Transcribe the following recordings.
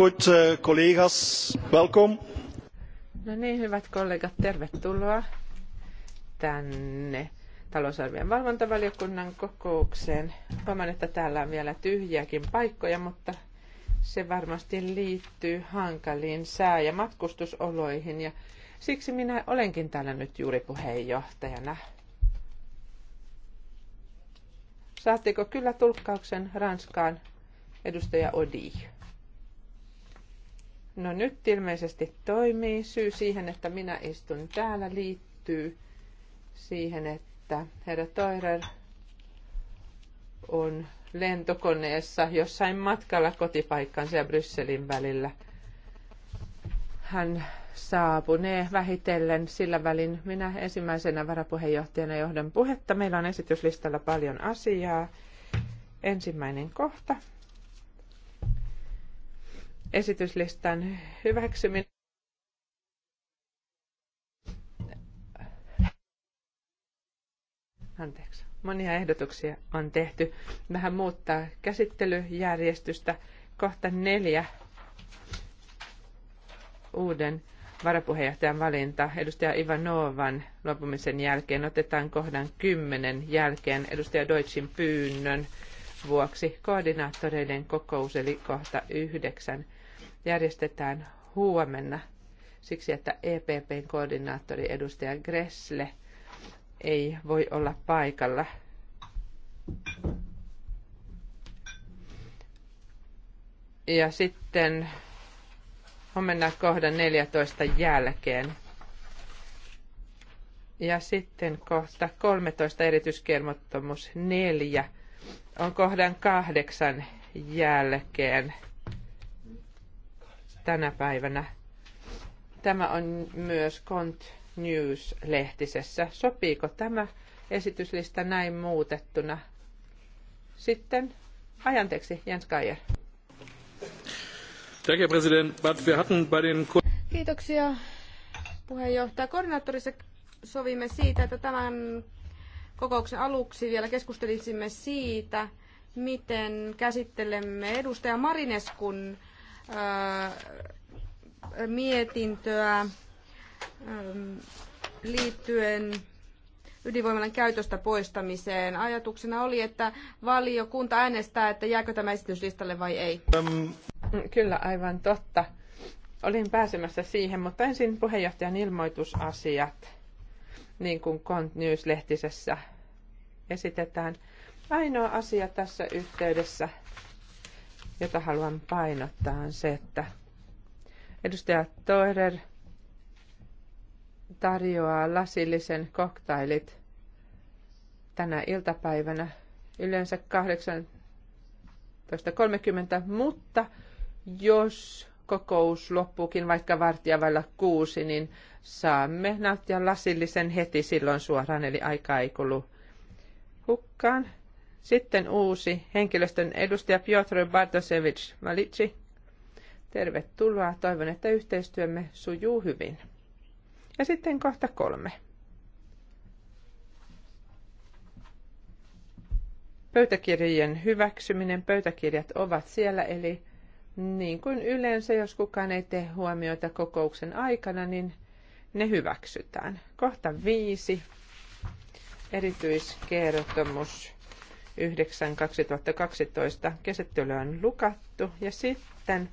Goed, eh, collega's, welkom. No niin, hyvät kollegat, tervetuloa tänne talousarvion valvontavaliokunnan kokoukseen. Huomaan, että täällä on vielä tyhjiäkin paikkoja, mutta se varmasti liittyy hankaliin sää- ja matkustusoloihin. Ja siksi minä olenkin täällä nyt juuri puheenjohtajana. Saatteko kyllä tulkkauksen Ranskaan, edustaja Odi? No nyt ilmeisesti toimii. Syy siihen, että minä istun täällä, liittyy siihen, että herra Toirer on lentokoneessa jossain matkalla kotipaikkansa ja Brysselin välillä. Hän saapunee vähitellen sillä välin. Minä ensimmäisenä varapuheenjohtajana johdan puhetta. Meillä on esityslistalla paljon asiaa. Ensimmäinen kohta esityslistan hyväksyminen. Anteeksi. Monia ehdotuksia on tehty. Vähän muuttaa käsittelyjärjestystä. Kohta neljä uuden varapuheenjohtajan valinta edustaja Ivanovan lopumisen jälkeen otetaan kohdan kymmenen jälkeen edustaja Deutschin pyynnön vuoksi koordinaattoreiden kokous eli kohta yhdeksän järjestetään huomenna siksi, että EPPn koordinaattori edustaja Gressle ei voi olla paikalla. Ja sitten huomenna kohdan 14 jälkeen. Ja sitten kohta 13 erityiskermottomuus 4 on kohdan kahdeksan jälkeen tänä päivänä. Tämä on myös Cont News-lehtisessä. Sopiiko tämä esityslista näin muutettuna? Sitten ajanteeksi Jens Kajer. Kiitoksia puheenjohtaja. Koordinaattorissa sovimme siitä, että tämän kokouksen aluksi vielä keskustelisimme siitä, miten käsittelemme edustaja Marineskun mietintöä liittyen ydinvoimalan käytöstä poistamiseen. Ajatuksena oli, että valiokunta äänestää, että jääkö tämä esityslistalle vai ei. Kyllä, aivan totta. Olin pääsemässä siihen, mutta ensin puheenjohtajan ilmoitusasiat, niin kuin Cont News-lehtisessä esitetään. Ainoa asia tässä yhteydessä jota haluan painottaa, on se, että edustaja Toirer tarjoaa lasillisen koktailit tänä iltapäivänä yleensä 18.30, mutta jos kokous loppuukin vaikka vartija vailla kuusi, niin saamme nauttia lasillisen heti silloin suoraan, eli aika ei kulu hukkaan. Sitten uusi henkilöstön edustaja Piotr Bartosevich Malici. Tervetuloa. Toivon, että yhteistyömme sujuu hyvin. Ja sitten kohta kolme. Pöytäkirjojen hyväksyminen. Pöytäkirjat ovat siellä, eli niin kuin yleensä, jos kukaan ei tee huomioita kokouksen aikana, niin ne hyväksytään. Kohta viisi. Erityiskertomus 9.2012 käsittely on lukattu. Ja sitten,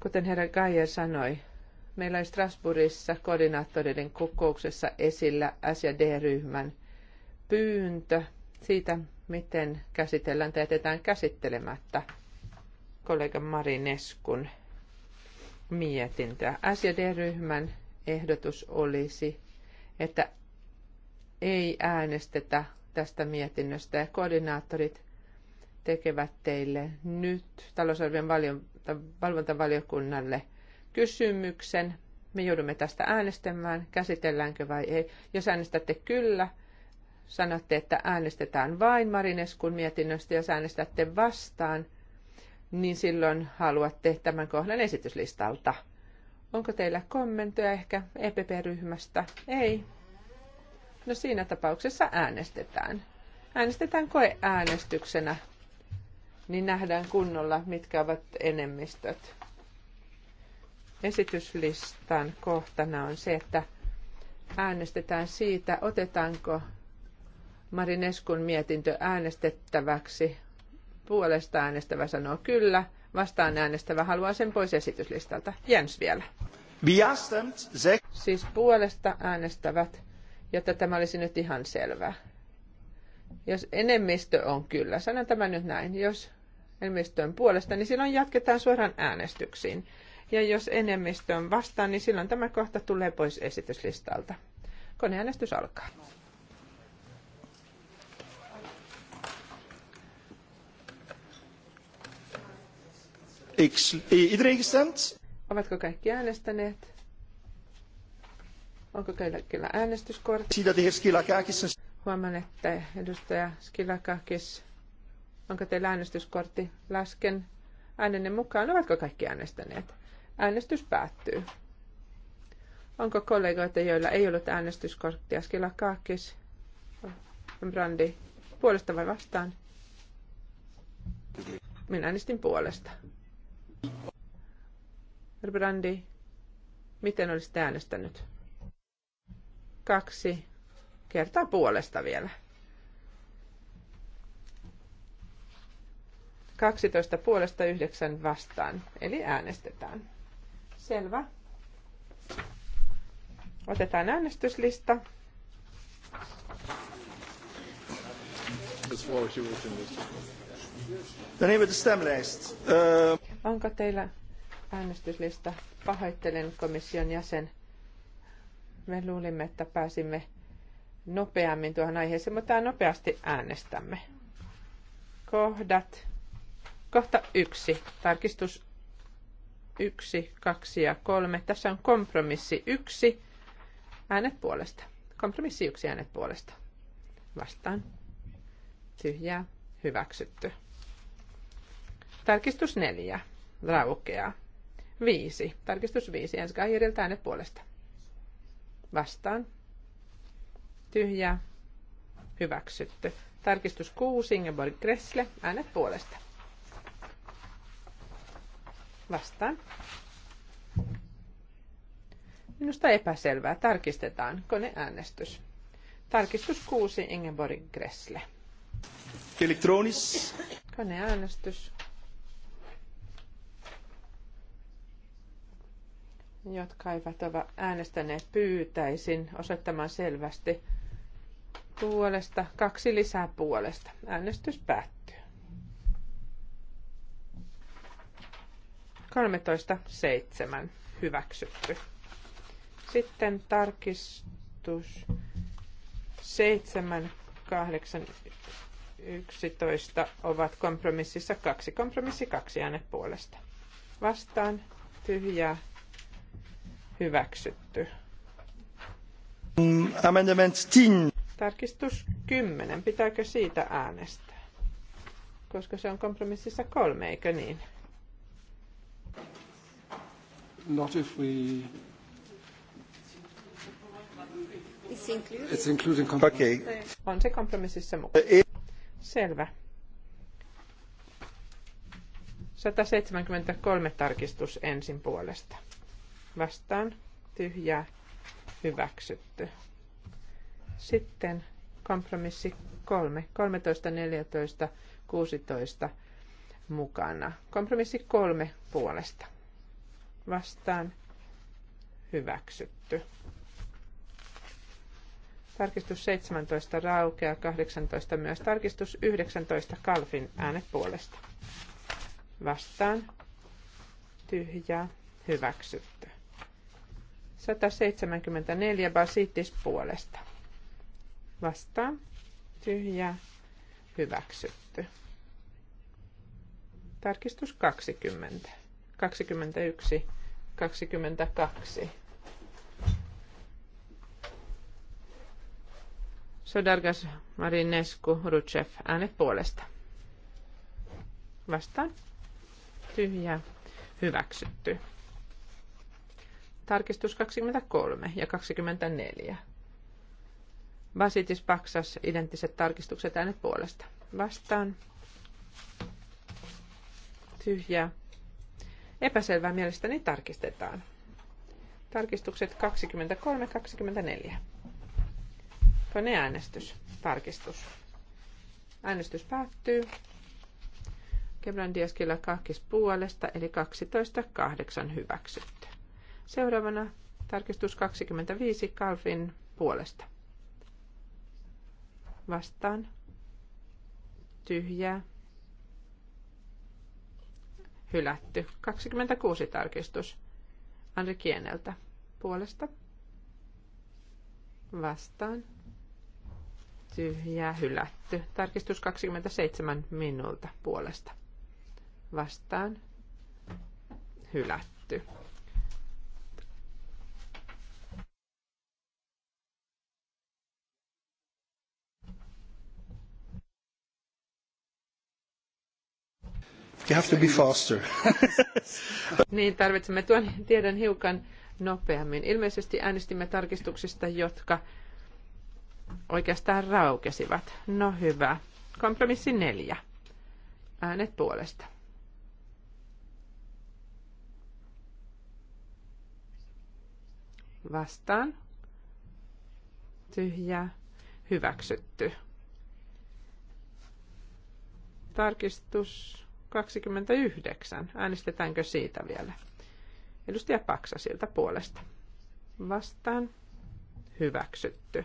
kuten herra Geier sanoi, meillä oli Strasbourgissa koordinaattoreiden kokouksessa esillä SJD-ryhmän pyyntö siitä, miten käsitellään tai jätetään käsittelemättä kollega Marineskun mietintöä. SJD-ryhmän ehdotus olisi, että ei äänestetä tästä mietinnöstä ja koordinaattorit tekevät teille nyt talousarvion valvontavaliokunnalle kysymyksen. Me joudumme tästä äänestämään, käsitelläänkö vai ei. Jos äänestätte kyllä, sanotte, että äänestetään vain Marineskun mietinnöstä. Jos äänestätte vastaan, niin silloin haluatte tämän kohdan esityslistalta. Onko teillä kommentoja ehkä EPP-ryhmästä? Ei. No siinä tapauksessa äänestetään. Äänestetään koeäänestyksenä, niin nähdään kunnolla, mitkä ovat enemmistöt. Esityslistan kohtana on se, että äänestetään siitä, otetaanko Marineskun mietintö äänestettäväksi. Puolesta äänestävä sanoo kyllä, vastaan äänestävä haluaa sen pois esityslistalta. Jens vielä. Siis puolesta äänestävät jotta tämä olisi nyt ihan selvä. Jos enemmistö on kyllä, sanon tämä nyt näin, jos enemmistö on puolesta, niin silloin jatketaan suoraan äänestyksiin. Ja jos enemmistö on vastaan, niin silloin tämä kohta tulee pois esityslistalta. Koneäänestys alkaa. Iedereen gestemd? Ovatko kaikki äänestäneet? Onko kyllä äänestyskortti? Siitä tehdään Skilakakis. Huomaan, että edustaja Skilakakis, onko teillä äänestyskortti? Lasken äänenne mukaan. Ovatko kaikki äänestäneet? Äänestys päättyy. Onko kollegoita, joilla ei ollut äänestyskorttia? Skilakakis, Brandi, puolesta vai vastaan? Minä äänestin puolesta. Brandi, miten olisit äänestänyt? kaksi kertaa puolesta vielä. 12 puolesta 9 vastaan, eli äänestetään. Selvä. Otetaan äänestyslista. Dan hebben uh, Onko teillä äänestyslista? Pahoittelen komission jäsen. Me luulimme, että pääsimme nopeammin tuohon aiheeseen, mutta nopeasti äänestämme. Kohdat. Kohta yksi. Tarkistus yksi, kaksi ja kolme. Tässä on kompromissi yksi. Äänet puolesta. Kompromissi yksi äänet puolesta. Vastaan. Tyhjää. Hyväksytty. Tarkistus neljä. Raukeaa. Viisi. Tarkistus viisi. Ensi äänet puolesta vastaan. Tyhjä. Hyväksytty. Tarkistus 6. Ingeborg Gressle. Äänet puolesta. Vastaan. Minusta epäselvää. Tarkistetaan. Koneäänestys. Tarkistus 6. Ingeborg Gressle. Elektronis. Koneäänestys. jotka eivät ole äänestäneet, pyytäisin osoittamaan selvästi puolesta, kaksi lisää puolesta. Äänestys päättyy. 13.7. Hyväksytty. Sitten tarkistus 7, 8, 11 ovat kompromississa kaksi. Kompromissi kaksi äänet puolesta. Vastaan tyhjää hyväksytty. Amendment 10. Tarkistus 10. Pitääkö siitä äänestää? Koska se on kompromississa kolme, eikö niin? Not if we... It's included. It's included Okay. On se kompromississa mukana. E- Selvä. 173 tarkistus ensin puolesta vastaan tyhjä hyväksytty. Sitten kompromissi 3, 13, 14, 16 mukana. Kompromissi 3 puolesta vastaan hyväksytty. Tarkistus 17 raukea, 18 myös. Tarkistus 19 kalfin äänet puolesta. Vastaan Tyhjä. hyväksytty. 174 Basitis puolesta. Vastaa. Tyhjä. Hyväksytty. Tarkistus 20. 21. 22. Sodargas Marinescu Rutschev äänet puolesta. Vastaan. Tyhjä. Hyväksytty. Tarkistus 23 ja 24. Vasitis paksas identtiset tarkistukset äänet puolesta. Vastaan. Tyhjää. Epäselvää mielestäni tarkistetaan. Tarkistukset 23-24. Koneäänestys. Tarkistus. Äänestys päättyy. Kebran Diaskilla kahkis puolesta, eli 12.8 hyväksytty. Seuraavana tarkistus 25 Kalfin puolesta. Vastaan. Tyhjää. Hylätty. 26 tarkistus. Anri Kieneltä puolesta. Vastaan. Tyhjää hylätty. Tarkistus 27 minulta puolesta. Vastaan. Hylätty. You have to be faster. niin, tarvitsemme tuon tiedon hiukan nopeammin. Ilmeisesti äänestimme tarkistuksista, jotka oikeastaan raukesivat. No hyvä. Kompromissi neljä. Äänet puolesta. Vastaan. Tyhjä. Hyväksytty. Tarkistus 29. Äänestetäänkö siitä vielä? Edustaja Paksa siltä puolesta. Vastaan. Hyväksytty.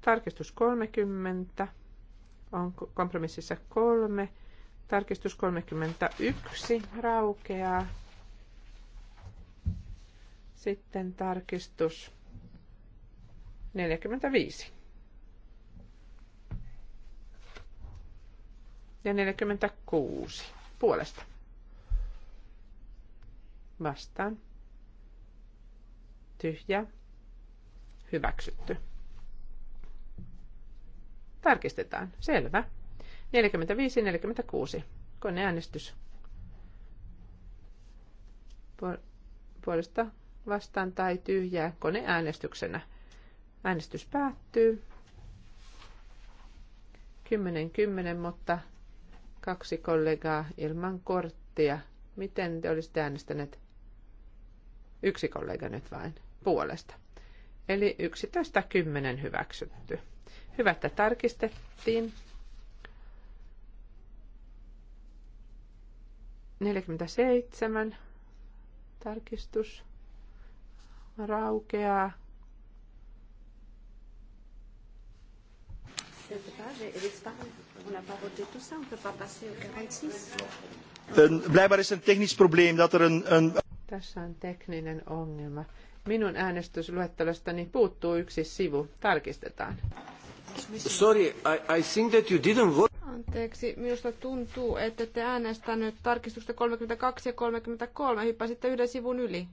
Tarkistus 30 on kompromississa kolme. Tarkistus 31 raukeaa. Sitten tarkistus 45 ja 46 puolesta. Vastaan. Tyhjä. Hyväksytty. Tarkistetaan. Selvä. 45-46. Koneäänestys. Puolesta vastaan tai tyhjää koneäänestyksenä. Äänestys päättyy. 10-10, mutta kaksi kollegaa ilman korttia. Miten te olisitte äänestäneet? Yksi kollega nyt vain puolesta. Eli 11.10 hyväksytty. Hyvä, että tarkistettiin. 47 tarkistus raukeaa. Sieltä pääsee edes on on blijkbaar is een technisch probleem dat er een, een... Tässä on tekninen ongelma. Minun äänestysluettelostani puuttuu yksi sivu. Tarkistetaan. Sorry, I, I think that you didn't vote. Anteeksi, minusta tuntuu, että te äänestänyt tarkistusta 32 ja 33. Hyppäsitte yhden sivun yli.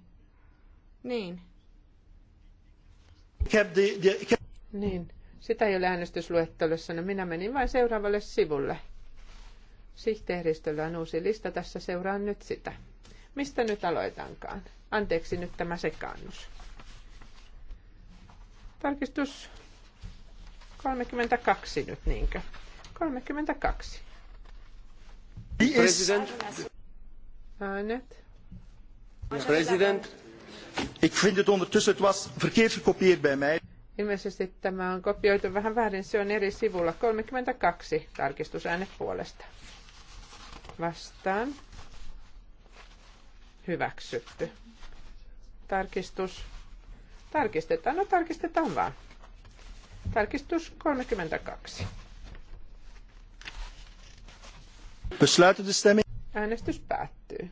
Niin. Niin. Sitä ei ole äänestysluettelossa, no minä menin vain seuraavalle sivulle. Sihteeristöllä on uusi lista, tässä seuraan nyt sitä. Mistä nyt aloitankaan? Anteeksi nyt tämä sekaannus. Tarkistus 32 nyt niinkö? 32. Yes. Äänet. President. Ik vind het ondertussen, het was verkeerd gekopieerd bij mij. Ilmeisesti tämä on kopioitu vähän väärin, se on eri sivulla. 32 tarkistusääne puolesta. Vastaan. Hyväksytty. Tarkistus. Tarkistetaan, no tarkistetaan vaan. Tarkistus 32. Äänestys päättyy.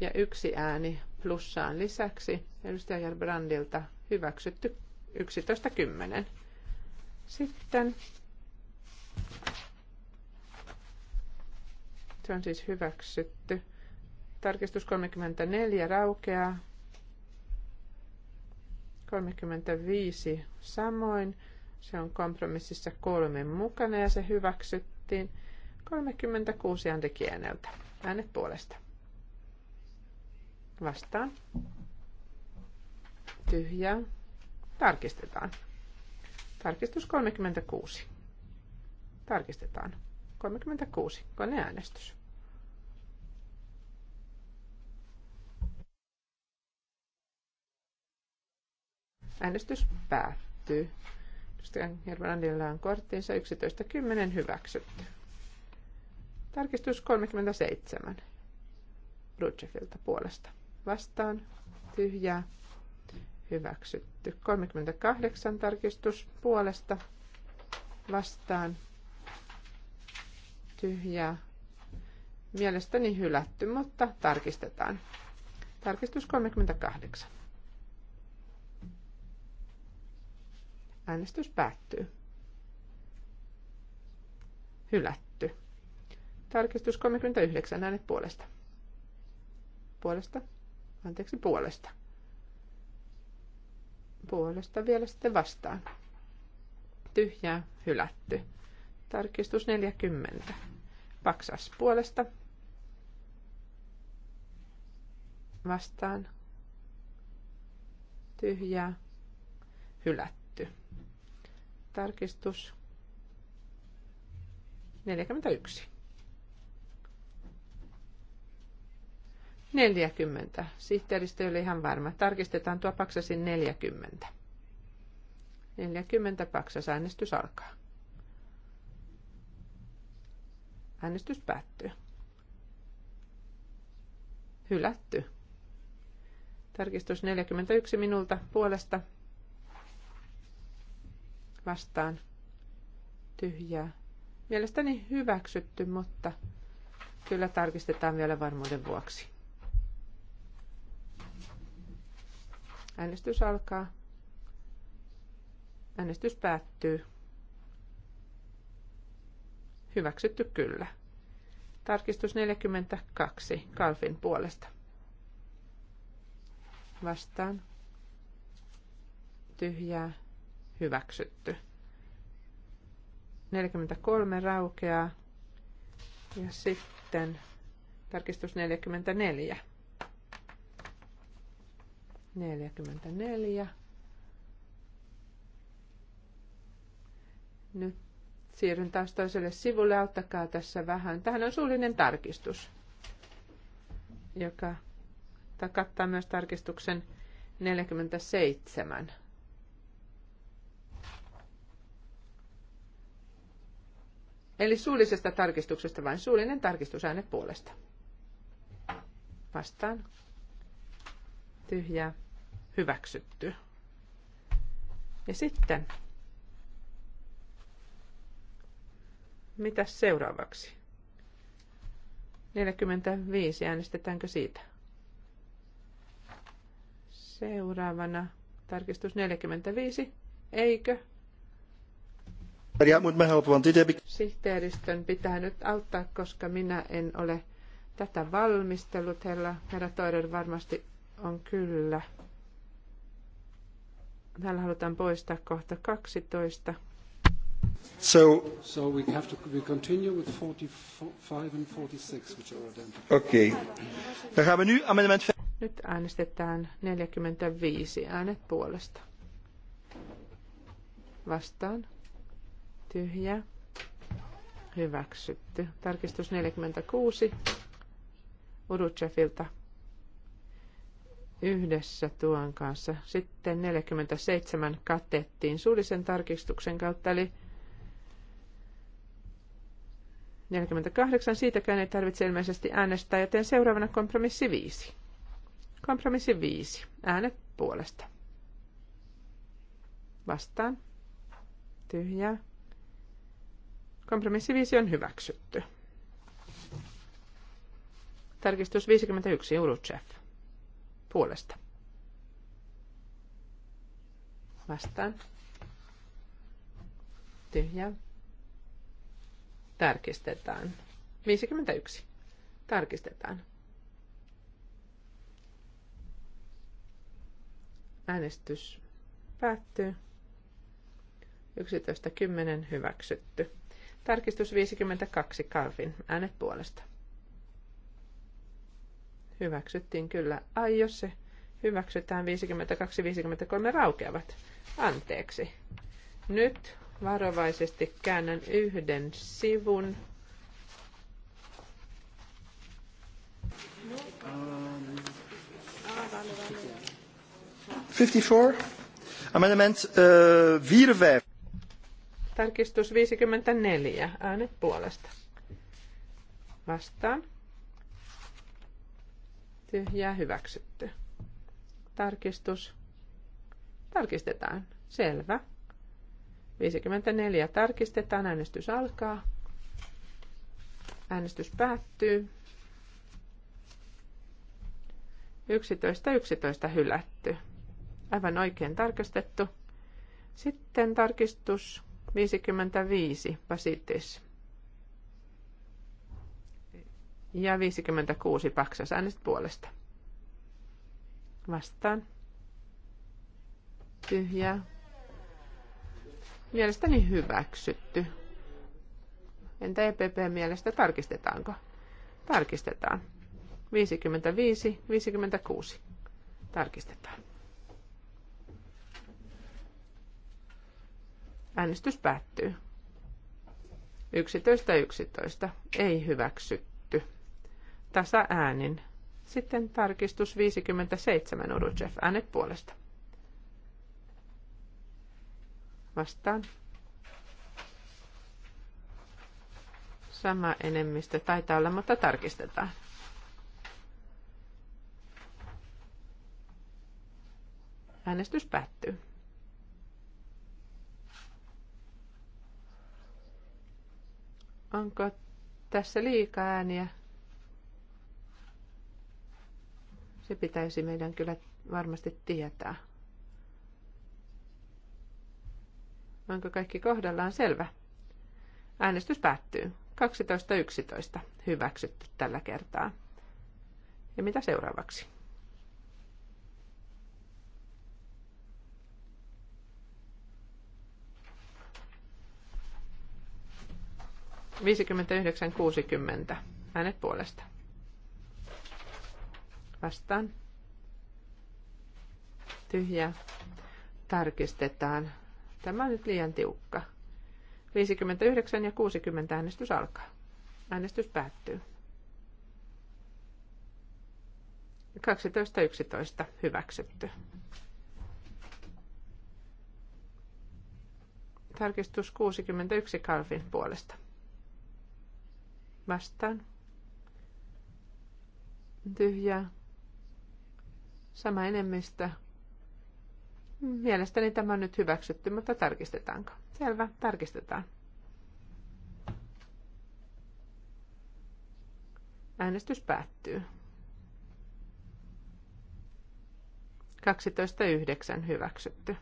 Ja yksi ääni plussaan lisäksi edustaja Gerbrandilta hyväksytty 11.10. Sitten se on siis hyväksytty. Tarkistus 34 raukeaa. 35 samoin. Se on kompromississa kolmen mukana ja se hyväksyttiin. 36 antikieneltä. Äänet puolesta. Vastaan. Tyhjää. Tarkistetaan. Tarkistus 36. Tarkistetaan. 36. Koneäänestys. Äänestys päättyy. Christian Hirvanandilla on korttinsa 11.10 hyväksytty. Tarkistus 37. Rutschefilta puolesta. Vastaan. Tyhjää hyväksytty. 38 tarkistus puolesta vastaan tyhjää. Mielestäni hylätty, mutta tarkistetaan. Tarkistus 38. Äänestys päättyy. Hylätty. Tarkistus 39. Äänet puolesta. Puolesta? Anteeksi, puolesta puolesta vielä sitten vastaan. Tyhjää, hylätty. Tarkistus 40. Paksas puolesta. Vastaan. Tyhjää, hylätty. Tarkistus 41. 40. Sihteeristö oli ihan varma. Tarkistetaan tuo paksasin 40. 40 paksas äänestys alkaa. Äänestys päättyy. Hylätty. Tarkistus 41 minulta puolesta. Vastaan. Tyhjää. Mielestäni hyväksytty, mutta kyllä tarkistetaan vielä varmuuden vuoksi. Äänestys alkaa. Äänestys päättyy. Hyväksytty kyllä. Tarkistus 42 Kalfin puolesta. Vastaan. Tyhjää. Hyväksytty. 43 raukeaa. Ja sitten tarkistus 44 44. Nyt siirryn taas toiselle sivulle. Auttakaa tässä vähän. Tähän on suullinen tarkistus, joka kattaa myös tarkistuksen 47. Eli suullisesta tarkistuksesta vain suullinen tarkistusaine puolesta. Vastaan tyhjää hyväksytty. Ja sitten, mitä seuraavaksi? 45, äänestetäänkö siitä? Seuraavana tarkistus 45, eikö? Sihteeristön pitää nyt auttaa, koska minä en ole tätä valmistellut. Herra, herra Toider varmasti on kyllä. Täällä halutaan poistaa kohta 12. So, so we have to we continue with 45 and 46, which are identical. Okay. Nyt äänestetään 45 äänet puolesta. Vastaan. Tyhjä. Hyväksytty. Tarkistus 46. Uruchefilta yhdessä tuon kanssa. Sitten 47 katettiin suullisen tarkistuksen kautta, eli 48 siitäkään ei tarvitse ilmeisesti äänestää, joten seuraavana kompromissi 5. Kompromissi 5. Äänet puolesta. Vastaan. Tyhjää. Kompromissi 5 on hyväksytty. Tarkistus 51, Uruchev puolesta. Vastaan. Tyhjä. Tarkistetaan. 51. Tarkistetaan. Äänestys päättyy. 11.10. Hyväksytty. Tarkistus 52. Kalvin. Äänet puolesta. Hyväksyttiin kyllä. Ai jos se hyväksytään 52-53 raukeavat. Anteeksi. Nyt varovaisesti käännän yhden sivun. Um, Amendment uh, 54. Tarkistus 54. Äänet puolesta. Vastaan ja hyväksytty. Tarkistus. Tarkistetaan. Selvä. 54 tarkistetaan. Äänestys alkaa. Äänestys päättyy. 11, 11 hylätty. Aivan oikein tarkistettu. Sitten tarkistus 55 Pasitis ja 56 paksas äänestä puolesta. Vastaan. Tyhjää. Mielestäni hyväksytty. Entä EPP mielestä tarkistetaanko? Tarkistetaan. 55, 56. Tarkistetaan. Äänestys päättyy. 11, 11. Ei hyväksytty. Tasa äänin. Sitten tarkistus 57 Uruchev, äänet puolesta. Vastaan. Sama enemmistö taitaa olla, mutta tarkistetaan. Äänestys päättyy. Onko tässä liikaa ääniä? Se pitäisi meidän kyllä varmasti tietää. Onko kaikki kohdallaan selvä? Äänestys päättyy. 12.11. Hyväksytty tällä kertaa. Ja mitä seuraavaksi? yhdeksän kuusikymmentä. Äänet puolesta vastaan. tyhjä Tarkistetaan. Tämä on nyt liian tiukka. 59 ja 60 äänestys alkaa. Äänestys päättyy. 12.11 hyväksytty. Tarkistus 61 Kalfin puolesta. Vastaan. Tyhjää sama enemmistö. Mielestäni tämä on nyt hyväksytty, mutta tarkistetaanko? Selvä, tarkistetaan. Äänestys päättyy. 12.9 hyväksytty.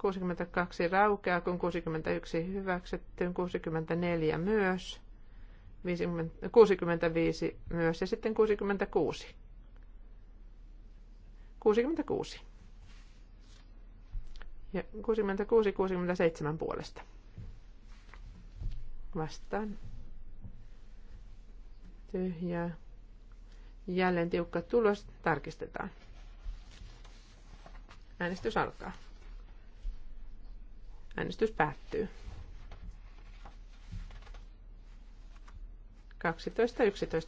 62 raukeaa, kun 61 hyväksytty, 64 myös. 50, 65 myös ja sitten 66. 66. Ja 66, 67 puolesta. Vastaan. Tyhjää. Jälleen tiukka tulos. Tarkistetaan. Äänestys alkaa. Äänestys päättyy.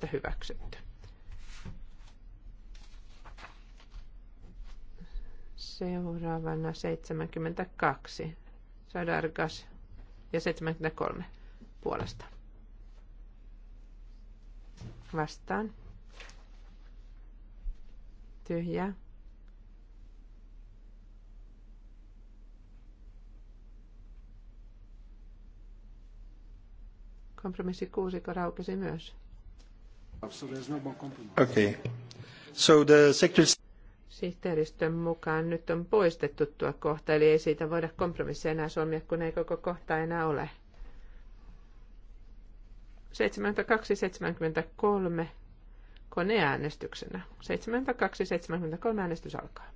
12.11 hyväksytty. Seuraavana 72. Sadargas ja 73 puolesta. Vastaan. Tyhjää Kompromissi kuusikko raukesi myös. No okay. So the sector... Sihteeristön mukaan nyt on poistettu tuo kohta, eli ei siitä voida kompromissia enää solmia, kun ei koko kohta enää ole. 72-73 koneäänestyksenä. 72-73 äänestys alkaa.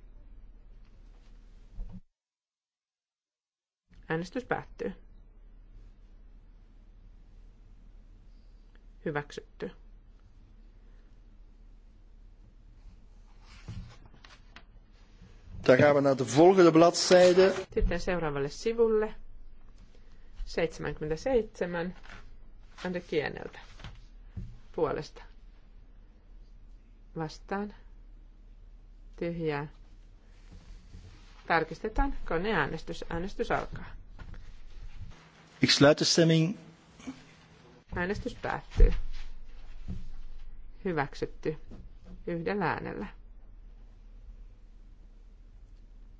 Äänestys päättyy. Hyväksytty. Dan gaan we naar de volgende bladzijde. Sitten seuraavalle sivulle. 77. de Kieneltä. Puolesta. Vastaan. Tyhjää. Tarkistetaan koneäänestys. Äänestys alkaa. Ik sluit de stemming. Äänestys päättyy. Hyväksytty. Yhdellä äänellä.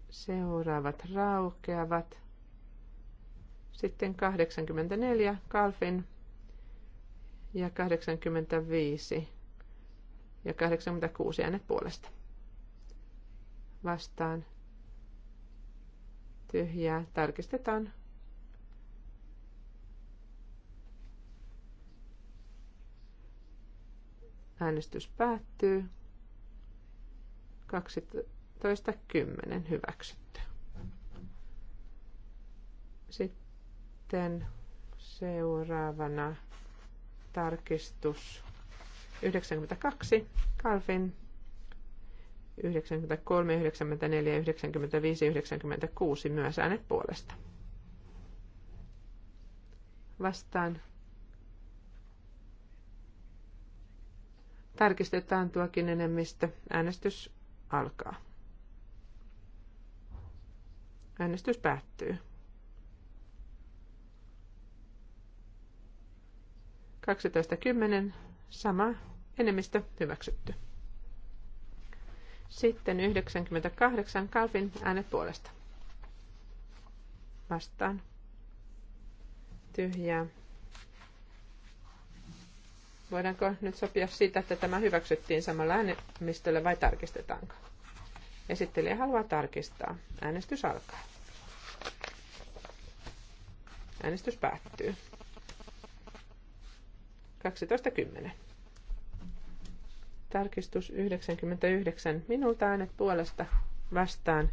Seuraavat raukeavat. Sitten 84 Kalfin ja 85 ja 86 äänet puolesta. Vastaan tyhjää. Tarkistetaan Äänestys päättyy. 12.10. Hyväksytty. Sitten seuraavana tarkistus 92. Kalfin 93, 94, 95, 96 myös äänet puolesta. Vastaan Tarkistetaan tuokin enemmistö. Äänestys alkaa. Äänestys päättyy. 12.10. Sama enemmistö hyväksytty. Sitten 98 Kalvin äänet puolesta. Vastaan. Tyhjää Voidaanko nyt sopia siitä, että tämä hyväksyttiin samalla äänemistöllä vai tarkistetaanko? Esittelijä haluaa tarkistaa. Äänestys alkaa. Äänestys päättyy. 12.10. Tarkistus 99. Minulta äänet puolesta vastaan.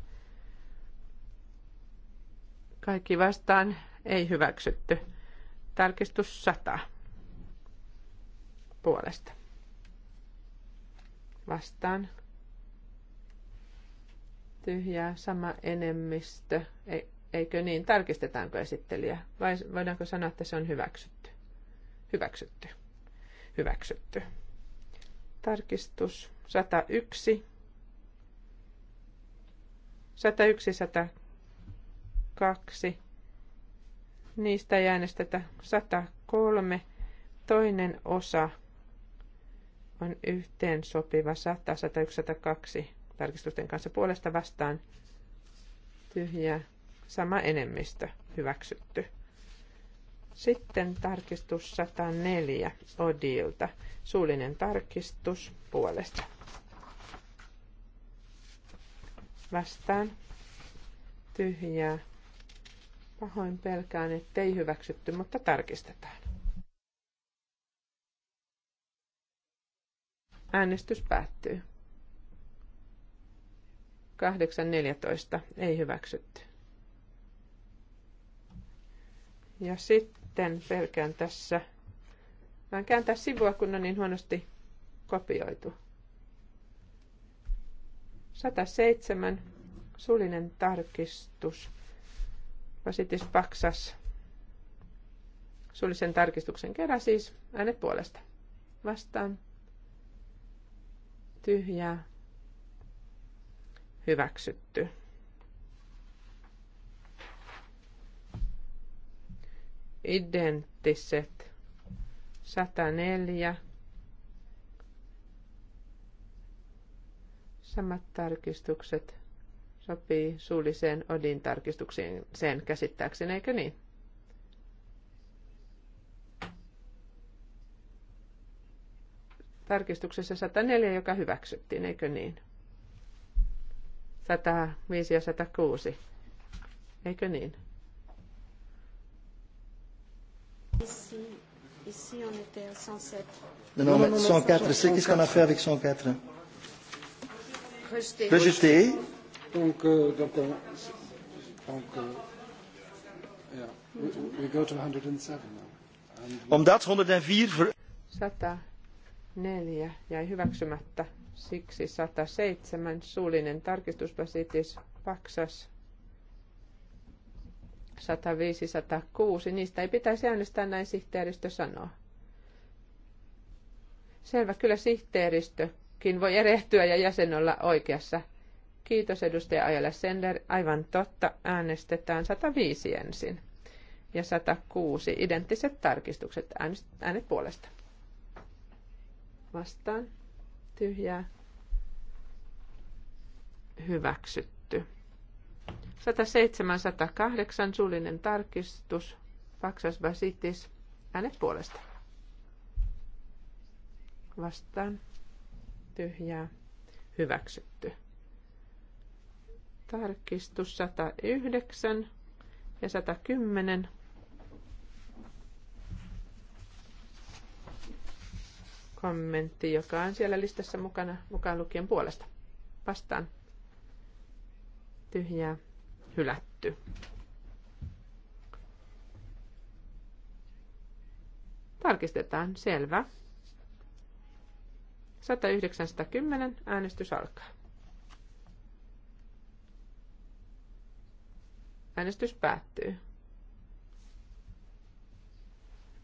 Kaikki vastaan ei hyväksytty. Tarkistus 100 puolesta. Vastaan. Tyhjää, sama enemmistö. Ei, eikö niin? Tarkistetaanko esittelijä? Vai voidaanko sanoa, että se on hyväksytty? Hyväksytty. Hyväksytty. Tarkistus 101. 101, 102. Niistä ei äänestetä 103. Toinen osa on yhteen sopiva 100, 101, 102 tarkistusten kanssa puolesta vastaan tyhjä sama enemmistö hyväksytty. Sitten tarkistus 104 Odilta, suullinen tarkistus puolesta. Vastaan tyhjää. Pahoin pelkään, ettei hyväksytty, mutta tarkistetaan. Äänestys päättyy. 8.14. Ei hyväksytty. Ja sitten pelkään tässä. Mä kääntää sivua, kun on niin huonosti kopioitu. 107. Sulinen tarkistus. Vasitis paksas. Sulisen tarkistuksen kerä siis. Äänet puolesta. Vastaan tyhjä, hyväksytty. Identtiset 104. Samat tarkistukset sopii suulliseen odin tarkistukseen sen käsittääkseni, eikö niin? tarkistuksessa 104, joka hyväksyttiin, eikö niin? 105 ja 106, eikö niin? Ici, ici on était 107. Non, non, 104, c'est qu'est-ce qu'on a fait avec 104 Rejeté. Rejeté. Donc, euh, donc, on, euh, donc euh, yeah. we, we go to 107 now. Omdat 104... 104 jäi hyväksymättä, siksi 107 suullinen tarkistuspasitis Paksas 105, 106, niistä ei pitäisi äänestää näin sihteeristö sanoo. Selvä, kyllä sihteeristökin voi erehtyä ja jäsen olla oikeassa. Kiitos edustaja Ajala Sender. Aivan totta, äänestetään 105 ensin. Ja 106, identtiset tarkistukset, äänet puolesta vastaan tyhjää hyväksytty. 107-108 suullinen tarkistus Paksas Basitis äänet puolesta. Vastaan tyhjää hyväksytty. Tarkistus 109 ja 110 kommentti, joka on siellä listassa mukana, mukaan lukien puolesta. Vastaan. Tyhjää. Hylätty. Tarkistetaan. Selvä. 1910 äänestys alkaa. Äänestys päättyy.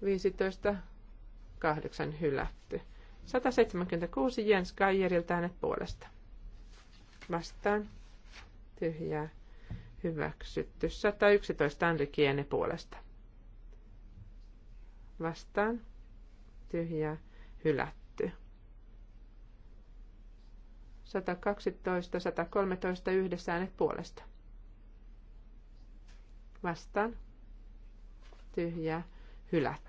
15 8 hylätty. 176 Jens Geijeriltä hänet puolesta. Vastaan. Tyhjää. Hyväksytty. 111 Andri Kiene puolesta. Vastaan. Tyhjää. Hylätty. 112, 113 yhdessä äänet puolesta. Vastaan. Tyhjää. Hylätty.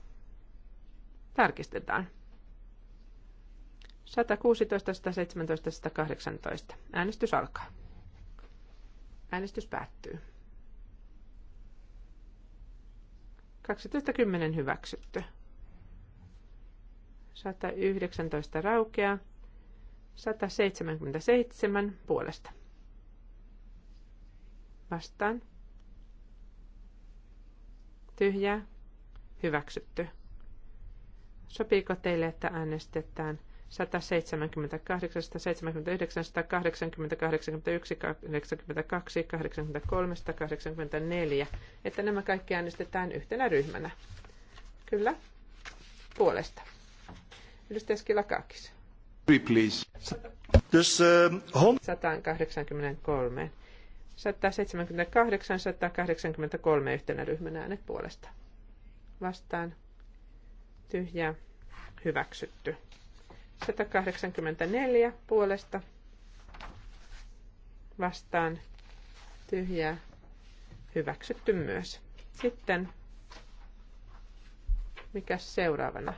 Tarkistetaan. 116, 117, 118. Äänestys alkaa. Äänestys päättyy. 12.10 hyväksytty. 119 raukeaa. 177 puolesta. Vastaan. Tyhjää. Hyväksytty. Sopiiko teille, että äänestetään 178, 179, 180, 81, 82, 83, 184, että nämä kaikki äänestetään yhtenä ryhmänä? Kyllä, puolesta. Edustaja Skilakakis. Please. 183. 178, 183 yhtenä ryhmänä äänet puolesta. Vastaan tyhjää hyväksytty. 184 puolesta vastaan tyhjää hyväksytty myös. Sitten mikä seuraavana?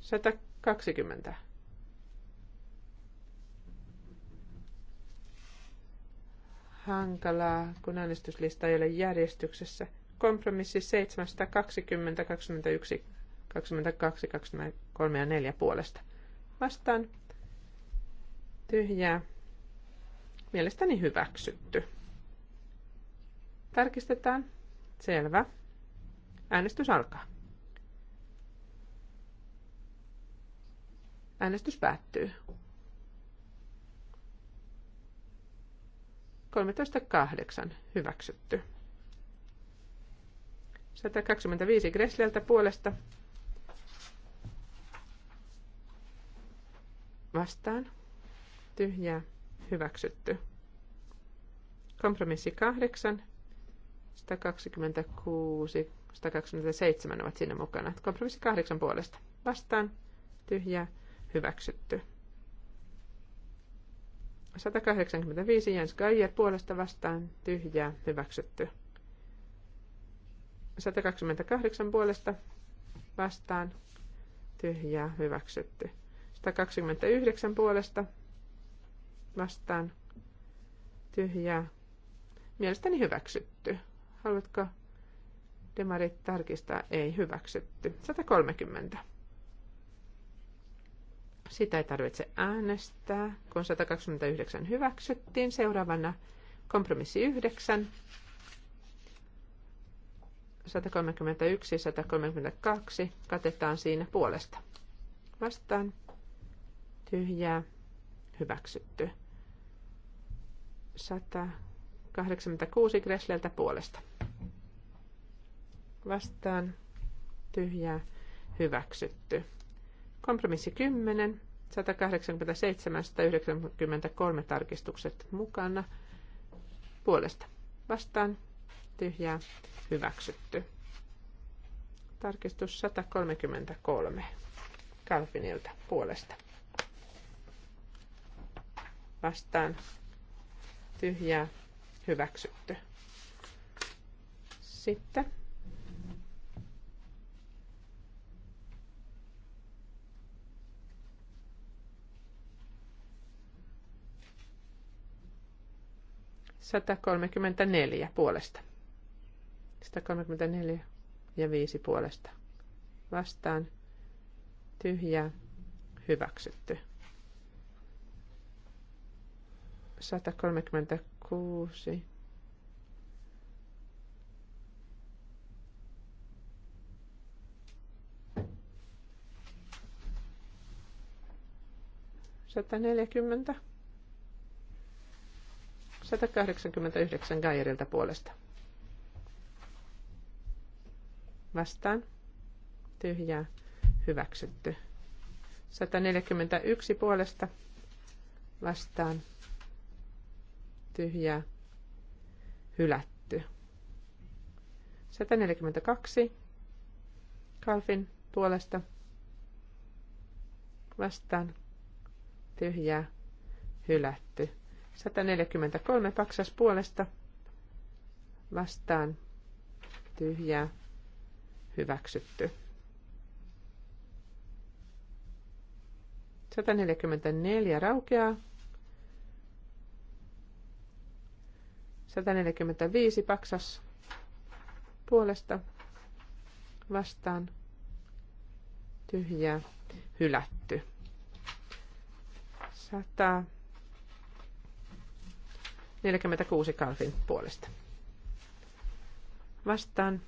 Sata hankalaa, kun äänestyslista ei ole järjestyksessä. Kompromissi 720, 21, 22, 23 ja 4 puolesta. Vastaan tyhjää. Mielestäni hyväksytty. Tarkistetaan. Selvä. Äänestys alkaa. Äänestys päättyy. 13.8. Hyväksytty. 125 Gressleltä puolesta. Vastaan. Tyhjää. Hyväksytty. Kompromissi 8. 126, 127 ovat siinä mukana. Kompromissi 8 puolesta. Vastaan. Tyhjää. Hyväksytty. 185 Jens Geijer puolesta vastaan tyhjää hyväksytty. 128 puolesta vastaan tyhjää hyväksytty. 129 puolesta vastaan tyhjää mielestäni hyväksytty. Haluatko demarit tarkistaa? Ei hyväksytty. 130 sitä ei tarvitse äänestää, kun 129 hyväksyttiin. Seuraavana kompromissi 9. 131 132 katetaan siinä puolesta. Vastaan tyhjää hyväksytty. 186 Gressleltä puolesta. Vastaan tyhjää hyväksytty. Kompromissi 10, 187-193 tarkistukset mukana puolesta. Vastaan tyhjää hyväksytty. Tarkistus 133 Kalfinilta puolesta. Vastaan tyhjää hyväksytty. Sitten 134 puolesta. 134 ja 5 puolesta. Vastaan tyhjää hyväksytty. 136 Sata neljäkymmentä. 189 Gairilta puolesta. Vastaan. Tyhjää. Hyväksytty. 141 puolesta. Vastaan. Tyhjää. Hylätty. 142 Kalfin puolesta. Vastaan. Tyhjää. Hylätty. 143 paksas puolesta vastaan tyhjää hyväksytty. 144 raukeaa. 145 paksas puolesta vastaan tyhjää hylätty. 100 46 Kalfin puolesta. Vastaan.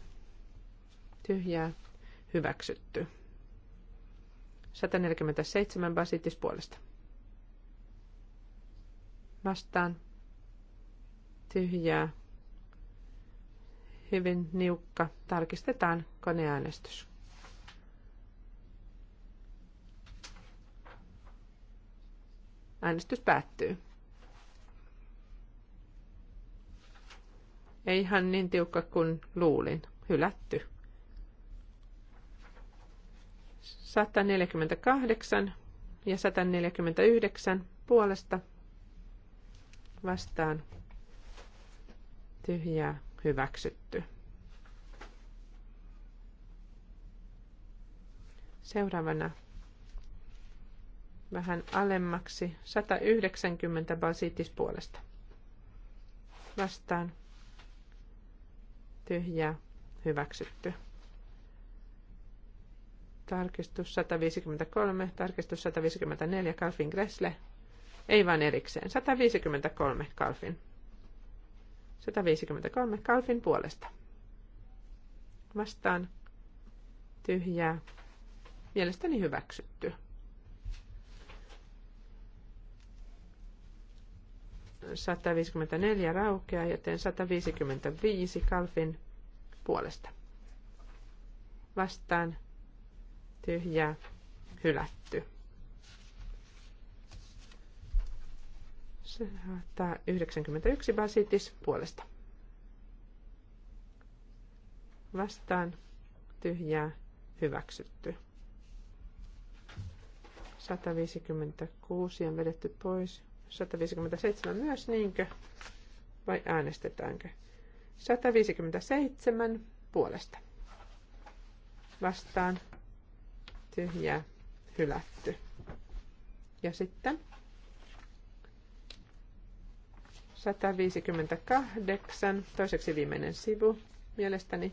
Tyhjää. Hyväksytty. 147 Basitis puolesta. Vastaan. Tyhjää. Hyvin niukka. Tarkistetaan koneäänestys. Äänestys päättyy. Ei ihan niin tiukka kuin luulin. Hylätty. 148 ja 149 puolesta vastaan tyhjää hyväksytty. Seuraavana vähän alemmaksi 190 basitis puolesta vastaan tyhjää, hyväksytty. Tarkistus 153, tarkistus 154, Kalfin Gressle. Ei vaan erikseen. 153, Kalfin. 153, Kalfin puolesta. Vastaan tyhjää. Mielestäni hyväksytty. 154 raukeaa, joten 155 Kalfin puolesta. Vastaan tyhjä hylätty. 191 Basitis puolesta. Vastaan tyhjää hyväksytty. 156 on vedetty pois. 157 myös, niinkö? Vai äänestetäänkö? 157 puolesta. Vastaan. tyhjä Hylätty. Ja sitten 158, toiseksi viimeinen sivu mielestäni.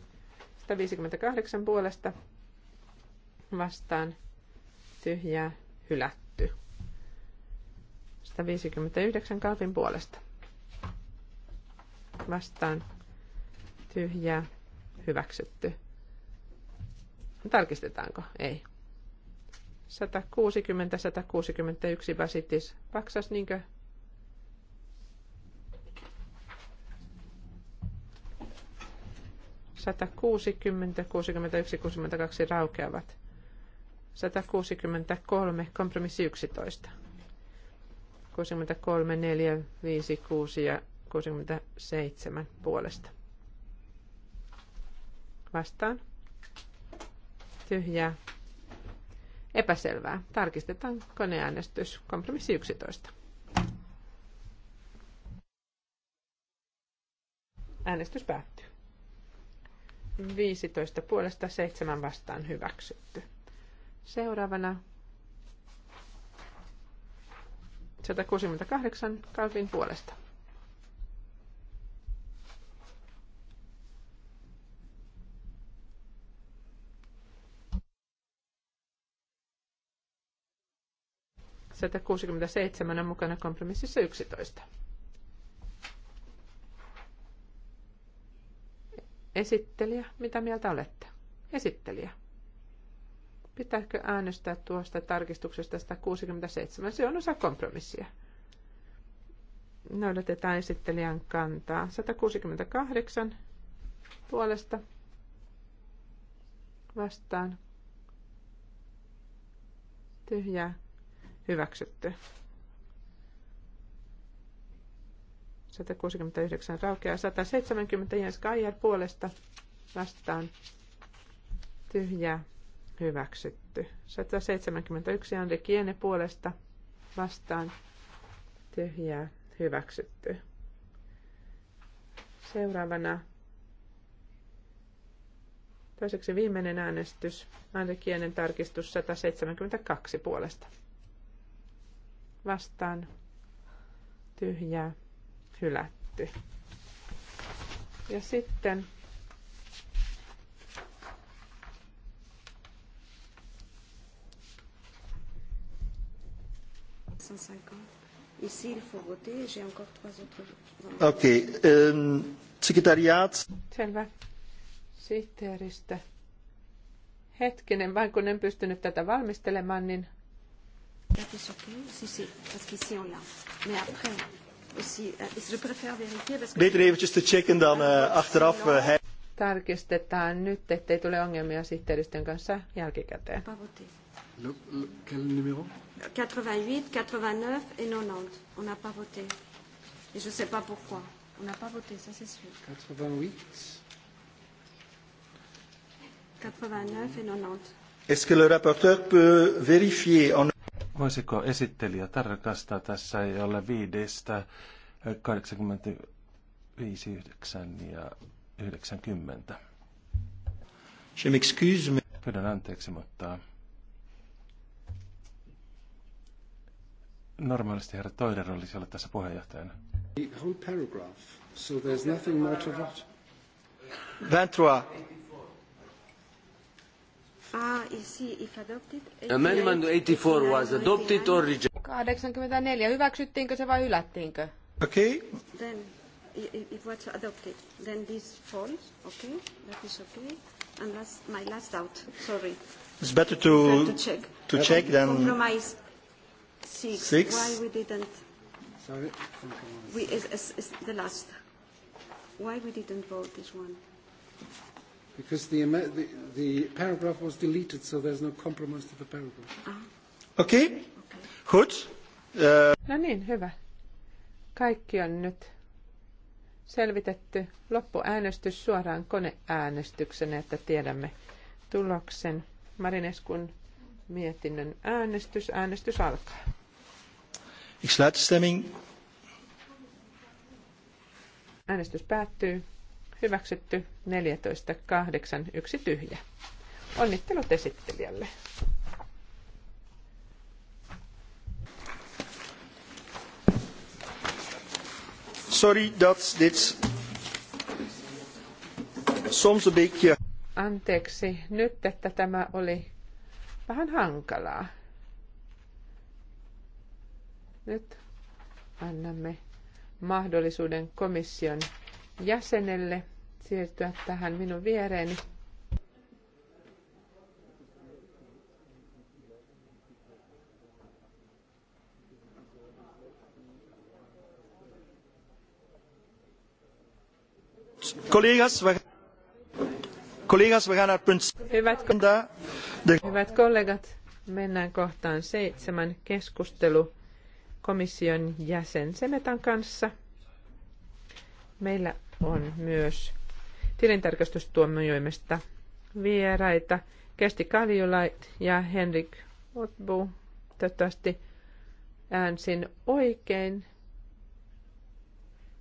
158 puolesta vastaan tyhjää hylätty. 159 kaapin puolesta. Vastaan tyhjää hyväksytty. Tarkistetaanko? Ei. 160-161 väsitis. Paksas niinkö? Sata kuusikymmentä, kuusikymmentä yksi, kuusikymmentä kaksi raukeavat. Sata kuusikymmentä kolme, kompromissi yksitoista. 63, 4, 5, 6 ja 67 puolesta. Vastaan. Tyhjää. Epäselvää. Tarkistetaan koneäänestys. Kompromissi 11. Äänestys päättyy. 15 puolesta 7 vastaan hyväksytty. Seuraavana 168 Kalvin puolesta. Sata on mukana kompromississa 11. Esittelijä, mitä mieltä olette? Esittelijä. Pitääkö äänestää tuosta tarkistuksesta 167? Se on osa kompromissia. Noudatetaan esittelijän kantaa. 168 puolesta vastaan. Tyhjää. Hyväksytty. 169 raukeaa. 170 Jens Kajer puolesta vastaan. Tyhjää hyväksytty. 171 Andri Kiene puolesta vastaan tyhjää hyväksytty. Seuraavana toiseksi viimeinen äänestys, Andri Kienen tarkistus 172 puolesta. Vastaan tyhjää hylätty. Ja sitten 750. Ici, il faut voter. J'ai encore trois autres. Okei. Okay. Um, euh, Sekretariat. Selvä. Sihteeristä. Hetkinen, vain kun en pystynyt tätä valmistelemaan, niin... Beter eventjes te checken dan uh, achteraf. Uh, Tarkistetaan nyt, ettei tule ongelmia sihteeristön kanssa jälkikäteen. Pavotin. Le, le, quel numéro 88, 89 et 90. On n'a pas voté. Et je ne sais pas pourquoi. On n'a pas voté, ça c'est sûr. 88 89 et 90. Est-ce que le rapporteur peut vérifier en... Voisiko esittelijä tarkastaa, tässä ei ole viidestä 85, 9 ja 90. Je m'excuse, mais... Pyydän anteeksi, mutta Normaalisti herra Toider olisi ollut tässä puheenjohtajana. The whole paragraph, so there's nothing more to that. Ah, if adopted, 84. Amendment 84 was adopted or rejected. 84. Hyväksyttiinkö se vai hylättiinkö? Okay. Then it was adopted. Then this falls. Okay, that is okay. And last, my last doubt. Sorry. It's better to, to check. To check than. Compromise six. Six. Why we didn't? Sorry. We is, is, is the last. Why we didn't vote this one? Because the, the, the paragraph was deleted, so there's no compromise to the paragraph. Ah. -huh. Okay. Good. Okay. Uh. No niin, hyvä. Kaikki on nyt selvitetty. Loppuäänestys suoraan koneäänestyksenä, että tiedämme tuloksen. Marineskun mietinnön äänestys. Äänestys alkaa. Ich sluit stemming. Äänestys päättyy. Hyväksytty kahdeksan Yksi tyhjä. Onnittelut esittelijälle. Sorry dat dit soms een beetje... Anteeksi nyt, että tämä oli vähän hankalaa. Nyt annamme mahdollisuuden komission jäsenelle siirtyä tähän minun viereeni. Kollegas. Collega's, we gaan naar punt... Hyvät, Hyvät kollegat, mennään kohtaan seitsemän keskustelu komission jäsen Semetan kanssa. Meillä on myös tilintarkastustuomioimesta vieraita Kesti Kaljulait ja Henrik Otbu. Toivottavasti äänsin oikein.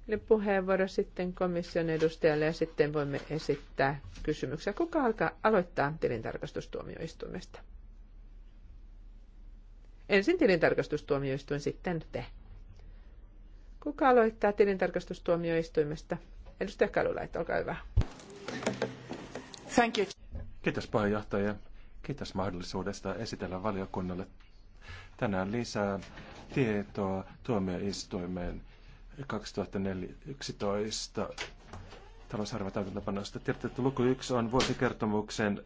Eli puheenvuoro sitten komission edustajalle ja sitten voimme esittää kysymyksiä. Kuka alkaa aloittaa tilintarkastustuomioistuimesta? Ensin tilintarkastustuomioistuin, sitten te. Kuka aloittaa tilintarkastustuomioistuimesta? Edustaja Kalulait, olkaa hyvä. Thank you. Kiitos puheenjohtaja. Kiitos mahdollisuudesta esitellä valiokunnalle tänään lisää tietoa tuomioistuimeen 2011 talousarvotäytäntöpanosta. Tiedätte, että luku yksi on vuosikertomuksen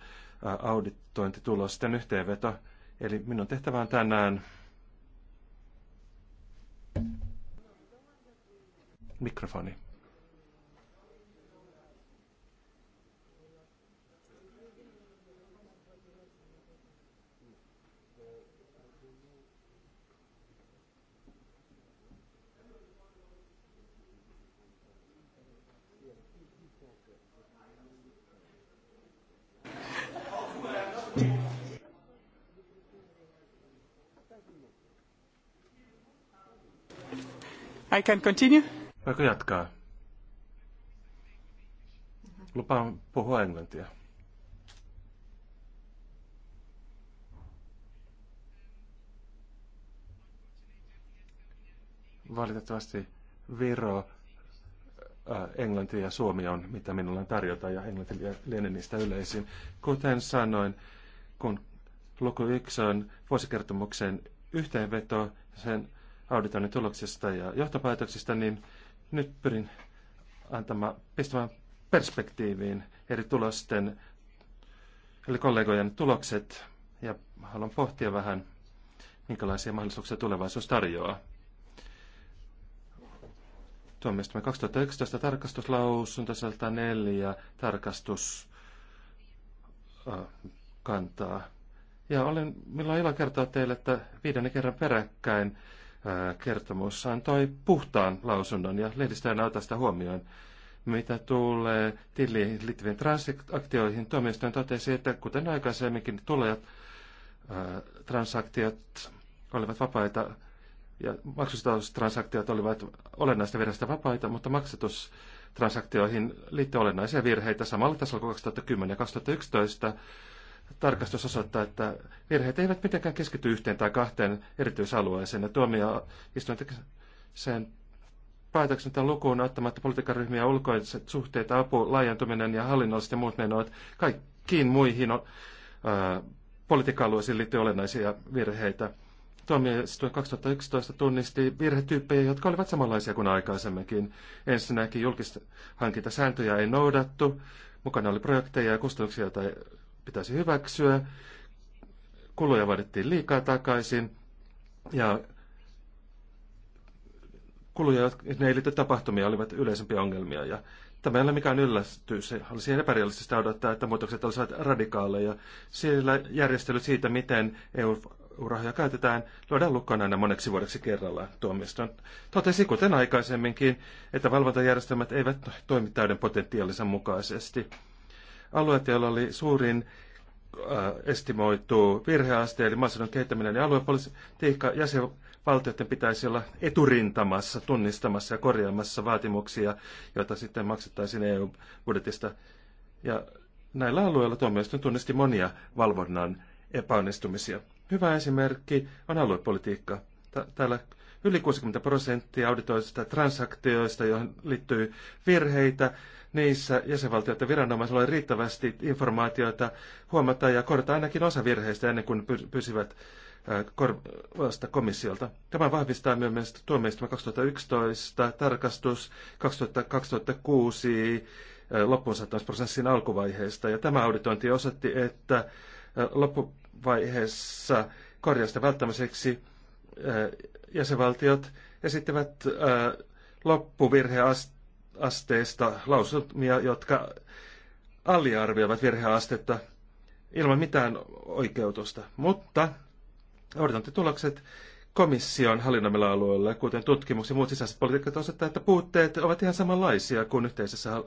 auditointitulosten yhteenveto. Eli minun tehtävä on tänään mikrofoni. I can continue? Voiko jatkaa? Lupaan puhua englantia. Valitettavasti Viro Äh, englanti ja suomi on, mitä minulla on tarjota, ja englanti lienee niistä yleisin. Kuten sanoin, kun luku 1 on vuosikertomuksen yhteenveto sen auditoinnin tuloksista ja johtopäätöksistä, niin nyt pyrin antamaan, pistämään perspektiiviin eri tulosten, eli kollegojen tulokset, ja haluan pohtia vähän, minkälaisia mahdollisuuksia tulevaisuus tarjoaa tuomioistuimen 2011 tarkastuslausunto sieltä neljä tarkastus kantaa. Ja olen, milloin ilo kertoa teille, että viidennen kerran peräkkäin kertomus antoi puhtaan lausunnon ja lehdistöön ottaa sitä huomioon. Mitä tulee tiliin liittyviin transaktioihin, tuomioistuin totesi, että kuten aikaisemminkin tulleet transaktiot olivat vapaita ja maksustaustransaktiot olivat olennaista virheistä vapaita, mutta maksatustransaktioihin liittyy olennaisia virheitä samalla tasolla kuin 2010 ja 2011. Tarkastus osoittaa, että virheet eivät mitenkään keskity yhteen tai kahteen erityisalueeseen, ja tuomioistuin sen päätöksen tämän lukuun ottamatta politiikkaryhmiä ulkoiset suhteet, apu, laajentuminen ja hallinnolliset ja muut menot, kaikkiin muihin on, ää, politiikka-alueisiin liittyy olennaisia virheitä Tuomioistuin 2011 tunnisti virhetyyppejä, jotka olivat samanlaisia kuin aikaisemminkin. Ensinnäkin julkishankintasääntöjä ei noudattu, mukana oli projekteja ja kustannuksia, joita pitäisi hyväksyä, kuluja vaadittiin liikaa takaisin ja kuluja, ne ei liity tapahtumia, olivat yleisempiä ongelmia. Ja tämä ei ole mikään yllätys. Olisi epärealistista odottaa, että muutokset olisivat radikaaleja. Sillä järjestely siitä, miten EU urahoja käytetään, luodaan lukkoon aina moneksi vuodeksi kerrallaan tuomioistuin. Totesi, kuten aikaisemminkin, että valvontajärjestelmät eivät toimi täyden potentiaalinsa mukaisesti. Alueet, joilla oli suurin äh, estimoitu virheaste, eli maaseudun kehittäminen ja aluepolitiikka jäsenvaltioiden pitäisi olla eturintamassa, tunnistamassa ja korjaamassa vaatimuksia, joita sitten maksettaisiin EU-budjetista. Ja näillä alueilla tuomioistuin tunnisti monia valvonnan epäonnistumisia. Hyvä esimerkki on aluepolitiikka. Täällä yli 60 prosenttia auditoista transaktioista, joihin liittyy virheitä, niissä jäsenvaltioiden viranomaisilla oli riittävästi informaatiota huomata ja korjata ainakin osa virheistä ennen kuin pysyvät korvasta komissiolta. Tämä vahvistaa myös tuomioistuma 2011 tarkastus 2006 loppun saattamisprosessin alkuvaiheesta. Ja tämä auditointi osoitti, että loppu vaiheessa korjausta välttämiseksi äh, jäsenvaltiot esittävät äh, loppuvirheasteesta lausumia, jotka aliarvioivat virheastetta ilman mitään oikeutusta. Mutta tulokset komission hallinnoimilla alueilla, kuten tutkimus ja muut sisäiset politiikat osoittavat, että puutteet ovat ihan samanlaisia kuin yhteisessä äh,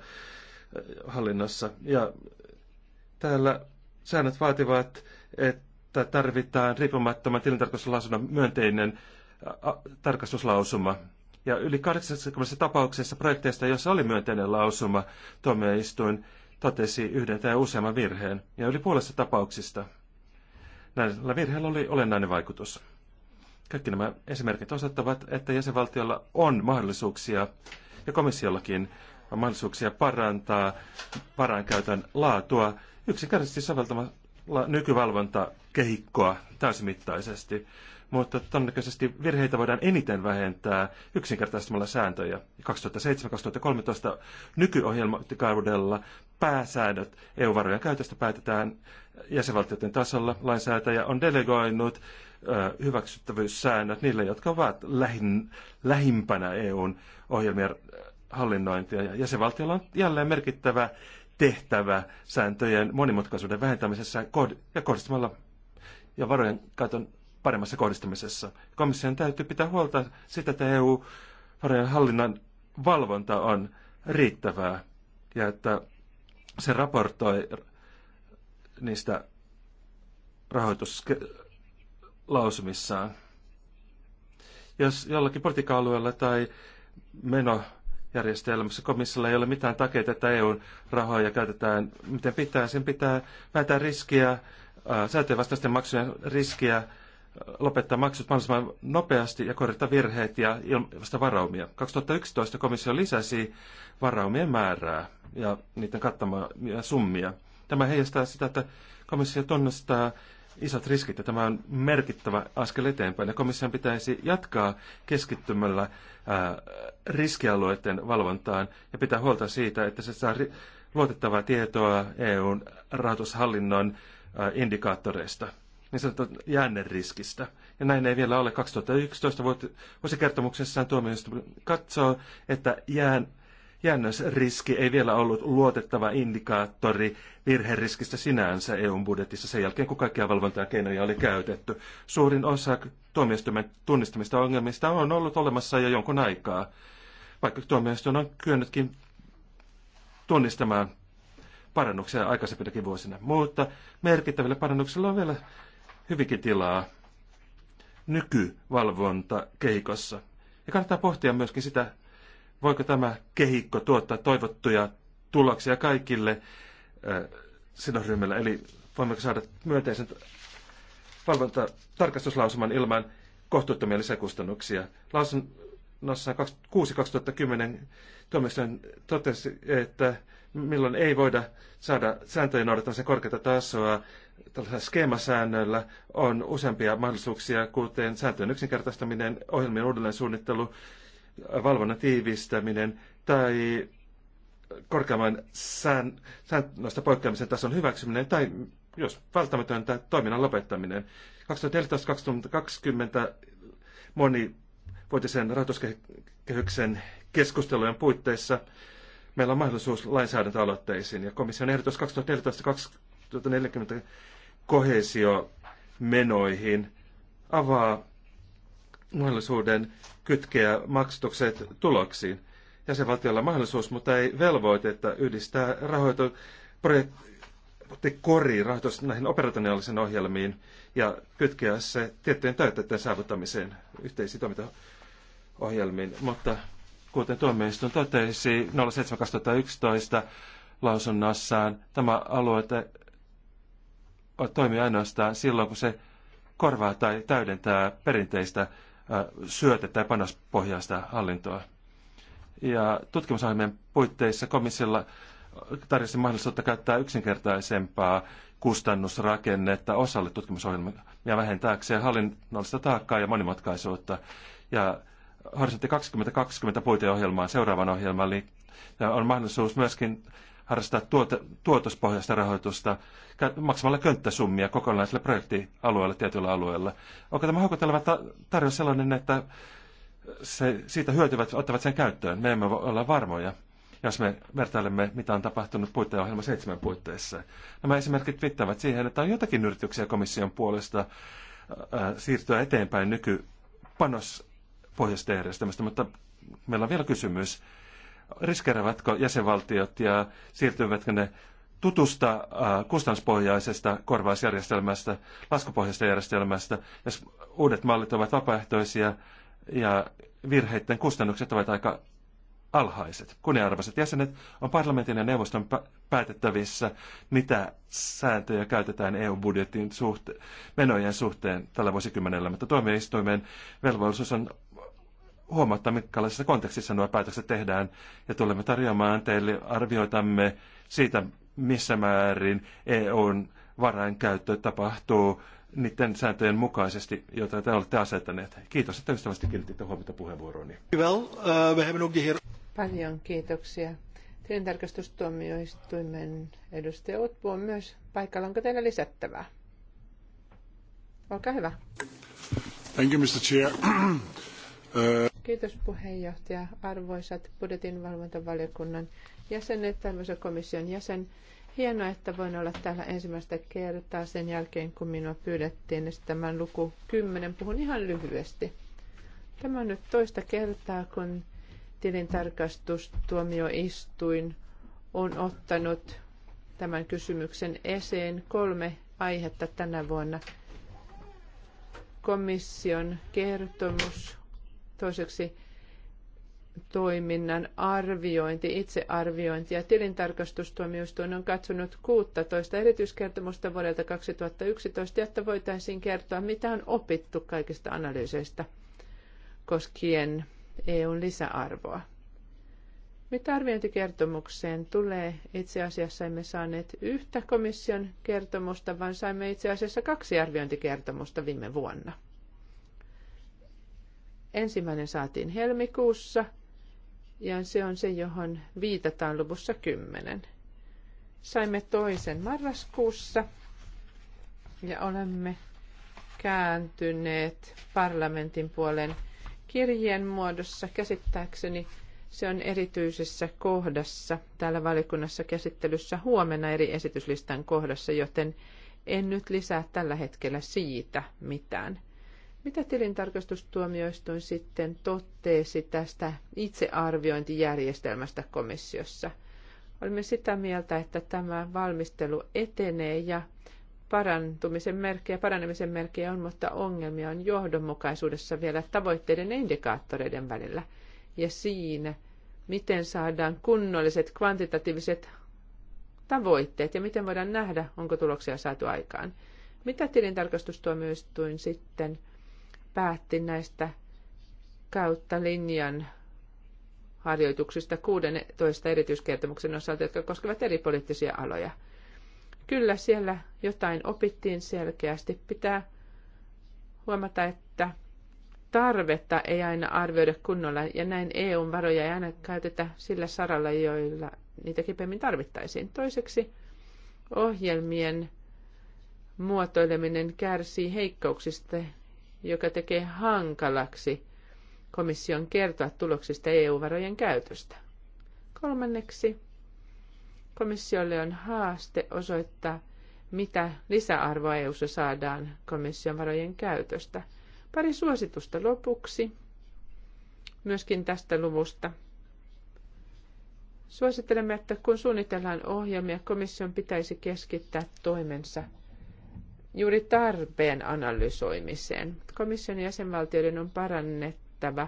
hallinnossa Ja täällä säännöt vaativat että tarvitaan riippumattoman tilintarkastuslausunnon myönteinen tarkastuslausuma. Ja yli 80 tapauksessa projekteista, joissa oli myönteinen lausuma, tuomioistuin totesi yhden tai useamman virheen, ja yli puolessa tapauksista näillä virheillä oli olennainen vaikutus. Kaikki nämä esimerkit osoittavat, että jäsenvaltiolla on mahdollisuuksia, ja komissiollakin on mahdollisuuksia parantaa varainkäytön laatua yksinkertaisesti soveltamalla nykyvalvontakehikkoa täysimittaisesti, mutta todennäköisesti virheitä voidaan eniten vähentää yksinkertaistamalla sääntöjä. 2007-2013 nykyohjelmakaudella pääsäännöt EU-varojen käytöstä päätetään jäsenvaltioiden tasolla. Lainsäätäjä on delegoinut hyväksyttävyyssäännöt niille, jotka ovat lähin, lähimpänä EUn ohjelmien hallinnointia. Ja jäsenvaltiolla on jälleen merkittävä tehtävä sääntöjen monimutkaisuuden vähentämisessä ja kohdistamalla ja varojen käytön paremmassa kohdistamisessa. Komission täytyy pitää huolta siitä, että EU-varojen hallinnan valvonta on riittävää ja että se raportoi niistä rahoituslausumissaan. Jos jollakin politiikka-alueella tai meno järjestelmässä. Komissiolla ei ole mitään takeita, että EUn rahoja käytetään miten pitää. Sen pitää päätää riskiä, säätöjenvastaisten maksujen riskiä, lopettaa maksut mahdollisimman nopeasti ja korjata virheet ja ilmaista varaumia. 2011 komissio lisäsi varaumien määrää ja niiden kattamia summia. Tämä heijastaa sitä, että komissio tunnustaa isot riskit ja tämä on merkittävä askel eteenpäin. Ja komission pitäisi jatkaa keskittymällä riskialueiden valvontaan ja pitää huolta siitä, että se saa luotettavaa tietoa EUn rahoitushallinnon indikaattoreista, niin sanottu jänneriskistä. Ja näin ei vielä ole. 2011 vuosikertomuksessaan tuomioistuin katsoo, että jään jännösriski ei vielä ollut luotettava indikaattori virheriskistä sinänsä EUn budjetissa sen jälkeen, kun kaikkia valvontaa keinoja oli käytetty. Suurin osa tuomioistuimen tunnistamista ongelmista on ollut olemassa jo jonkun aikaa, vaikka tuomioistuin on kyennytkin tunnistamaan parannuksia aikaisempinakin vuosina. Mutta merkittävillä parannuksilla on vielä hyvinkin tilaa nykyvalvonta Ja kannattaa pohtia myöskin sitä, voiko tämä kehikko tuottaa toivottuja tuloksia kaikille sidosryhmille, eli voimmeko saada myönteisen valvonta tarkastuslausuman ilman kohtuuttomia lisäkustannuksia. Lausunnossa 6.2010 tuomioistuin totesi, että milloin ei voida saada sääntöjen noudattamisen korkeata tasoa tällaisella skeemasäännöllä on useampia mahdollisuuksia, kuten sääntöjen yksinkertaistaminen, ohjelmien uudelleen suunnittelu, valvonnan tiivistäminen tai korkeamman sään, säännöstä poikkeamisen tason hyväksyminen tai jos välttämätöntä toiminnan lopettaminen. 2014-2020 monivuotisen rahoituskehyksen keskustelujen puitteissa meillä on mahdollisuus lainsäädäntöaloitteisiin ja komission ehdotus 2014-2040 kohesiomenoihin avaa mahdollisuuden kytkeä maksatukset tuloksiin. Jäsenvaltiolla on mahdollisuus, mutta ei että yhdistää rahoitu, rahoitus näihin operationaalisiin ohjelmiin ja kytkeä se tiettyjen täytteiden saavuttamiseen yhteisiin toimintaohjelmiin. Mutta kuten tuomioistuin totesi 07.2011 lausunnossaan, tämä alue toimii ainoastaan silloin, kun se korvaa tai täydentää perinteistä Äh, syötetä ja panospohjaista hallintoa. Ja tutkimusohjelmien puitteissa komissiolla tarjosi mahdollisuutta käyttää yksinkertaisempaa kustannusrakennetta osalle tutkimusohjelmia vähentääkseen hallinnollista taakkaa ja monimutkaisuutta. Ja Horisontti 2020 puiteohjelmaan seuraavan ohjelman on mahdollisuus myöskin harrastaa tuota, tuotospohjaista rahoitusta maksamalla könttäsummia kokonaiselle projektialueelle tietyllä alueella. Onko tämä houkutteleva tarjous sellainen, että se, siitä hyötyvät ottavat sen käyttöön? Me emme voi olla varmoja, jos me vertailemme, mitä on tapahtunut puitteohjelma seitsemän puitteissa. Nämä esimerkit viittaavat siihen, että on jotakin yrityksiä komission puolesta ää, siirtyä eteenpäin nykypanospohjaisesta järjestelmästä, mutta meillä on vielä kysymys riskerävätkö jäsenvaltiot ja siirtyvätkö ne tutusta äh, kustannuspohjaisesta korvausjärjestelmästä, laskupohjaisesta järjestelmästä, jos uudet mallit ovat vapaaehtoisia ja virheiden kustannukset ovat aika alhaiset. Kunnianarvoiset jäsenet on parlamentin ja neuvoston päätettävissä, mitä sääntöjä käytetään EU-budjetin suhteen menojen suhteen tällä vuosikymmenellä, mutta tuomioistuimen velvollisuus on huomauttaa, minkälaisessa kontekstissa nuo päätökset tehdään, ja tulemme tarjoamaan teille arvioitamme siitä, missä määrin EUn varainkäyttö tapahtuu niiden sääntöjen mukaisesti, joita te olette asettaneet. Kiitos, että ystävästi kiinnititte huomiota puheenvuorooni. Uh, no Paljon kiitoksia. Tilintarkastustuomioistuimen edustaja Otpu on myös paikalla. Onko teillä lisättävää? Olkaa hyvä. Thank you, Mr. Chair. Uh, Kiitos puheenjohtaja, arvoisat budjetinvalvontavaliokunnan jäsenet, arvoisa komission jäsen. Hienoa, että voin olla täällä ensimmäistä kertaa sen jälkeen, kun minua pyydettiin tämän luku 10. Puhun ihan lyhyesti. Tämä on nyt toista kertaa, kun tilintarkastustuomioistuin on ottanut tämän kysymyksen esiin. Kolme aihetta tänä vuonna. Komission kertomus Toiseksi toiminnan arviointi, itsearviointi ja tilintarkastustuomioistuin on katsonut 16 erityiskertomusta vuodelta 2011, jotta voitaisiin kertoa, mitä on opittu kaikista analyyseista koskien EUn lisäarvoa. Mitä arviointikertomukseen tulee, itse asiassa emme saaneet yhtä komission kertomusta, vaan saimme itse asiassa kaksi arviointikertomusta viime vuonna. Ensimmäinen saatiin helmikuussa ja se on se, johon viitataan luvussa 10. Saimme toisen marraskuussa ja olemme kääntyneet parlamentin puolen kirjeen muodossa. Käsittääkseni se on erityisessä kohdassa täällä valikunnassa käsittelyssä huomenna eri esityslistan kohdassa, joten en nyt lisää tällä hetkellä siitä mitään. Mitä tilintarkastustuomioistuin sitten totteesi tästä itsearviointijärjestelmästä komissiossa? Olimme sitä mieltä, että tämä valmistelu etenee ja parantumisen merkkejä, paranemisen merkkejä on, mutta ongelmia on johdonmukaisuudessa vielä tavoitteiden ja indikaattoreiden välillä. Ja siinä, miten saadaan kunnolliset kvantitatiiviset tavoitteet ja miten voidaan nähdä, onko tuloksia saatu aikaan. Mitä tilintarkastustuomioistuin sitten – päätti näistä kautta linjan harjoituksista 16 erityiskertomuksen osalta, jotka koskevat eri poliittisia aloja. Kyllä siellä jotain opittiin selkeästi. Pitää huomata, että tarvetta ei aina arvioida kunnolla, ja näin EUn varoja ei aina käytetä sillä saralla, joilla niitä kipeämmin tarvittaisiin. Toiseksi ohjelmien muotoileminen kärsii heikkouksista, joka tekee hankalaksi komission kertoa tuloksista EU-varojen käytöstä. Kolmanneksi, komissiolle on haaste osoittaa, mitä lisäarvoa eu saadaan komission varojen käytöstä. Pari suositusta lopuksi, myöskin tästä luvusta. Suosittelemme, että kun suunnitellaan ohjelmia, komission pitäisi keskittää toimensa – juuri tarpeen analysoimiseen. Komission jäsenvaltioiden on parannettava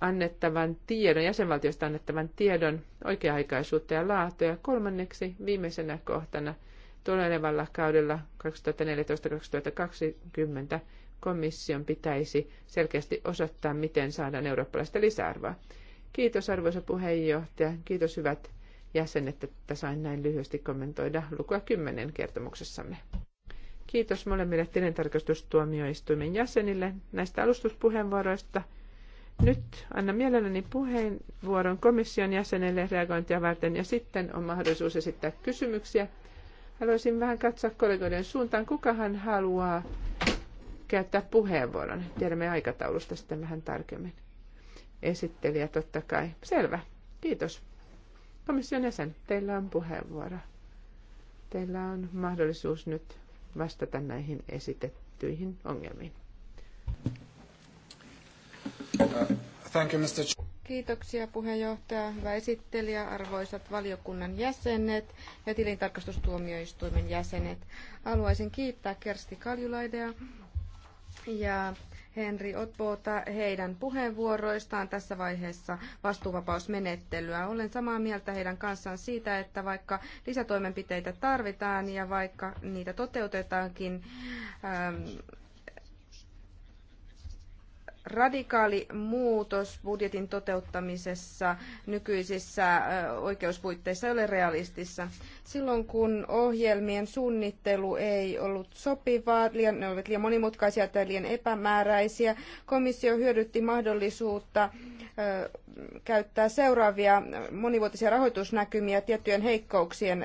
annettavan tiedon, jäsenvaltiosta annettavan tiedon oikea-aikaisuutta ja laatua. Ja kolmanneksi viimeisenä kohtana tulevalla kaudella 2014-2020 komission pitäisi selkeästi osoittaa, miten saadaan eurooppalaista lisäarvoa. Kiitos arvoisa puheenjohtaja, kiitos hyvät jäsenet, että sain näin lyhyesti kommentoida lukua kymmenen kertomuksessamme. Kiitos molemmille tilintarkastustuomioistuimen jäsenille näistä alustuspuheenvuoroista. Nyt anna mielelläni puheenvuoron komission jäsenelle reagointia varten ja sitten on mahdollisuus esittää kysymyksiä. Haluaisin vähän katsoa kollegoiden suuntaan, kukahan haluaa käyttää puheenvuoron. Tiedämme aikataulusta sitten vähän tarkemmin. Esittelijä totta kai. Selvä. Kiitos. Komission jäsen, teillä on puheenvuoro. Teillä on mahdollisuus nyt vastata näihin esitettyihin ongelmiin. Thank you, Mr. Kiitoksia puheenjohtaja, hyvä esittelijä, arvoisat valiokunnan jäsenet ja tilintarkastustuomioistuimen jäsenet. Haluaisin kiittää Kersti Kaljulaidea ja Henri Otpoota heidän puheenvuoroistaan tässä vaiheessa vastuuvapausmenettelyä. Olen samaa mieltä heidän kanssaan siitä, että vaikka lisätoimenpiteitä tarvitaan ja vaikka niitä toteutetaankin, ähm, radikaali muutos budjetin toteuttamisessa nykyisissä oikeuspuitteissa ei ole realistissa. Silloin kun ohjelmien suunnittelu ei ollut sopivaa, liian, ne olivat liian monimutkaisia tai liian epämääräisiä, komissio hyödytti mahdollisuutta käyttää seuraavia monivuotisia rahoitusnäkymiä tiettyjen heikkouksien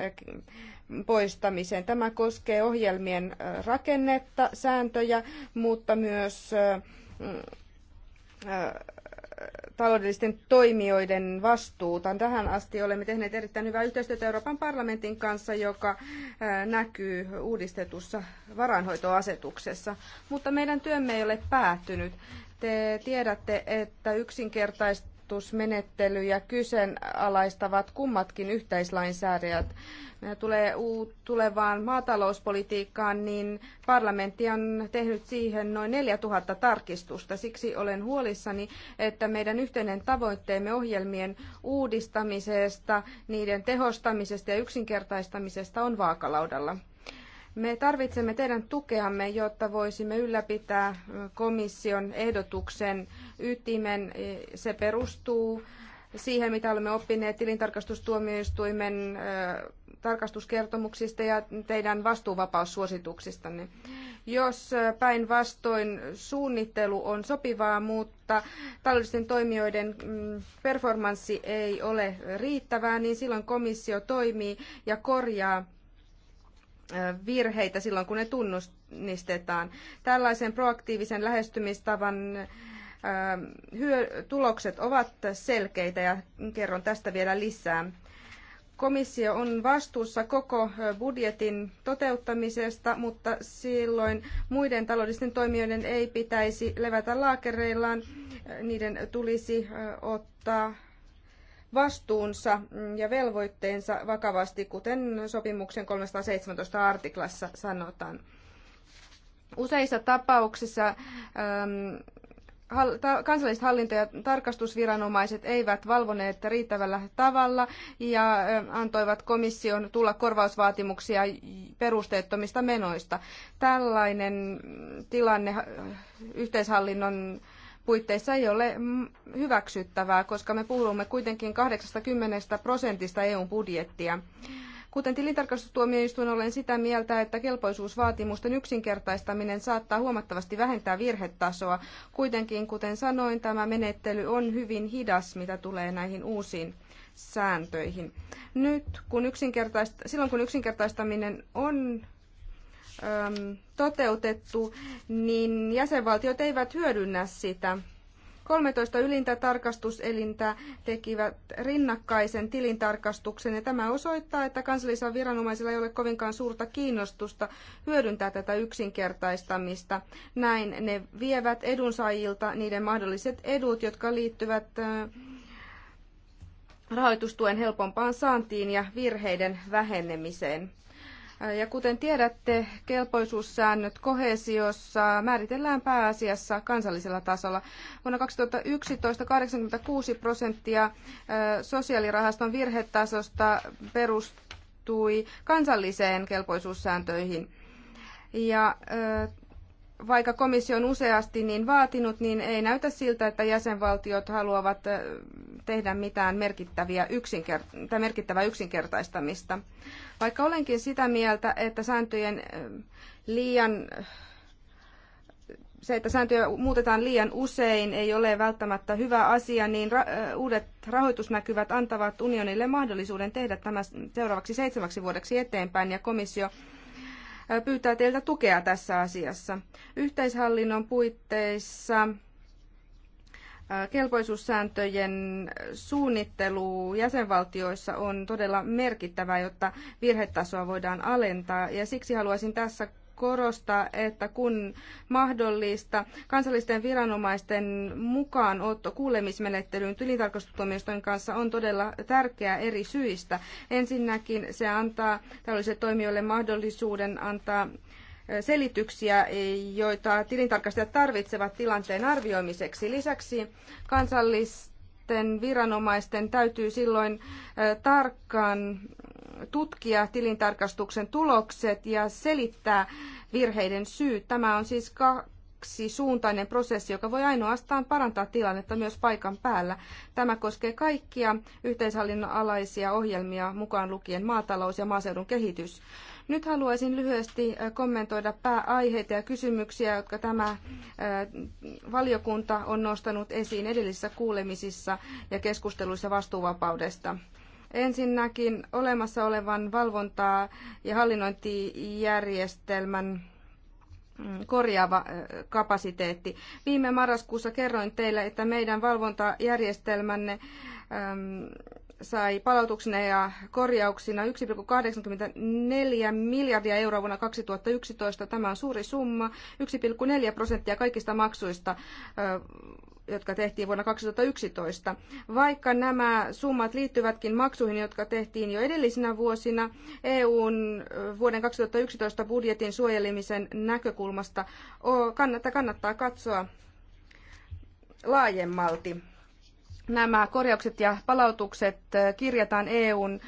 poistamiseen. Tämä koskee ohjelmien rakennetta, sääntöjä, mutta myös taloudellisten toimijoiden vastuuta. Tähän asti olemme tehneet erittäin hyvää yhteistyötä Euroopan parlamentin kanssa, joka näkyy uudistetussa varainhoitoasetuksessa. Mutta meidän työmme ei ole päättynyt. Te tiedätte, että yksinkertaista ilmoitusmenettelyjä kyseenalaistavat kummatkin yhteislainsäädäjät. Tulee tulevaan maatalouspolitiikkaan, niin parlamentti on tehnyt siihen noin 4000 tarkistusta. Siksi olen huolissani, että meidän yhteinen tavoitteemme ohjelmien uudistamisesta, niiden tehostamisesta ja yksinkertaistamisesta on vaakalaudalla. Me tarvitsemme teidän tukeamme, jotta voisimme ylläpitää komission ehdotuksen ytimen. E, se perustuu siihen, mitä olemme oppineet tilintarkastustuomioistuimen e, tarkastuskertomuksista ja teidän vastuuvapaussuosituksistanne. Jos e, päinvastoin suunnittelu on sopivaa, mutta taloudellisten toimijoiden mm, performanssi ei ole riittävää, niin silloin komissio toimii ja korjaa virheitä silloin, kun ne tunnustetaan. Tällaisen proaktiivisen lähestymistavan Ähm, tulokset ovat selkeitä ja kerron tästä vielä lisää. Komissio on vastuussa koko budjetin toteuttamisesta, mutta silloin muiden taloudellisten toimijoiden ei pitäisi levätä laakereillaan. Niiden tulisi ottaa vastuunsa ja velvoitteensa vakavasti, kuten sopimuksen 317 artiklassa sanotaan. Useissa tapauksissa ähm, kansalliset hallinto- ja tarkastusviranomaiset eivät valvoneet riittävällä tavalla ja antoivat komission tulla korvausvaatimuksia perusteettomista menoista. Tällainen tilanne yhteishallinnon puitteissa ei ole hyväksyttävää, koska me puhumme kuitenkin 80 prosentista eu budjettia. Kuten tilintarkastustuomioistuin olen sitä mieltä, että kelpoisuusvaatimusten yksinkertaistaminen saattaa huomattavasti vähentää virhetasoa. Kuitenkin, kuten sanoin, tämä menettely on hyvin hidas, mitä tulee näihin uusiin sääntöihin. Nyt, kun yksinkertaist- silloin kun yksinkertaistaminen on toteutettu, niin jäsenvaltiot eivät hyödynnä sitä. 13 ylintä tarkastuselintä tekivät rinnakkaisen tilintarkastuksen ja tämä osoittaa, että kansallisilla viranomaisilla ei ole kovinkaan suurta kiinnostusta hyödyntää tätä yksinkertaistamista. Näin ne vievät edunsaajilta niiden mahdolliset edut, jotka liittyvät rahoitustuen helpompaan saantiin ja virheiden vähenemiseen. Ja kuten tiedätte, kelpoisuussäännöt kohesiossa määritellään pääasiassa kansallisella tasolla. Vuonna 2011 86 prosenttia sosiaalirahaston virhetasosta perustui kansalliseen kelpoisuussääntöihin. Ja vaikka komissio on useasti niin vaatinut, niin ei näytä siltä, että jäsenvaltiot haluavat tehdä mitään merkittäviä yksinkert- tai merkittävää yksinkertaistamista. Vaikka olenkin sitä mieltä, että sääntöjen liian se, että sääntöjä muutetaan liian usein, ei ole välttämättä hyvä asia, niin ra- uudet rahoitusnäkyvät antavat unionille mahdollisuuden tehdä tämä seuraavaksi seitsemäksi vuodeksi eteenpäin, ja komissio pyytää teiltä tukea tässä asiassa. Yhteishallinnon puitteissa kelpoisuussääntöjen suunnittelu jäsenvaltioissa on todella merkittävää, jotta virhetasoa voidaan alentaa. Ja siksi haluaisin tässä korostaa, että kun mahdollista kansallisten viranomaisten mukaanotto kuulemismenettelyyn tilintarkastustuomioistuimen kanssa on todella tärkeää eri syistä. Ensinnäkin se antaa tällaisille toimijoille mahdollisuuden antaa selityksiä, joita tilintarkastajat tarvitsevat tilanteen arvioimiseksi. Lisäksi kansallisten viranomaisten täytyy silloin tarkkaan tutkia tilintarkastuksen tulokset ja selittää virheiden syyt. Tämä on siis kaksisuuntainen prosessi, joka voi ainoastaan parantaa tilannetta myös paikan päällä. Tämä koskee kaikkia yhteishallinnon alaisia ohjelmia, mukaan lukien maatalous ja maaseudun kehitys. Nyt haluaisin lyhyesti äh, kommentoida pääaiheita ja kysymyksiä, jotka tämä äh, valiokunta on nostanut esiin edellisissä kuulemisissa ja keskusteluissa vastuuvapaudesta. Ensinnäkin olemassa olevan valvontaa ja hallinnointijärjestelmän mm, korjaava kapasiteetti. Viime marraskuussa kerroin teille, että meidän valvontajärjestelmänne sai palautuksena ja korjauksina 1,84 miljardia euroa vuonna 2011. Tämä on suuri summa, 1,4 prosenttia kaikista maksuista jotka tehtiin vuonna 2011. Vaikka nämä summat liittyvätkin maksuihin, jotka tehtiin jo edellisinä vuosina, EUn vuoden 2011 budjetin suojelimisen näkökulmasta kannattaa, kannattaa katsoa laajemmalti. Nämä korjaukset ja palautukset kirjataan EUn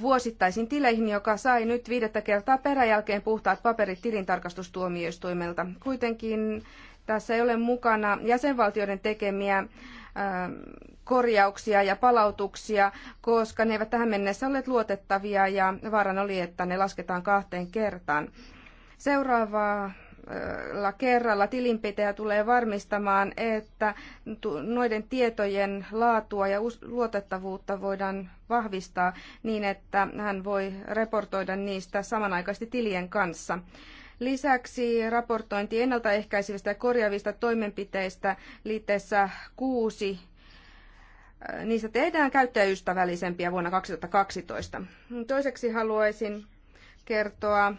vuosittaisiin tileihin, joka sai nyt viidettä kertaa peräjälkeen puhtaat paperit tilintarkastustuomioistuimelta. Kuitenkin tässä ei ole mukana jäsenvaltioiden tekemiä ähm, korjauksia ja palautuksia, koska ne eivät tähän mennessä olleet luotettavia ja vaaran oli, että ne lasketaan kahteen kertaan. Seuraavalla kerralla tilinpitäjä tulee varmistamaan, että noiden tietojen laatua ja luotettavuutta voidaan vahvistaa niin, että hän voi raportoida niistä samanaikaisesti tilien kanssa. Lisäksi raportointi ennaltaehkäisevistä ja korjaavista toimenpiteistä liitteessä kuusi äh, niistä tehdään käyttäjäystävällisempiä vuonna 2012. Toiseksi haluaisin kertoa äm,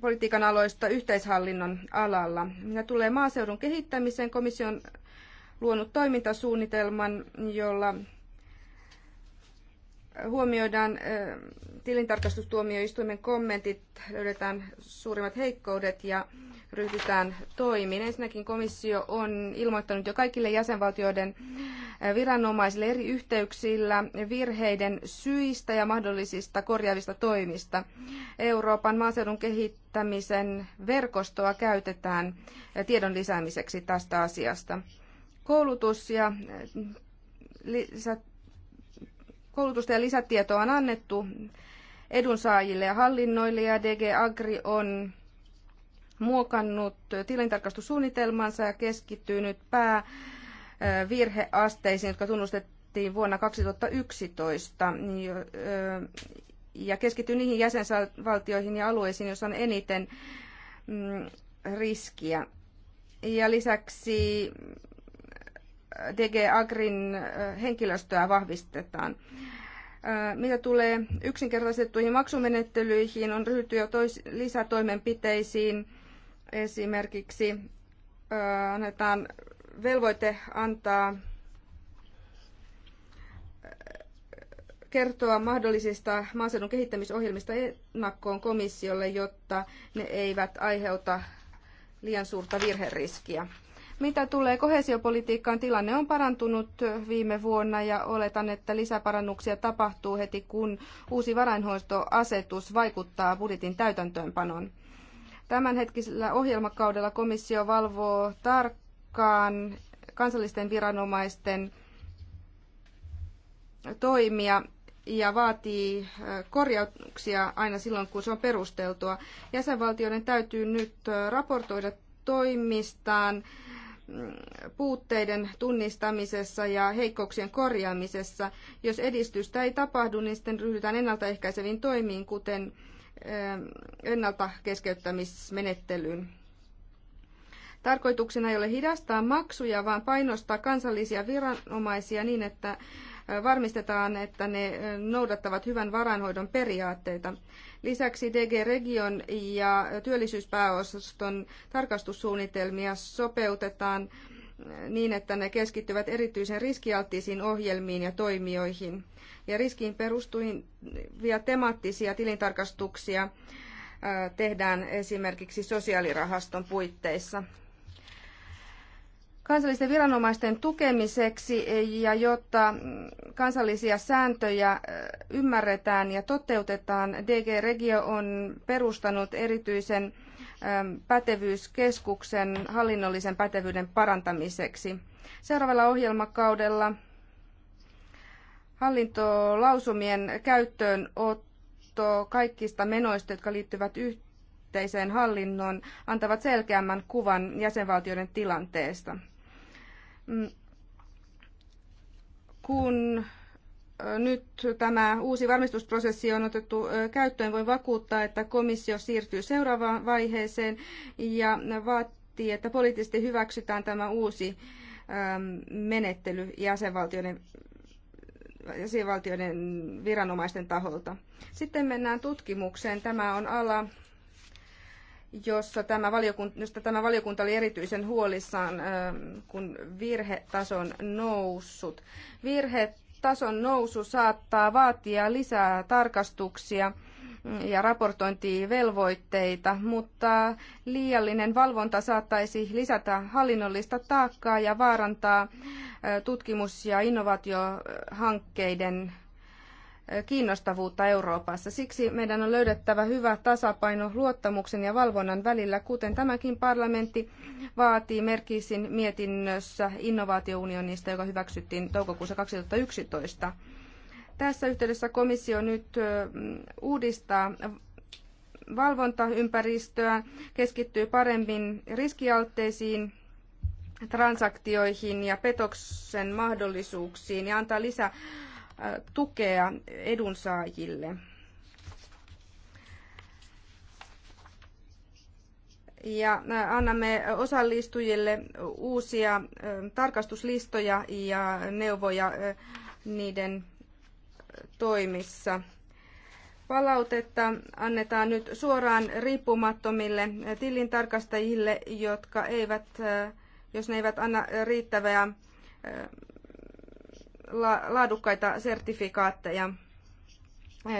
politiikan aloista yhteishallinnon alalla. Mitä tulee maaseudun kehittämiseen, komission luonut toimintasuunnitelman, jolla huomioidaan tilintarkastustuomioistuimen kommentit, löydetään suurimmat heikkoudet ja ryhdytään toimiin. Ensinnäkin komissio on ilmoittanut jo kaikille jäsenvaltioiden viranomaisille eri yhteyksillä virheiden syistä ja mahdollisista korjaavista toimista. Euroopan maaseudun kehittämisen verkostoa käytetään tiedon lisäämiseksi tästä asiasta. Koulutus ja lisät koulutusta ja lisätietoa on annettu edunsaajille ja hallinnoille ja DG Agri on muokannut tilintarkastussuunnitelmansa ja keskittynyt päävirheasteisiin, jotka tunnustettiin vuonna 2011 ja keskittyy niihin jäsenvaltioihin ja alueisiin, joissa on eniten mm, riskiä. Ja lisäksi DG Agrin eh, henkilöstöä vahvistetaan. Eh, mitä tulee yksinkertaistettuihin maksumenettelyihin, on ryhdytty jo tois- lisätoimenpiteisiin. Esimerkiksi eh, annetaan velvoite antaa kertoa mahdollisista maaseudun kehittämisohjelmista ennakkoon komissiolle, jotta ne eivät aiheuta liian suurta virheriskiä. Mitä tulee kohesiopolitiikkaan, tilanne on parantunut viime vuonna ja oletan, että lisäparannuksia tapahtuu heti, kun uusi varainhoistoasetus vaikuttaa budjetin täytäntöönpanoon. Tämänhetkisellä ohjelmakaudella komissio valvoo tarkkaan kansallisten viranomaisten toimia ja vaatii korjauksia aina silloin, kun se on perusteltua. Jäsenvaltioiden täytyy nyt raportoida toimistaan puutteiden tunnistamisessa ja heikkouksien korjaamisessa. Jos edistystä ei tapahdu, niin sitten ryhdytään ennaltaehkäiseviin toimiin, kuten ähm, ennalta Tarkoituksena ei ole hidastaa maksuja, vaan painostaa kansallisia viranomaisia niin, että äh, varmistetaan, että ne äh, noudattavat hyvän varainhoidon periaatteita. Lisäksi DG Region ja työllisyyspääosaston tarkastussuunnitelmia sopeutetaan niin, että ne keskittyvät erityisen riskialttiisiin ohjelmiin ja toimijoihin. Ja riskiin perustuvia temaattisia tilintarkastuksia tehdään esimerkiksi sosiaalirahaston puitteissa kansallisten viranomaisten tukemiseksi e, ja jotta kansallisia sääntöjä e, ymmärretään ja toteutetaan, DG Regio on perustanut erityisen e, pätevyyskeskuksen hallinnollisen pätevyyden parantamiseksi. Seuraavalla ohjelmakaudella hallintolausumien käyttöönotto kaikista menoista, jotka liittyvät yhteiseen hallinnon, antavat selkeämmän kuvan jäsenvaltioiden tilanteesta. Mm. Kun nyt tämä uusi varmistusprosessi on otettu käyttöön, voin vakuuttaa, että komissio siirtyy seuraavaan vaiheeseen ja vaatii, että poliittisesti hyväksytään tämä uusi menettely jäsenvaltioiden jäsenvaltioiden viranomaisten taholta. Sitten mennään tutkimukseen. Tämä on ala, jossa tämä valiokunta, josta tämä valiokunta oli erityisen huolissaan, ähm, kun virhetason noussut. Virhetason nousu saattaa vaatia lisää tarkastuksia mm, ja raportointivelvoitteita, mutta liiallinen valvonta saattaisi lisätä hallinnollista taakkaa ja vaarantaa äh, tutkimus- ja innovaatiohankkeiden kiinnostavuutta Euroopassa. Siksi meidän on löydettävä hyvä tasapaino luottamuksen ja valvonnan välillä, kuten tämäkin parlamentti vaatii Merkisin mietinnössä innovaatiounionista, joka hyväksyttiin toukokuussa 2011. Tässä yhteydessä komissio nyt uudistaa valvontaympäristöä, keskittyy paremmin riskialtteisiin transaktioihin ja petoksen mahdollisuuksiin ja antaa lisää tukea edunsaajille. ja äh, annamme osallistujille uusia äh, tarkastuslistoja ja neuvoja äh, niiden toimissa. Palautetta annetaan nyt suoraan riippumattomille tilintarkastajille, jotka eivät, jos ne eivät anna riittävää laadukkaita sertifikaatteja.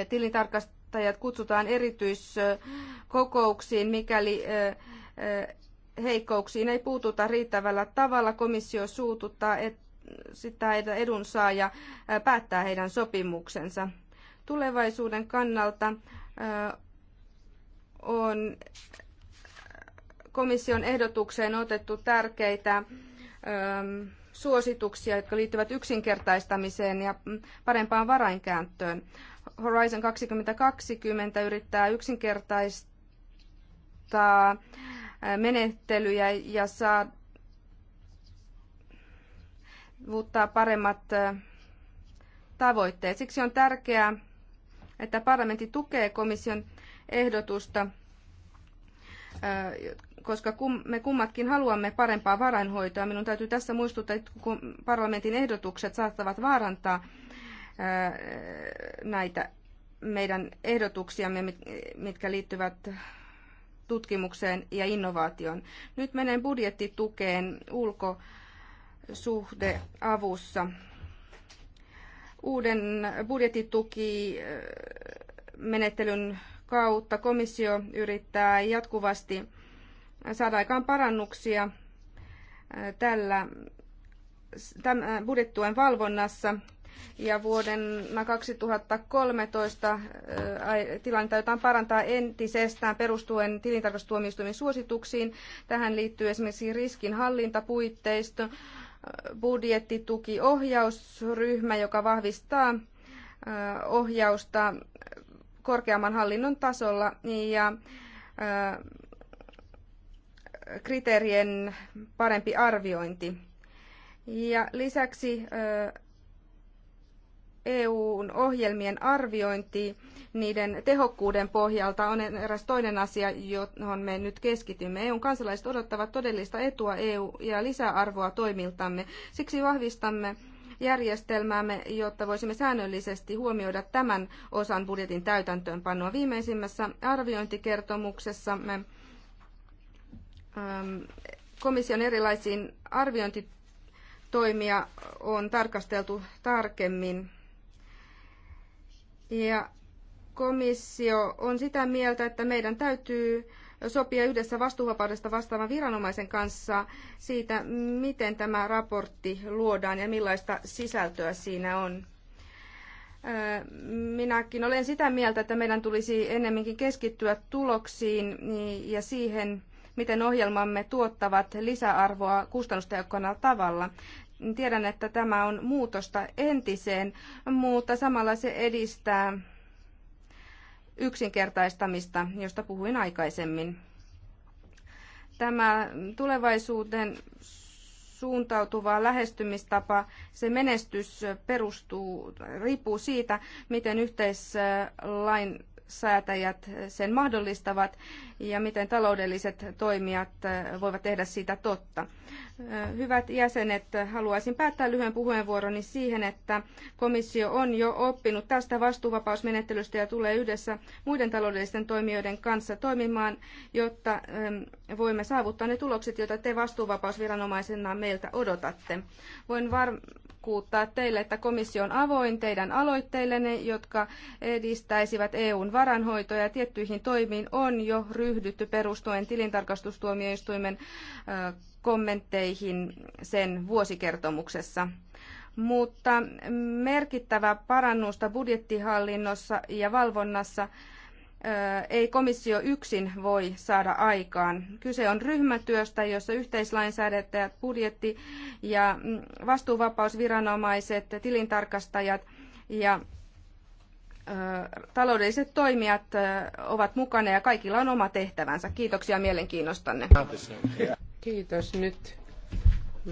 Tilintarkastajat kutsutaan erityiskokouksiin, mikäli heikkouksiin ei puututa riittävällä tavalla. Komissio suututtaa sitä edunsaaja päättää heidän sopimuksensa. Tulevaisuuden kannalta on komission ehdotukseen otettu tärkeitä suosituksia, jotka liittyvät yksinkertaistamiseen ja parempaan varainkääntöön. Horizon 2020 yrittää yksinkertaistaa menettelyjä ja saavuttaa paremmat tavoitteet. Siksi on tärkeää, että parlamentti tukee komission ehdotusta koska me kummatkin haluamme parempaa varainhoitoa. Minun täytyy tässä muistuttaa, että kun parlamentin ehdotukset saattavat vaarantaa näitä meidän ehdotuksiamme, mitkä liittyvät tutkimukseen ja innovaatioon. Nyt menen budjettitukeen ulkosuhdeavussa. Uuden budjettitukimenettelyn kautta komissio yrittää jatkuvasti saada aikaan parannuksia äh, tällä tämän äh, budjettuen valvonnassa. Ja vuoden 2013 äh, tilanne aiotaan parantaa entisestään perustuen tilintarkastustuomioistuimen suosituksiin. Tähän liittyy esimerkiksi riskinhallintapuitteisto, budjettitukiohjausryhmä, joka vahvistaa ohjausta korkeamman hallinnon tasolla ja kriteerien parempi arviointi. Ja lisäksi EUn ohjelmien arviointi niiden tehokkuuden pohjalta on eräs toinen asia, johon me nyt keskitymme. EUn kansalaiset odottavat todellista etua EU ja lisäarvoa toimiltamme. Siksi vahvistamme järjestelmäämme, jotta voisimme säännöllisesti huomioida tämän osan budjetin täytäntöönpanoa. Viimeisimmässä arviointikertomuksessamme Ähm, komission erilaisiin arviointitoimia on tarkasteltu tarkemmin. Ja komissio on sitä mieltä, että meidän täytyy sopia yhdessä vastuuvapaudesta vastaavan viranomaisen kanssa siitä, miten tämä raportti luodaan ja millaista sisältöä siinä on. Äh, minäkin olen sitä mieltä, että meidän tulisi ennemminkin keskittyä tuloksiin ja siihen, miten ohjelmamme tuottavat lisäarvoa kustannustehokkaana tavalla. Tiedän, että tämä on muutosta entiseen, mutta samalla se edistää yksinkertaistamista, josta puhuin aikaisemmin. Tämä tulevaisuuden suuntautuva lähestymistapa, se menestys perustuu, riippuu siitä, miten yhteislain säätäjät sen mahdollistavat ja miten taloudelliset toimijat voivat tehdä siitä totta. Hyvät jäsenet, haluaisin päättää lyhyen puheenvuoroni siihen, että komissio on jo oppinut tästä vastuuvapausmenettelystä ja tulee yhdessä muiden taloudellisten toimijoiden kanssa toimimaan, jotta voimme saavuttaa ne tulokset, joita te vastuuvapausviranomaisena meiltä odotatte. Voin var- vakuuttaa teille, että komissio on avoin teidän aloitteillenne, jotka edistäisivät EUn varanhoitoja ja tiettyihin toimiin on jo ryhdytty perustuen tilintarkastustuomioistuimen kommentteihin sen vuosikertomuksessa mutta merkittävää parannusta budjettihallinnossa ja valvonnassa ei komissio yksin voi saada aikaan. Kyse on ryhmätyöstä, jossa yhteislainsäädäntäjät, budjetti ja mm, vastuuvapausviranomaiset, tilintarkastajat ja taloudelliset toimijat ovat mukana ja kaikilla on oma tehtävänsä. Kiitoksia mielenkiinnostanne. Kiitos nyt.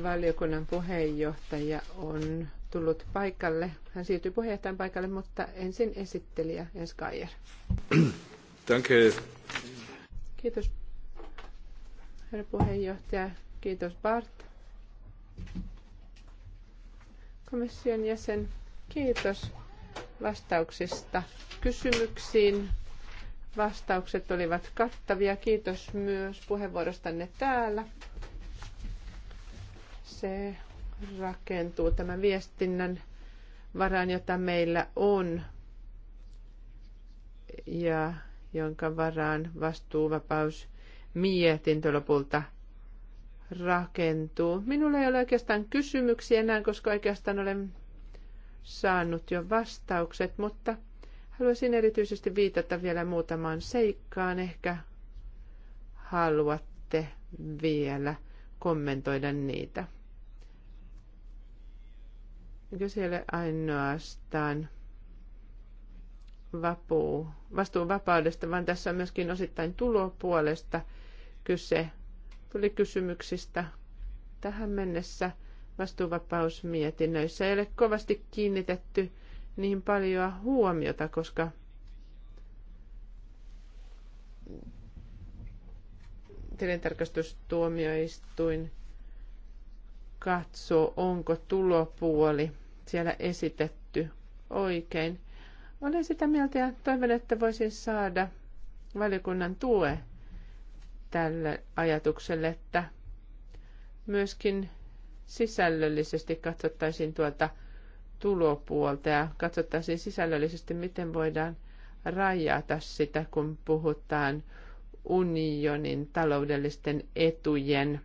Valiokunnan puheenjohtaja on tullut paikalle. Hän siirtyi puheenjohtajan paikalle, mutta ensin esittelijä Jens Geier. Kiitos, herra puheenjohtaja. Kiitos, Bart. Komission jäsen, kiitos vastauksista kysymyksiin. Vastaukset olivat kattavia. Kiitos myös puheenvuorostanne täällä. Se rakentuu tämän viestinnän varaan, jota meillä on ja jonka varaan vastuuvapaus mietintö lopulta rakentuu. Minulla ei ole oikeastaan kysymyksiä enää, koska oikeastaan olen saanut jo vastaukset, mutta haluaisin erityisesti viitata vielä muutamaan seikkaan. Ehkä haluatte vielä kommentoida niitä. Eikö siellä ainoastaan vapuu, vastuun vapaudesta, vaan tässä on myöskin osittain tulopuolesta kyse. Tuli kysymyksistä tähän mennessä vastuuvapausmietinnöissä ei ole kovasti kiinnitetty niin paljon huomiota, koska tilintarkastustuomioistuin – katsoo, onko tulopuoli siellä esitetty oikein. Olen sitä mieltä ja toivon, että voisin saada valiokunnan tue tälle ajatukselle, että myöskin sisällöllisesti katsottaisiin tuolta tulopuolta ja katsottaisiin sisällöllisesti, miten voidaan rajata sitä, kun puhutaan unionin taloudellisten etujen –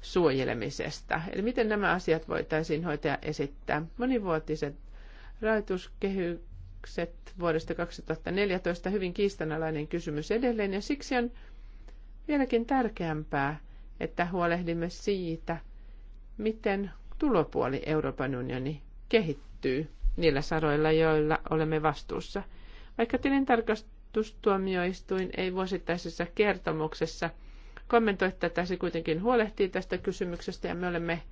suojelemisesta. Eli miten nämä asiat voitaisiin hoitaa esittää? Monivuotiset rahoituskehykset vuodesta 2014 hyvin kiistanalainen kysymys edelleen ja siksi on vieläkin tärkeämpää, että huolehdimme siitä, miten tulopuoli Euroopan unioni kehittyy niillä saroilla, joilla olemme vastuussa. Vaikka tilintarkastustuomioistuin ei vuosittaisessa kertomuksessa – kommentoi tätä, se kuitenkin huolehtii tästä kysymyksestä ja me olemme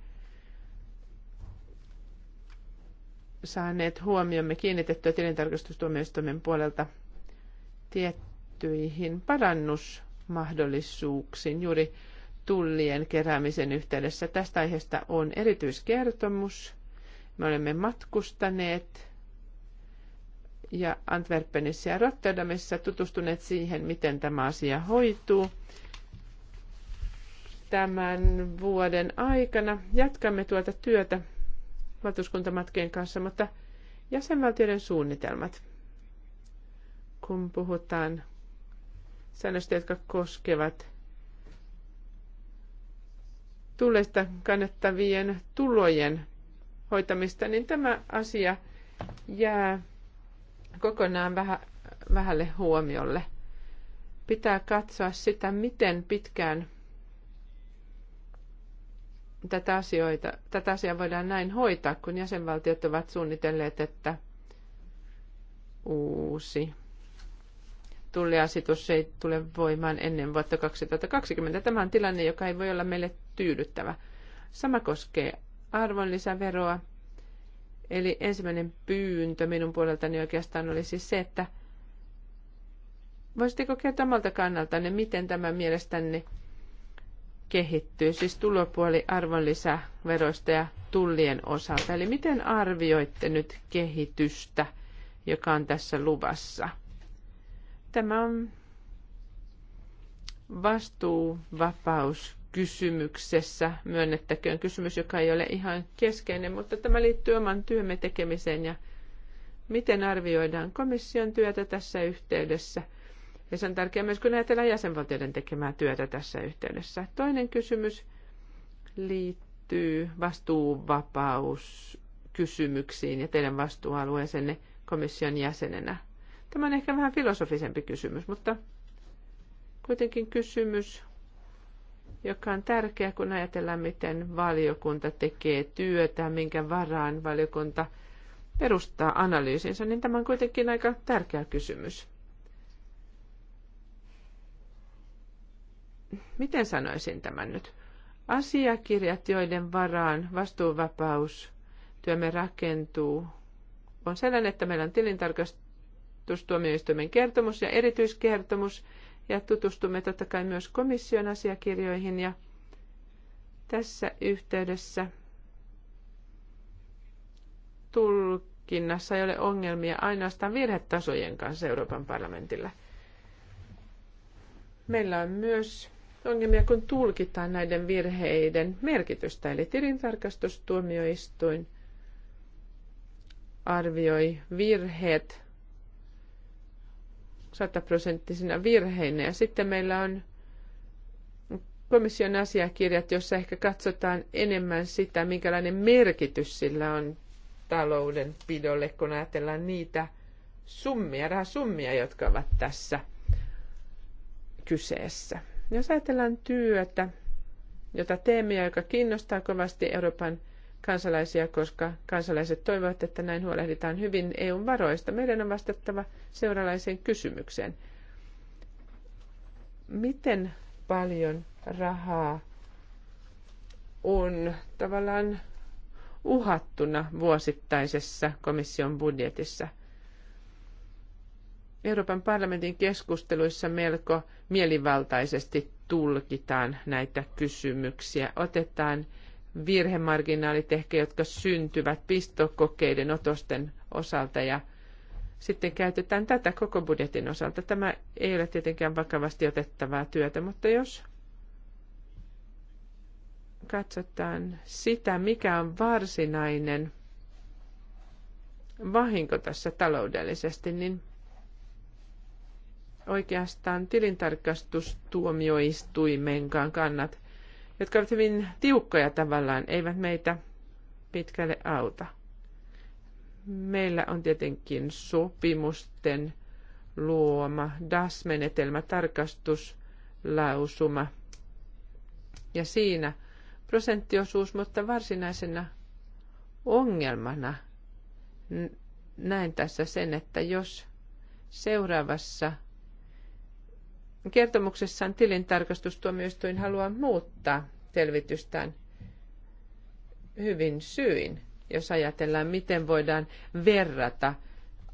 saaneet huomiomme kiinnitettyä tilintarkastustuomioistuimen puolelta tiettyihin parannusmahdollisuuksiin juuri tullien keräämisen yhteydessä. Tästä aiheesta on erityiskertomus. Me olemme matkustaneet ja Antwerpenissä ja Rotterdamissa tutustuneet siihen, miten tämä asia hoituu tämän vuoden aikana. Jatkamme tuota työtä valtuuskuntamatkien kanssa, mutta jäsenvaltioiden suunnitelmat, kun puhutaan säännöistä, jotka koskevat tulleista kannettavien tulojen hoitamista, niin tämä asia jää kokonaan vähän, vähälle huomiolle. Pitää katsoa sitä, miten pitkään tätä, asioita, tätä asiaa voidaan näin hoitaa, kun jäsenvaltiot ovat suunnitelleet, että uusi tulliasitus ei tule voimaan ennen vuotta 2020. Tämä on tilanne, joka ei voi olla meille tyydyttävä. Sama koskee arvonlisäveroa. Eli ensimmäinen pyyntö minun puoleltani oikeastaan oli siis se, että voisitteko kertoa omalta kannaltanne, miten tämä mielestänne kehittyy, siis tulopuoli arvonlisäveroista ja tullien osalta. Eli miten arvioitte nyt kehitystä, joka on tässä luvassa? Tämä on vastuuvapauskysymyksessä myönnettäköön kysymys, joka ei ole ihan keskeinen, mutta tämä liittyy oman työmme tekemiseen ja miten arvioidaan komission työtä tässä yhteydessä – ja sen on tärkeää myös, kun ajatella jäsenvaltioiden tekemää työtä tässä yhteydessä. Toinen kysymys liittyy vastuuvapauskysymyksiin ja teidän vastuualueeseenne komission jäsenenä. Tämä on ehkä vähän filosofisempi kysymys, mutta kuitenkin kysymys, joka on tärkeä, kun ajatellaan, miten valiokunta tekee työtä, minkä varaan valiokunta perustaa analyysinsä, niin tämä on kuitenkin aika tärkeä kysymys. miten sanoisin tämän nyt, asiakirjat, joiden varaan vastuuvapaus työmme rakentuu, on sellainen, että meillä on tilintarkastustuomioistuimen kertomus ja erityiskertomus, ja tutustumme totta kai myös komission asiakirjoihin, ja tässä yhteydessä tulkinnassa ei ole ongelmia ainoastaan virhetasojen kanssa Euroopan parlamentilla. Meillä on myös ongelmia, kun tulkitaan näiden virheiden merkitystä. Eli tilintarkastustuomioistuin arvioi virheet sataprosenttisina virheinä. Ja sitten meillä on komission asiakirjat, jossa ehkä katsotaan enemmän sitä, minkälainen merkitys sillä on pidolle, kun ajatellaan niitä summia, rahasummia, jotka ovat tässä kyseessä. Jos ajatellaan työtä, jota teemme ja joka kiinnostaa kovasti Euroopan kansalaisia, koska kansalaiset toivovat, että näin huolehditaan hyvin EUn varoista. Meidän on vastattava seuraavaiseen kysymykseen. Miten paljon rahaa on tavallaan uhattuna vuosittaisessa komission budjetissa – Euroopan parlamentin keskusteluissa melko mielivaltaisesti tulkitaan näitä kysymyksiä. Otetaan virhemarginaalit ehkä, jotka syntyvät pistokokeiden otosten osalta ja sitten käytetään tätä koko budjetin osalta. Tämä ei ole tietenkään vakavasti otettavaa työtä, mutta jos katsotaan sitä, mikä on varsinainen vahinko tässä taloudellisesti, niin oikeastaan tilintarkastustuomioistuimenkaan kannat, jotka ovat hyvin tiukkoja tavallaan, eivät meitä pitkälle auta. Meillä on tietenkin sopimusten luoma DAS-menetelmä, tarkastuslausuma ja siinä prosenttiosuus, mutta varsinaisena ongelmana näen tässä sen, että jos seuraavassa – Kertomuksessaan tilintarkastustuomioistuin haluaa muuttaa selvitystään hyvin syin, jos ajatellaan, miten voidaan verrata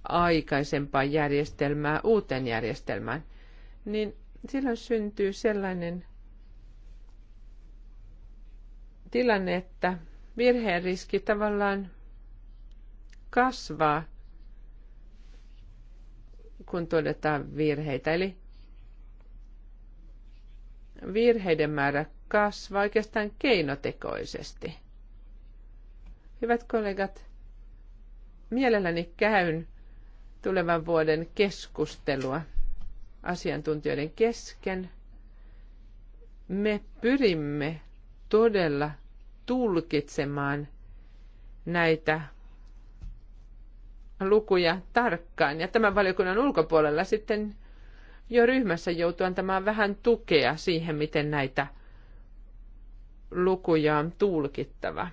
aikaisempaa järjestelmää uuteen järjestelmään, niin silloin syntyy sellainen tilanne, että virheen riski tavallaan kasvaa, kun todetaan virheitä. Eli virheiden määrä kasvaa oikeastaan keinotekoisesti. Hyvät kollegat, mielelläni käyn tulevan vuoden keskustelua asiantuntijoiden kesken. Me pyrimme todella tulkitsemaan näitä lukuja tarkkaan. Ja tämän valiokunnan ulkopuolella sitten jo ryhmässä joutuu antamaan vähän tukea siihen, miten näitä lukuja on tulkittava.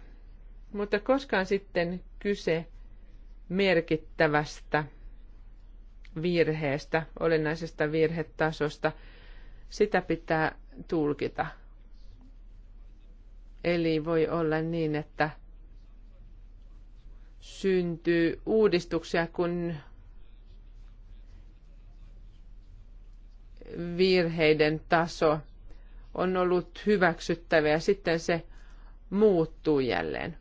Mutta koskaan sitten kyse merkittävästä virheestä, olennaisesta virhetasosta, sitä pitää tulkita. Eli voi olla niin, että syntyy uudistuksia, kun virheiden taso on ollut hyväksyttävä ja sitten se muuttuu jälleen.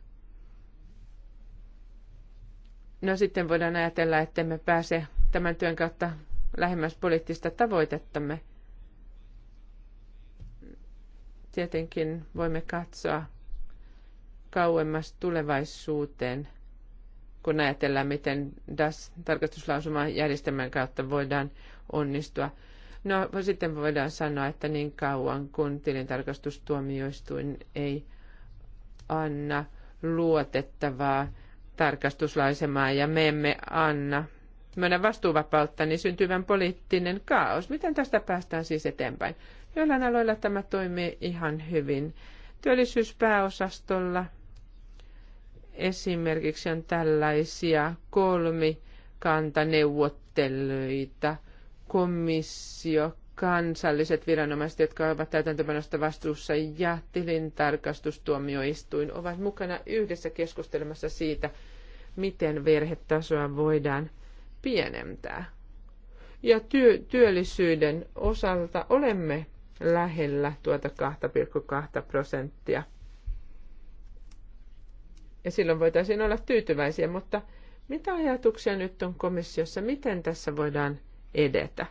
No sitten voidaan ajatella, että me pääse tämän työn kautta lähemmäs poliittista tavoitettamme. Tietenkin voimme katsoa kauemmas tulevaisuuteen, kun ajatellaan, miten das järjestelmän kautta voidaan onnistua – No sitten voidaan sanoa, että niin kauan kun tilintarkastustuomioistuin ei anna luotettavaa tarkastuslaisemaa ja me emme anna myönnä vastuuvapautta, niin syntyvän poliittinen kaos. Miten tästä päästään siis eteenpäin? Joillain aloilla tämä toimii ihan hyvin. Työllisyyspääosastolla esimerkiksi on tällaisia kolmikantaneuvotteluita – komissio, kansalliset viranomaiset, jotka ovat täytäntöpanosta vastuussa ja tilintarkastustuomioistuin ovat mukana yhdessä keskustelemassa siitä, miten verhetasoa voidaan pienentää. Ja työ, työllisyyden osalta olemme lähellä tuota 2,2 prosenttia. Ja silloin voitaisiin olla tyytyväisiä, mutta mitä ajatuksia nyt on komissiossa, miten tässä voidaan edetä.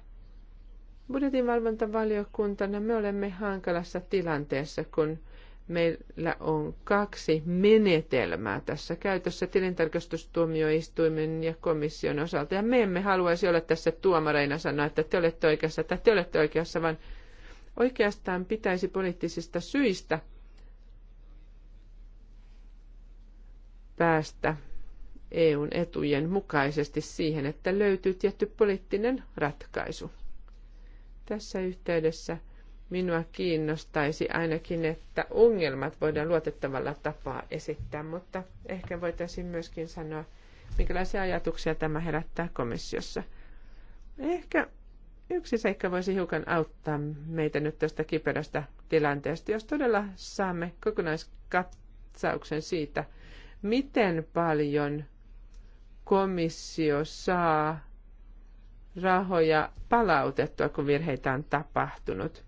Budjetinvalvontavaliokuntana me olemme hankalassa tilanteessa, kun meillä on kaksi menetelmää tässä käytössä tilintarkastustuomioistuimen ja komission osalta. Ja me emme haluaisi olla tässä tuomareina sanoa, että te olette oikeassa tai te olette oikeassa, vaan oikeastaan pitäisi poliittisista syistä päästä EUn etujen mukaisesti siihen, että löytyy tietty poliittinen ratkaisu. Tässä yhteydessä minua kiinnostaisi ainakin, että ongelmat voidaan luotettavalla tapaa esittää, mutta ehkä voitaisiin myöskin sanoa, minkälaisia ajatuksia tämä herättää komissiossa. Ehkä yksi seikka voisi hiukan auttaa meitä nyt tästä kiperästä tilanteesta, jos todella saamme kokonaiskatsauksen siitä, miten paljon komissio saa rahoja palautettua, kun virheitä on tapahtunut.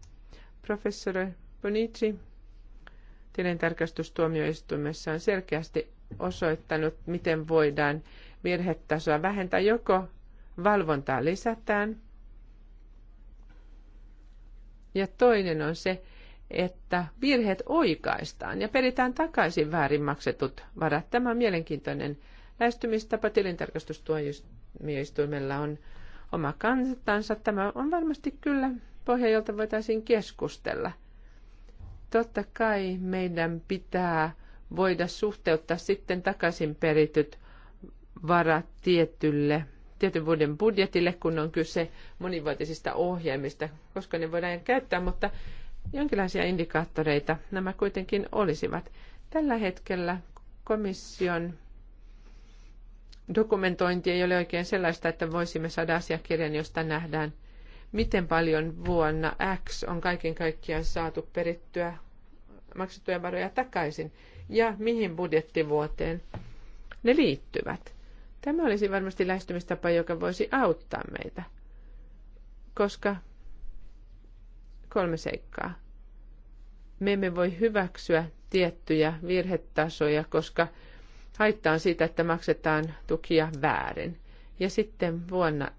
Professori Bonici tilintarkastustuomioistuimessa on selkeästi osoittanut, miten voidaan virhetasoa vähentää. Joko valvontaa lisätään, ja toinen on se, että virheet oikaistaan ja peritään takaisin väärin maksetut varat. Tämä on mielenkiintoinen lähestymistapa tilintarkastustuomioistuimella on oma kantansa. Tämä on varmasti kyllä pohja, jolta voitaisiin keskustella. Totta kai meidän pitää voida suhteuttaa sitten takaisin perityt varat tietylle tietyn vuoden budjetille, kun on kyse monivuotisista ohjelmista, koska ne voidaan käyttää, mutta jonkinlaisia indikaattoreita nämä kuitenkin olisivat. Tällä hetkellä komission dokumentointi ei ole oikein sellaista, että voisimme saada asiakirjan, josta nähdään, miten paljon vuonna X on kaiken kaikkiaan saatu perittyä maksettuja varoja takaisin ja mihin budjettivuoteen ne liittyvät. Tämä olisi varmasti lähestymistapa, joka voisi auttaa meitä, koska kolme seikkaa. Me emme voi hyväksyä tiettyjä virhetasoja, koska haittaa on siitä, että maksetaan tukia väärin. Ja sitten vuonna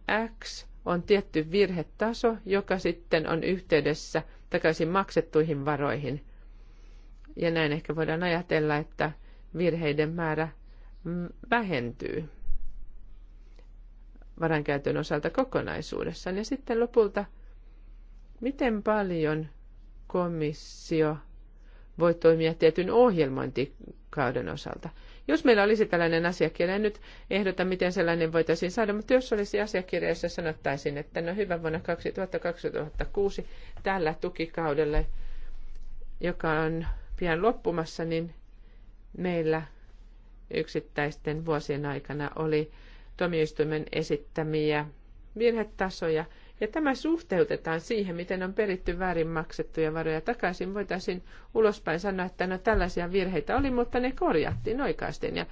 X on tietty virhetaso, joka sitten on yhteydessä takaisin maksettuihin varoihin. Ja näin ehkä voidaan ajatella, että virheiden määrä mm, vähentyy varankäytön osalta kokonaisuudessaan. Ja sitten lopulta, miten paljon komissio voi toimia tietyn ohjelmointikauden osalta. Jos meillä olisi tällainen asiakirja, en nyt ehdota, miten sellainen voitaisiin saada, mutta jos olisi asiakirja, jossa sanottaisiin, että no hyvä vuonna 2000-2006 tällä tukikaudella, joka on pian loppumassa, niin meillä yksittäisten vuosien aikana oli tuomioistuimen esittämiä virhetasoja – ja tämä suhteutetaan siihen, miten on peritty väärin maksettuja varoja takaisin. Voitaisiin ulospäin sanoa, että no tällaisia virheitä oli, mutta ne korjattiin oikaisten. Ja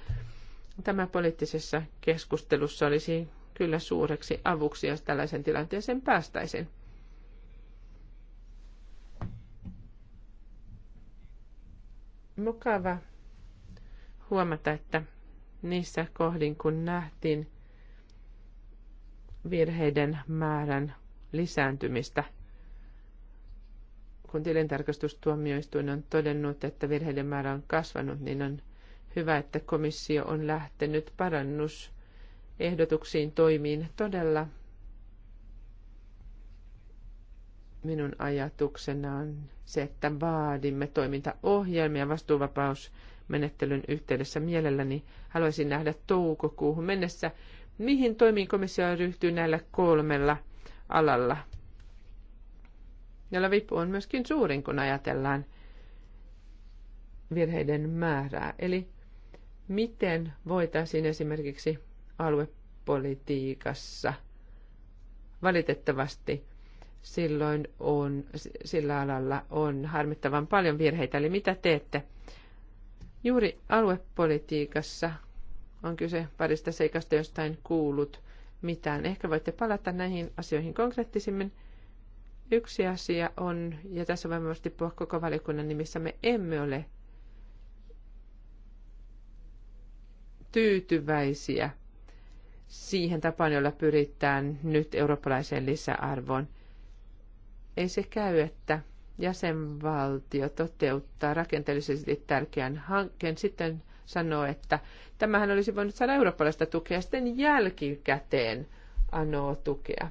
tämä poliittisessa keskustelussa olisi kyllä suureksi avuksi, jos tällaisen tilanteeseen päästäisiin. Mukava huomata, että niissä kohdin kun nähtiin virheiden määrän lisääntymistä, kun tilintarkastustuomioistuin on todennut, että virheiden määrä on kasvanut, niin on hyvä, että komissio on lähtenyt parannusehdotuksiin toimiin todella. Minun ajatuksena on se, että vaadimme toimintaohjelmia vastuuvapausmenettelyn yhteydessä mielelläni. Haluaisin nähdä toukokuuhun mennessä, mihin toimiin komissio ryhtyy näillä kolmella – alalla, jolla vipu on myöskin suurin, kun ajatellaan virheiden määrää. Eli miten voitaisiin esimerkiksi aluepolitiikassa valitettavasti silloin on, sillä alalla on harmittavan paljon virheitä. Eli mitä teette? Juuri aluepolitiikassa on kyse parista seikasta, jostain kuulut mitään. Ehkä voitte palata näihin asioihin konkreettisimmin. Yksi asia on, ja tässä voin varmasti puhua koko valiokunnan nimissä, me emme ole tyytyväisiä siihen tapaan, jolla pyritään nyt eurooppalaiseen lisäarvoon. Ei se käy, että jäsenvaltio toteuttaa rakenteellisesti tärkeän hankkeen, sitten sanoo, että Tämähän olisi voinut saada eurooppalaista tukea sitten jälkikäteen anoo tukea.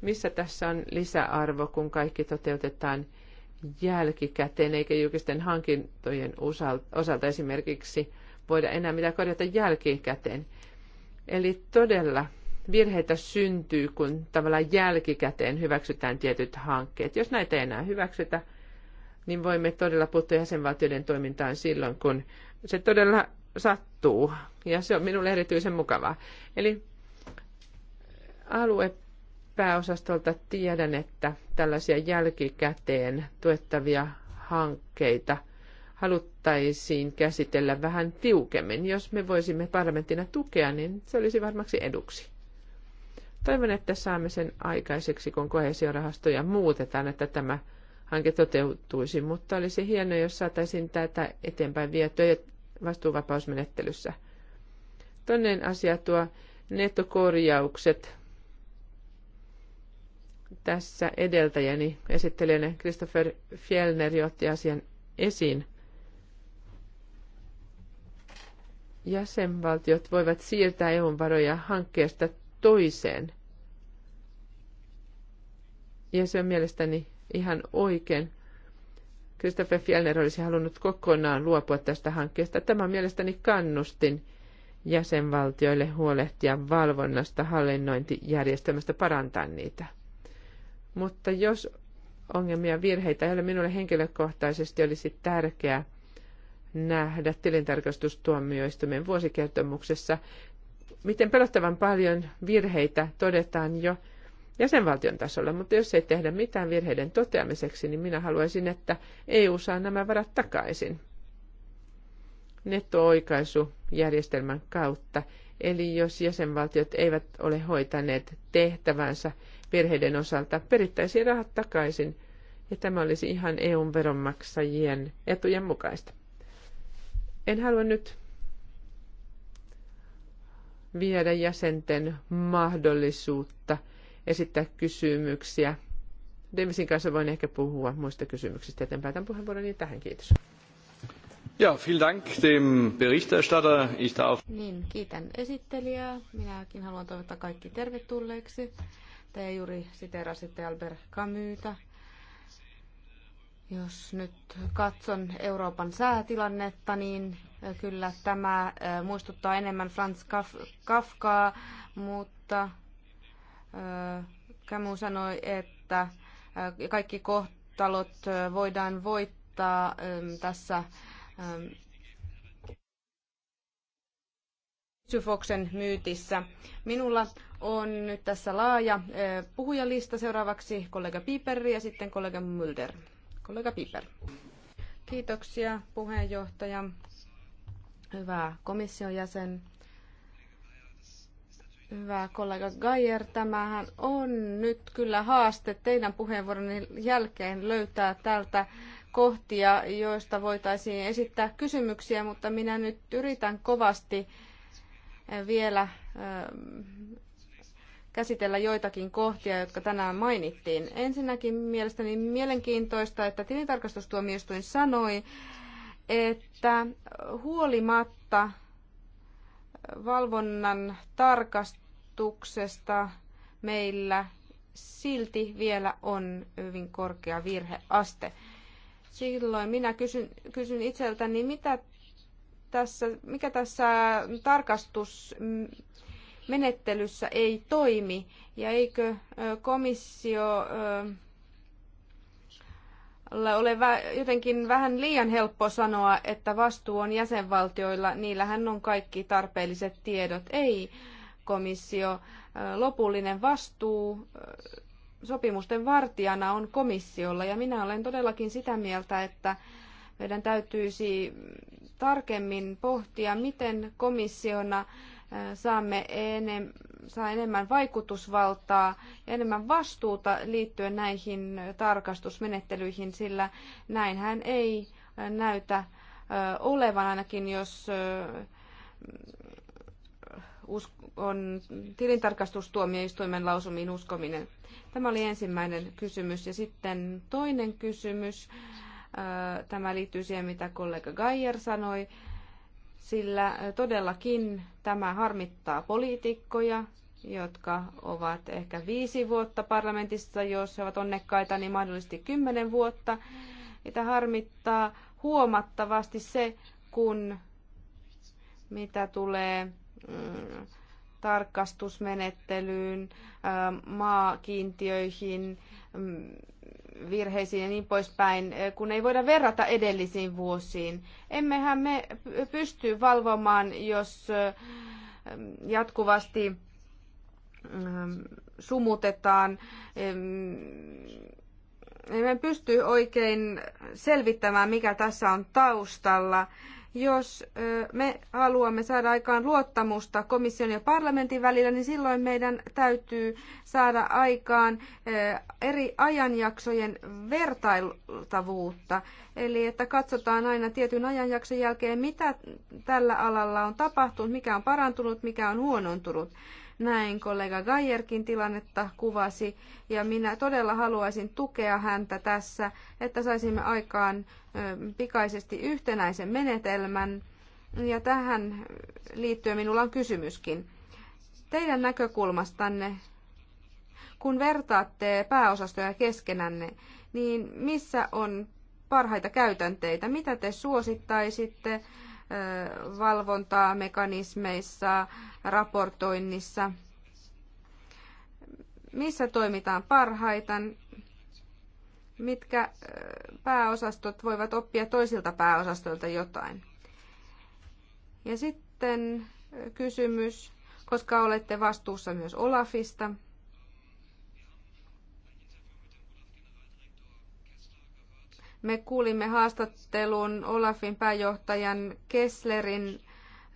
Missä tässä on lisäarvo, kun kaikki toteutetaan jälkikäteen, eikä julkisten hankintojen osalta esimerkiksi voida enää mitä korjata jälkikäteen. Eli todella virheitä syntyy, kun tavallaan jälkikäteen hyväksytään tietyt hankkeet. Jos näitä ei enää hyväksytä, niin voimme todella puuttua jäsenvaltioiden toimintaan silloin, kun se todella sattuu ja se on minulle erityisen mukavaa. Eli aluepääosastolta tiedän, että tällaisia jälkikäteen tuettavia hankkeita haluttaisiin käsitellä vähän tiukemmin. Jos me voisimme parlamenttina tukea, niin se olisi varmaksi eduksi. Toivon, että saamme sen aikaiseksi, kun kohesiorahastoja muutetaan, että tämä hanke toteutuisi, mutta olisi hienoa, jos saataisiin tätä eteenpäin vietyä vastuuvapausmenettelyssä. Toinen asia tuo nettokorjaukset. Tässä edeltäjäni esittelijänä Christopher Fjellner otti asian esiin. Jäsenvaltiot voivat siirtää EUn varoja hankkeesta toiseen. Ja se on mielestäni ihan oikein Christopher Fjellner olisi halunnut kokonaan luopua tästä hankkeesta. Tämä on mielestäni kannustin jäsenvaltioille huolehtia valvonnasta, hallinnointijärjestelmästä, parantaa niitä. Mutta jos ongelmia, virheitä ei ole, minulle henkilökohtaisesti olisi tärkeää nähdä tilintarkastustuomioistuimen vuosikertomuksessa, miten pelottavan paljon virheitä todetaan jo – jäsenvaltion tasolla, mutta jos ei tehdä mitään virheiden toteamiseksi, niin minä haluaisin, että EU saa nämä varat takaisin netto-oikaisujärjestelmän kautta. Eli jos jäsenvaltiot eivät ole hoitaneet tehtävänsä virheiden osalta, perittäisiin rahat takaisin, ja tämä olisi ihan EUn veronmaksajien etujen mukaista. En halua nyt viedä jäsenten mahdollisuutta – esittää kysymyksiä. Demisin kanssa voin ehkä puhua muista kysymyksistä, joten puheenvuoron niin tähän. Kiitos. Ja, vielen Dank dem Berichterstatter. Ich darf... Niin, kiitän esittelijää. Minäkin haluan toivottaa kaikki tervetulleeksi. Te juuri siteerasitte Albert Camusta. Jos nyt katson Euroopan säätilannetta, niin kyllä tämä muistuttaa enemmän Franz Kafkaa, mutta Camus sanoi, että äh, kaikki kohtalot äh, voidaan voittaa ähm, tässä ähm, Syfoksen myytissä. Minulla on nyt tässä laaja äh, puhujalista. Seuraavaksi kollega Piperi ja sitten kollega Mulder. Kollega Piper. Kiitoksia puheenjohtaja. Hyvä komission jäsen. Hyvä kollega Gajer, tämähän on nyt kyllä haaste teidän puheenvuoronne jälkeen löytää tältä kohtia, joista voitaisiin esittää kysymyksiä, mutta minä nyt yritän kovasti eh, vielä eh, käsitellä joitakin kohtia, jotka tänään mainittiin. Ensinnäkin mielestäni mielenkiintoista, että tilintarkastustuomioistuin sanoi, että huolimatta valvonnan tarkastuksesta meillä silti vielä on hyvin korkea virheaste. Silloin minä kysyn, kysyn itseltäni, mitä tässä, mikä tässä tarkastusmenettelyssä ei toimi ja eikö komissio ole jotenkin vähän liian helppo sanoa, että vastuu on jäsenvaltioilla, niillähän on kaikki tarpeelliset tiedot. Ei, komissio. Lopullinen vastuu sopimusten vartijana on komissiolla ja minä olen todellakin sitä mieltä, että meidän täytyisi tarkemmin pohtia, miten komissiona saamme enem, saa enemmän vaikutusvaltaa ja enemmän vastuuta liittyen näihin tarkastusmenettelyihin, sillä näinhän ei näytä olevan ainakin, jos on tilintarkastustuomioistuimen lausumiin uskominen. Tämä oli ensimmäinen kysymys. Ja sitten toinen kysymys. Tämä liittyy siihen, mitä kollega Geyer sanoi sillä todellakin tämä harmittaa poliitikkoja, jotka ovat ehkä viisi vuotta parlamentissa, jos he ovat onnekkaita, niin mahdollisesti kymmenen vuotta. Mitä harmittaa huomattavasti se, kun mitä tulee mm, tarkastusmenettelyyn, maakiintiöihin, mm, virheisiin ja niin poispäin, eh, kun ei voida verrata edellisiin vuosiin. Emmehän me pysty valvomaan, jos eh, jatkuvasti eh, sumutetaan. Emme pysty oikein selvittämään, mikä tässä on taustalla. Jos me haluamme saada aikaan luottamusta komission ja parlamentin välillä, niin silloin meidän täytyy saada aikaan eri ajanjaksojen vertailtavuutta. Eli että katsotaan aina tietyn ajanjakson jälkeen, mitä tällä alalla on tapahtunut, mikä on parantunut, mikä on huonontunut. Näin kollega Gajerkin tilannetta kuvasi ja minä todella haluaisin tukea häntä tässä, että saisimme aikaan pikaisesti yhtenäisen menetelmän. Ja tähän liittyen minulla on kysymyskin. Teidän näkökulmastanne, kun vertaatte pääosastoja keskenänne, niin missä on parhaita käytänteitä? Mitä te suosittaisitte? valvontaa mekanismeissa, raportoinnissa. Missä toimitaan parhaiten? Mitkä pääosastot voivat oppia toisilta pääosastoilta jotain? Ja sitten kysymys, koska olette vastuussa myös Olafista – Me kuulimme haastattelun Olafin pääjohtajan Kesslerin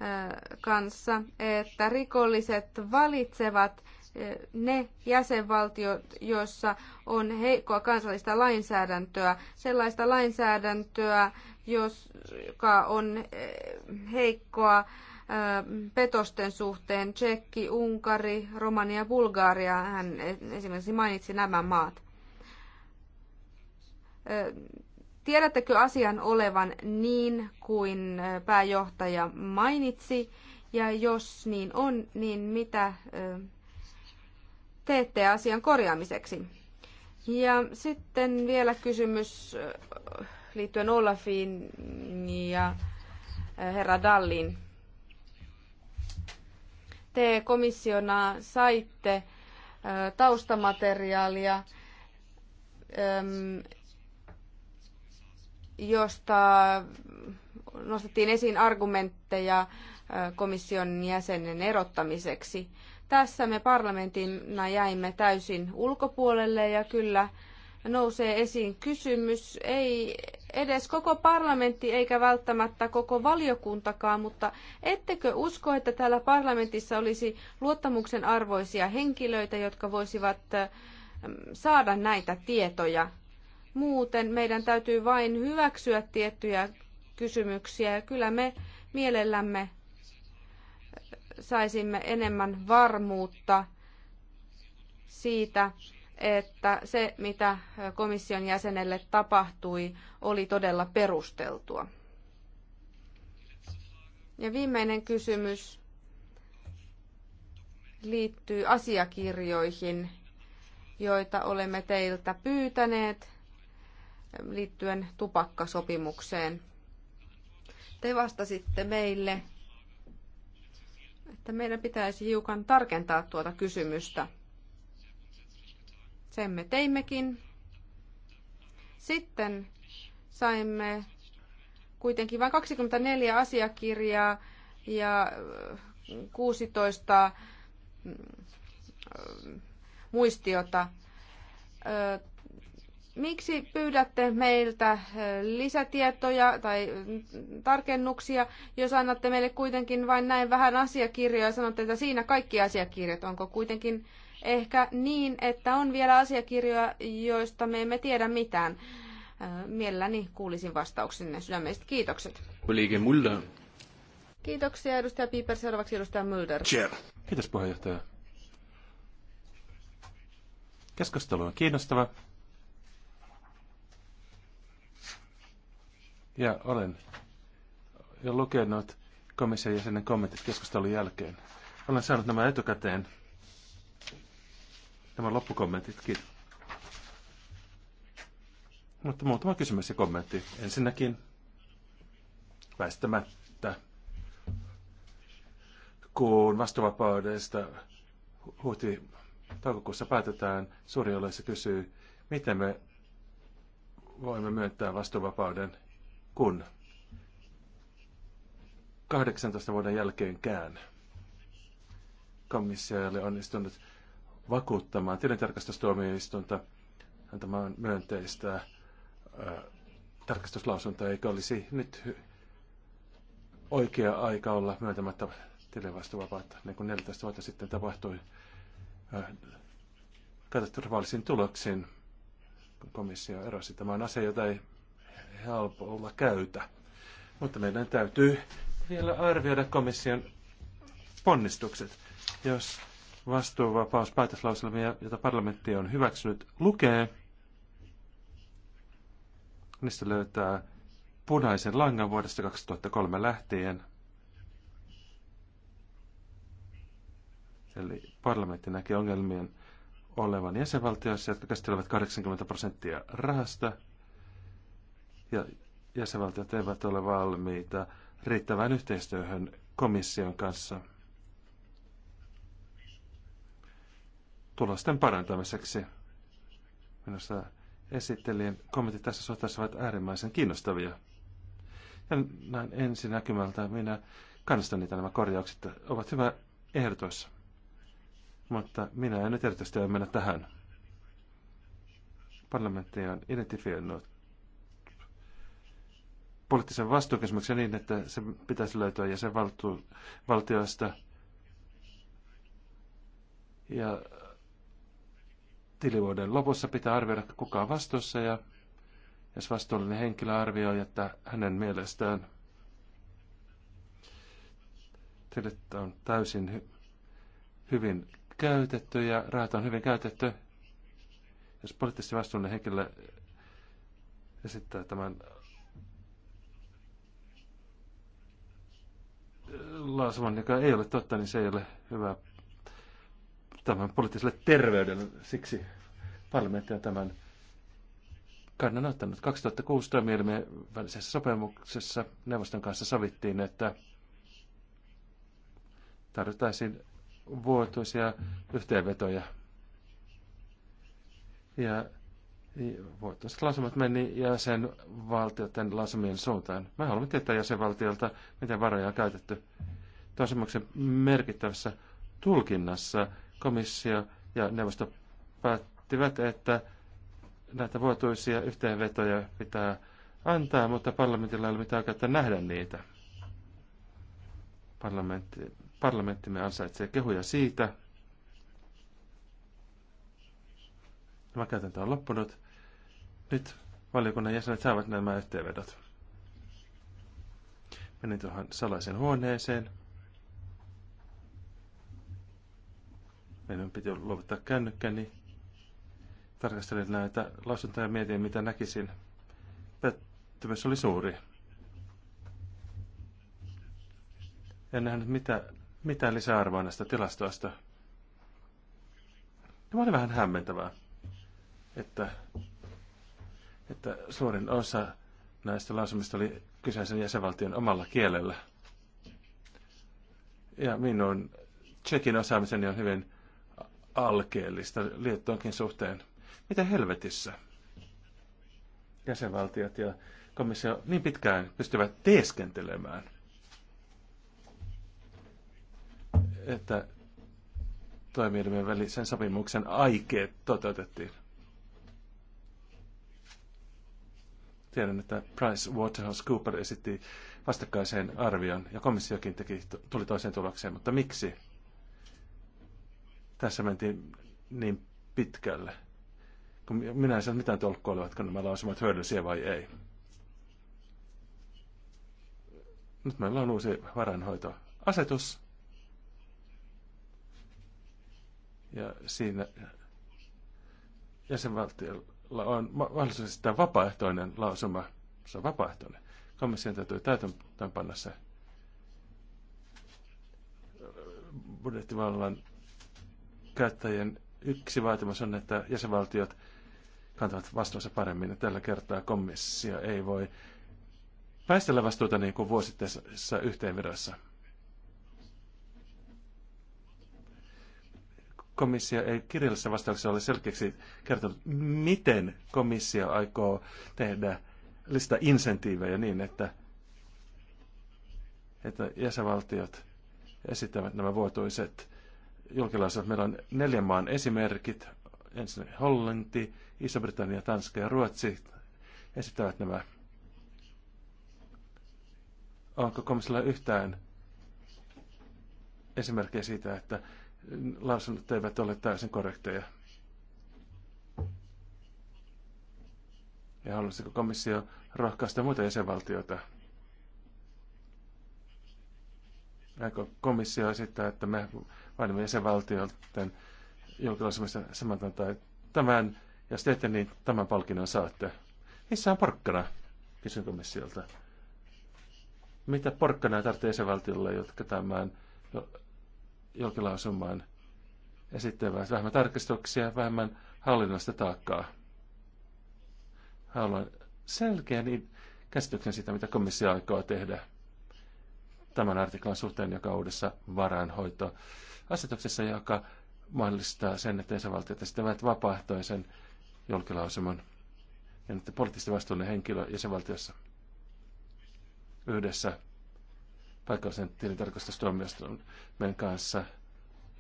äh, kanssa, että rikolliset valitsevat äh, ne jäsenvaltiot, joissa on heikkoa kansallista lainsäädäntöä, sellaista lainsäädäntöä, joka on äh, heikkoa petosten suhteen. Tsekki, Unkari, Romania ja Bulgaria, hän esimerkiksi mainitsi nämä maat Tiedättekö asian olevan niin kuin pääjohtaja mainitsi? Ja jos niin on, niin mitä teette asian korjaamiseksi? Ja sitten vielä kysymys liittyen Olafiin ja herra Dallin. Te komissiona saitte taustamateriaalia josta nostettiin esiin argumentteja komission jäsenen erottamiseksi. Tässä me parlamentina jäimme täysin ulkopuolelle ja kyllä nousee esiin kysymys, ei edes koko parlamentti eikä välttämättä koko valiokuntakaan, mutta ettekö usko, että täällä parlamentissa olisi luottamuksen arvoisia henkilöitä, jotka voisivat saada näitä tietoja Muuten meidän täytyy vain hyväksyä tiettyjä kysymyksiä ja kyllä me mielellämme saisimme enemmän varmuutta siitä, että se, mitä komission jäsenelle tapahtui, oli todella perusteltua. Ja viimeinen kysymys liittyy asiakirjoihin, joita olemme teiltä pyytäneet liittyen tupakkasopimukseen. Te vastasitte meille, että meidän pitäisi hiukan tarkentaa tuota kysymystä. Sen me teimmekin. Sitten saimme kuitenkin vain 24 asiakirjaa ja 16 mm, muistiota. Miksi pyydätte meiltä äh, lisätietoja tai mm, tarkennuksia, jos annatte meille kuitenkin vain näin vähän asiakirjoja ja sanotte, että siinä kaikki asiakirjat? Onko kuitenkin ehkä niin, että on vielä asiakirjoja, joista me emme tiedä mitään? Äh, mielelläni kuulisin vastauksenne. Sydämeiset kiitokset. Kiitoksia edustaja Piper. Seuraavaksi edustaja Mulder. Kiitos puheenjohtaja. Keskustelu on kiinnostava. Ja olen jo lukenut komission jäsenen kommentit keskustelun jälkeen. Olen saanut nämä etukäteen. Nämä loppukommentit, kiitos. Mutta muutama kysymys ja kommentti. Ensinnäkin väistämättä, kun vastuvapaudesta huhti toukokuussa päätetään, suuri se kysyy, miten me voimme myöntää vastuvapauden kun 18 vuoden jälkeenkään komissio ei onnistunut vakuuttamaan tilintarkastustuomioistunta antamaan myönteistä ää, tarkastuslausuntoa, eikä olisi nyt oikea aika olla myöntämättä tilivastuvapautta, niin kuin 14 vuotta sitten tapahtui ää, katastrofaalisiin tuloksiin, kun komissio erosi. Tämä on asia, jota ei helpolla käytä. Mutta meidän täytyy vielä arvioida komission ponnistukset. Jos vastuuvapaus päätöslauselmia, jota parlamentti on hyväksynyt, lukee, niistä löytää punaisen langan vuodesta 2003 lähtien. Eli parlamentti näki ongelmien olevan jäsenvaltioissa, jotka käsittelevät 80 prosenttia rahasta – ja jäsenvaltiot eivät ole valmiita riittävään yhteistyöhön komission kanssa tulosten parantamiseksi. Minusta esittelijän kommentit tässä suhteessa ovat äärimmäisen kiinnostavia. Ja näin ensi näkymältä minä kannustan niitä nämä korjaukset. Ovat hyvä ehdotus. Mutta minä en nyt erityisesti mennä tähän. Parlamentti on identifioinut poliittisen vastuukysymyksen niin, että se pitäisi löytyä jäsenvaltioista ja tilivuoden lopussa pitää arvioida, kuka on vastuussa ja jos vastuullinen henkilö arvioi, että hänen mielestään tilit on täysin hy- hyvin käytetty ja rahat on hyvin käytetty, jos poliittisesti vastuullinen henkilö esittää tämän lausuman, joka ei ole totta, niin se ei ole hyvä tämän poliittiselle terveydelle. Siksi parlamentti on tämän kannan ottanut. 2006 toimielimien välisessä sopimuksessa neuvoston kanssa sovittiin, että tarvittaisiin vuotuisia yhteenvetoja. Ja niin, Voittaiset lausumat meni jäsenvaltioiden lausumien suuntaan. Me haluamme tietää jäsenvaltiolta, miten varoja on käytetty. Tosimuksen merkittävässä tulkinnassa komissio ja neuvosto päättivät, että näitä vuotuisia yhteenvetoja pitää antaa, mutta parlamentilla ei ole mitään oikeutta nähdä niitä. Parlamentti, parlamenttimme ansaitsee kehuja siitä. Mä käytän tämän loppunut nyt valiokunnan jäsenet saavat nämä yhteenvedot. Menin tuohon salaisen huoneeseen. Meidän piti luovuttaa kännykkäni. Tarkastelin näitä lausuntoja ja mietin, mitä näkisin. Pettymys oli suuri. En nähnyt mitä, mitään lisäarvoa näistä tilastoista. Tämä oli vähän hämmentävää, että että suurin osa näistä lausumista oli kyseisen jäsenvaltion omalla kielellä. Ja minun tsekin osaamiseni on hyvin alkeellista liittoonkin suhteen. Mitä helvetissä? Jäsenvaltiot ja komissio niin pitkään pystyvät teeskentelemään, että toimielimen välisen sopimuksen aikeet toteutettiin. Tiedän, että Price Waterhouse Cooper esitti vastakkaisen arvion ja komissiokin teki, tuli toiseen tulokseen, mutta miksi tässä mentiin niin pitkälle? Kun minä en saa mitään tolkkua, olivatko nämä lausumat hyödyllisiä vai ei. Nyt meillä on uusi varainhoitoasetus. Ja siinä jäsenvaltiolla on mahdollisesti tämä vapaaehtoinen lausuma. Se on vapaaehtoinen. Komission täytyy täytäntöönpanna se budjettivallan käyttäjien yksi vaatimus on, että jäsenvaltiot kantavat vastuunsa paremmin. Ja tällä kertaa komissio ei voi väistellä vastuuta niin kuin vuosittaisessa yhteenvedossa. komissio ei kirjallisessa vastauksessa ole selkeäksi kertonut, miten komissio aikoo tehdä lista insentiivejä niin, että, että jäsenvaltiot esittävät nämä vuotuiset julkilausut. Meillä on neljän maan esimerkit. Ensin Hollanti, Iso-Britannia, Tanska ja Ruotsi esittävät nämä. Onko komissiolla yhtään esimerkkejä siitä, että lausunnot eivät ole täysin korrekteja. Ja haluaisiko komissio rohkaista muita jäsenvaltioita? Aiko komissio esittää, että me vaadimme jäsenvaltioiden julkilausumista samantain tai tämän, ja sitten niin tämän palkinnon saatte. Missä on porkkana? Kysyn komissiolta. Mitä porkkanaa tarvitsee jäsenvaltiolle, jotka tämän julkilausumaan esittävät vähemmän tarkistuksia, vähemmän hallinnosta taakkaa. Haluan selkeän käsityksen siitä, mitä komissio aikoo tehdä tämän artiklan suhteen, joka on uudessa varainhoitoasetuksessa, joka mahdollistaa sen, että jäsenvaltiot esittävät vapaaehtoisen julkilausuman ja nyt poliittisesti vastuullinen henkilö jäsenvaltiossa yhdessä paikallisen tilintarkastustuomioistuimen kanssa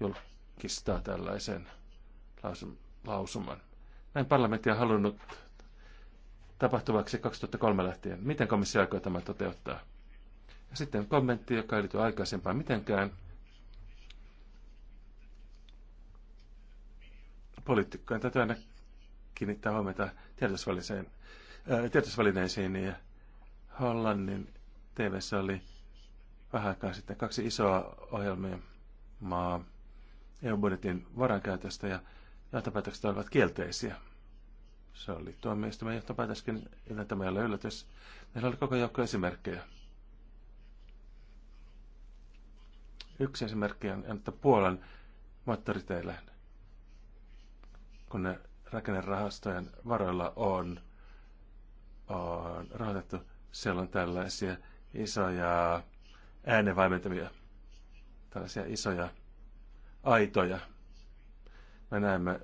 julkistaa tällaisen lausuman. Näin parlamentti on halunnut tapahtuvaksi 2003 lähtien. Miten komissio aikoo tämä toteuttaa? Ja sitten kommentti, joka ei liity aikaisempaan mitenkään. Poliittikkojen täytyy aina kiinnittää huomiota tiedotusvälineisiin. Äh, ja Hollannin tv oli vähän aikaa sitten kaksi isoa ohjelmaa EU-budjetin varankäytöstä ja johtopäätökset olivat kielteisiä. Se oli tuo tuomioistuimen johtopäätöskin, ja tämä ei ole yllätys. Meillä oli koko joukko esimerkkejä. Yksi esimerkki on, että Puolan moottoriteille, kun ne rakennerahastojen varoilla on, on rahoitettu, siellä on tällaisia isoja äänenvaimentamia, tällaisia isoja aitoja. Me näemme,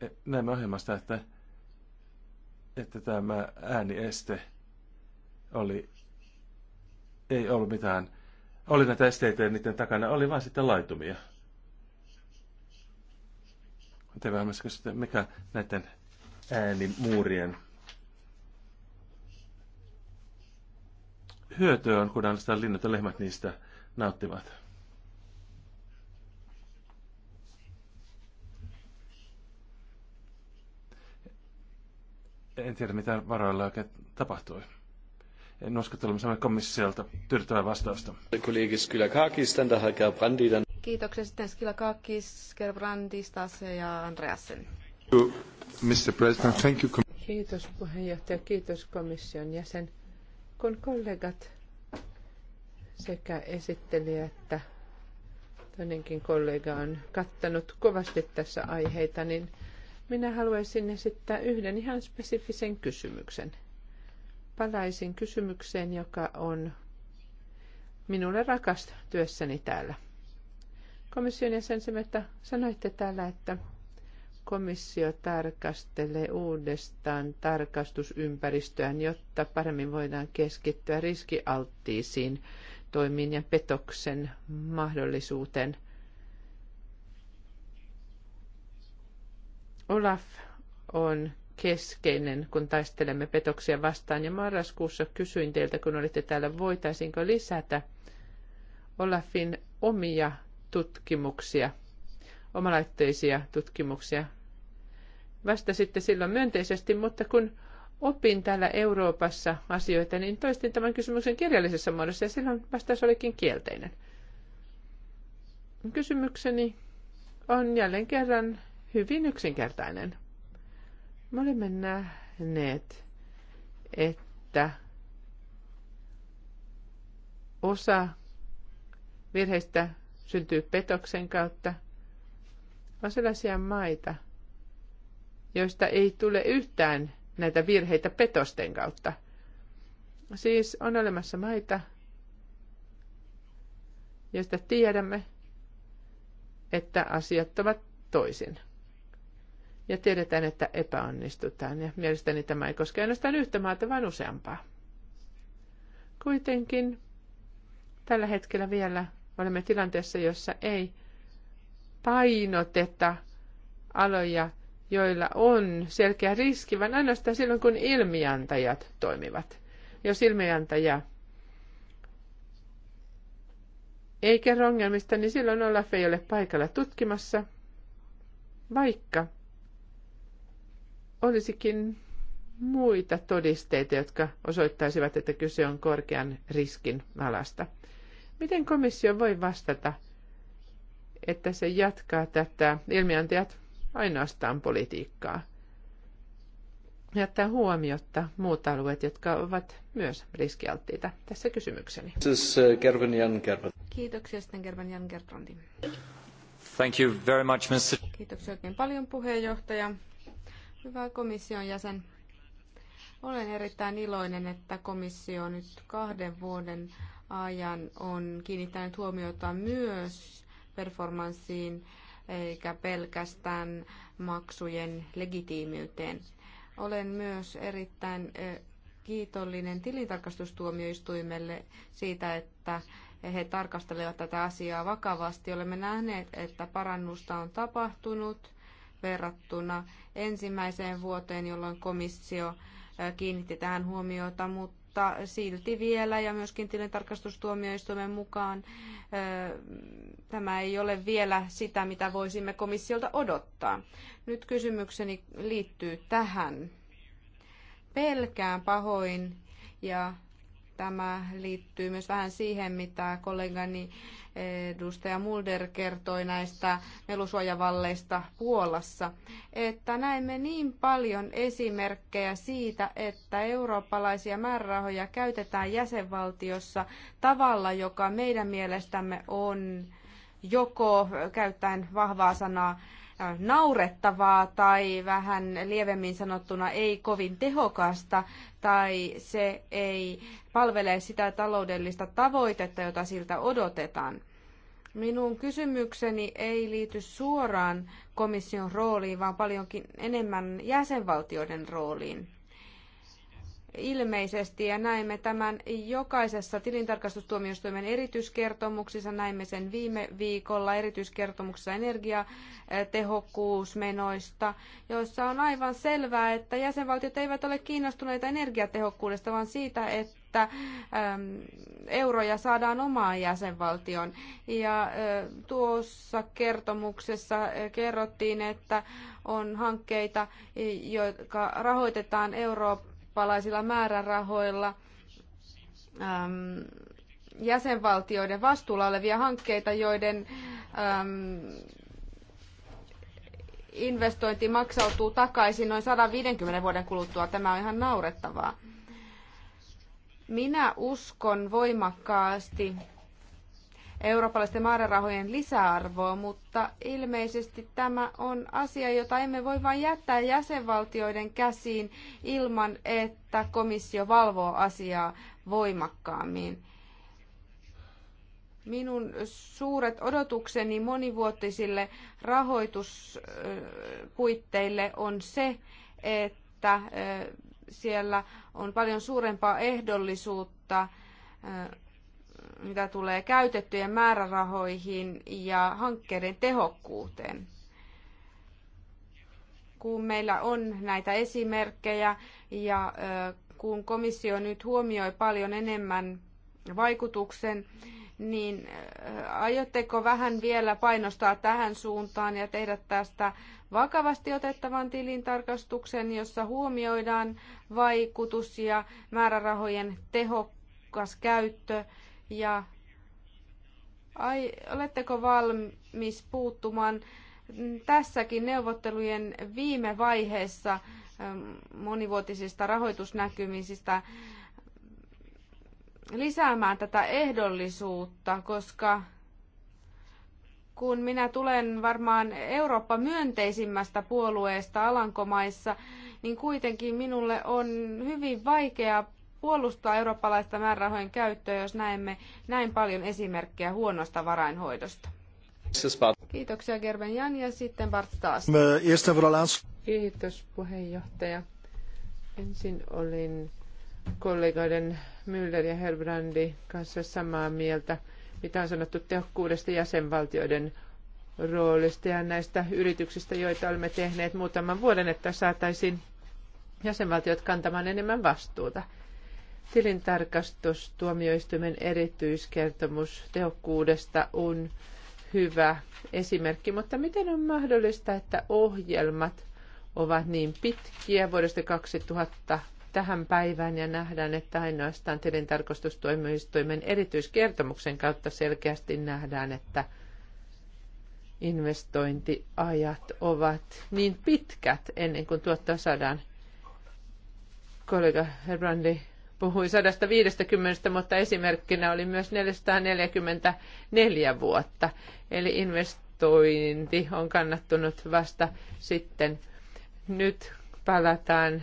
e, näemme ohjelmasta, että, että tämä äänieste oli, ei ollut mitään, oli näitä esteitä ja niiden takana oli vain sitten laitumia. TV-ohjelmassa mikä näiden äänimuurien hyötyä on, kun ainoastaan linnut ja lehmät niistä nauttivat. En tiedä, mitä varoilla oikein tapahtui. En usko, että olemme saaneet komissiolta tyydyttävää vastausta. Kiitoksia sitten Skilakakis, Gerbrandi, Stase ja Andreasen. Mr. President, thank you. Kiitos puheenjohtaja, kiitos komission jäsen. Kun kollegat sekä esitteli että toinenkin kollega on kattanut kovasti tässä aiheita, niin minä haluaisin esittää yhden ihan spesifisen kysymyksen. Palaisin kysymykseen, joka on minulle rakas työssäni täällä. Komission jäsen että sanoitte täällä, että komissio tarkastelee uudestaan tarkastusympäristöään, jotta paremmin voidaan keskittyä riskialttiisiin toimiin ja petoksen mahdollisuuteen. Olaf on keskeinen, kun taistelemme petoksia vastaan. Ja marraskuussa kysyin teiltä, kun olitte täällä, voitaisiinko lisätä Olafin omia tutkimuksia – omalaitteisia tutkimuksia. Vasta sitten silloin myönteisesti, mutta kun opin täällä Euroopassa asioita, niin toistin tämän kysymyksen kirjallisessa muodossa ja silloin vastaus olikin kielteinen. Kysymykseni on jälleen kerran hyvin yksinkertainen. Me olemme nähneet, että osa virheistä syntyy petoksen kautta – on sellaisia maita, joista ei tule yhtään näitä virheitä petosten kautta. Siis on olemassa maita, joista tiedämme, että asiat ovat toisin. Ja tiedetään, että epäonnistutaan, ja mielestäni tämä ei koske ainoastaan yhtä maata, vaan useampaa. Kuitenkin tällä hetkellä vielä olemme tilanteessa, jossa ei painoteta aloja, joilla on selkeä riski, vaan ainoastaan silloin, kun ilmiantajat toimivat. Jos ilmiantaja ei kerro ongelmista, niin silloin Olaf ei ole paikalla tutkimassa, vaikka olisikin muita todisteita, jotka osoittaisivat, että kyse on korkean riskin alasta. Miten komissio voi vastata – että se jatkaa tätä ilmiantajat ainoastaan politiikkaa. Jättää huomiota muut alueet, jotka ovat myös riskialttiita tässä kysymykseni. Siis, eh, Kiitoksia sitten Gerben Jan Gerbrandi. Thank you very much, Mr. Kiitoksia oikein paljon puheenjohtaja. Hyvä komission jäsen. Olen erittäin iloinen, että komissio nyt kahden vuoden ajan on kiinnittänyt huomiota myös performanssiin eikä pelkästään maksujen legitiimiyteen. Olen myös erittäin kiitollinen tilintarkastustuomioistuimelle siitä, että he tarkastelevat tätä asiaa vakavasti. Olemme nähneet, että parannusta on tapahtunut verrattuna ensimmäiseen vuoteen, jolloin komissio kiinnitti tähän huomiota, mutta mutta silti vielä ja myöskin tilintarkastustuomioistuimen mukaan tämä ei ole vielä sitä, mitä voisimme komissiolta odottaa. Nyt kysymykseni liittyy tähän. Pelkään pahoin ja tämä liittyy myös vähän siihen, mitä kollegani edustaja Mulder kertoi näistä melusuojavalleista Puolassa, että näemme niin paljon esimerkkejä siitä, että eurooppalaisia määrärahoja käytetään jäsenvaltiossa tavalla, joka meidän mielestämme on joko käyttäen vahvaa sanaa naurettavaa tai vähän lievemmin sanottuna ei kovin tehokasta tai se ei palvele sitä taloudellista tavoitetta, jota siltä odotetaan. Minun kysymykseni ei liity suoraan komission rooliin, vaan paljonkin enemmän jäsenvaltioiden rooliin ilmeisesti ja näimme tämän jokaisessa tilintarkastustuomioistuimen erityiskertomuksissa, näimme sen viime viikolla erityiskertomuksessa energiatehokkuusmenoista, joissa on aivan selvää, että jäsenvaltiot eivät ole kiinnostuneita energiatehokkuudesta, vaan siitä, että ähm, euroja saadaan omaan jäsenvaltioon. Ja äh, tuossa kertomuksessa äh, kerrottiin, että on hankkeita, jotka rahoitetaan Euroopan eurooppalaisilla määrärahoilla äm, jäsenvaltioiden vastuulla olevia hankkeita, joiden äm, investointi maksautuu takaisin noin 150 vuoden kuluttua. Tämä on ihan naurettavaa. Minä uskon voimakkaasti eurooppalaisten määrärahojen lisäarvoa, mutta ilmeisesti tämä on asia, jota emme voi vain jättää jäsenvaltioiden käsiin ilman, että komissio valvoo asiaa voimakkaammin. Minun suuret odotukseni monivuotisille rahoituspuitteille on se, että siellä on paljon suurempaa ehdollisuutta mitä tulee käytettyjen määrärahoihin ja hankkeiden tehokkuuteen. Kun meillä on näitä esimerkkejä ja kun komissio nyt huomioi paljon enemmän vaikutuksen, niin aiotteko vähän vielä painostaa tähän suuntaan ja tehdä tästä vakavasti otettavan tilintarkastuksen, jossa huomioidaan vaikutus ja määrärahojen tehokkuus tehokas käyttö ja ai, oletteko valmis puuttumaan tässäkin neuvottelujen viime vaiheessa ähm, monivuotisista rahoitusnäkymisistä lisäämään tätä ehdollisuutta, koska kun minä tulen varmaan Eurooppa myönteisimmästä puolueesta Alankomaissa, niin kuitenkin minulle on hyvin vaikea puolustaa eurooppalaista määrärahojen käyttöä, jos näemme näin paljon esimerkkejä huonosta varainhoidosta? Kiitoksia Gerben Jan ja sitten Bart taas. Kiitos puheenjohtaja. Ensin olin kollegoiden Müller ja Herbrandi kanssa samaa mieltä, mitä on sanottu tehokkuudesta jäsenvaltioiden roolista ja näistä yrityksistä, joita olemme tehneet muutaman vuoden, että saataisiin jäsenvaltiot kantamaan enemmän vastuuta. Tilintarkastustuomioistuimen erityiskertomus tehokkuudesta on hyvä esimerkki, mutta miten on mahdollista, että ohjelmat ovat niin pitkiä vuodesta 2000 tähän päivään ja nähdään, että ainoastaan tilintarkastustuomioistuimen erityiskertomuksen kautta selkeästi nähdään, että investointiajat ovat niin pitkät ennen kuin tuottaa saadaan. Kollega Herbrandi puhuin 150, mutta esimerkkinä oli myös 444 vuotta. Eli investointi on kannattunut vasta sitten. Nyt palataan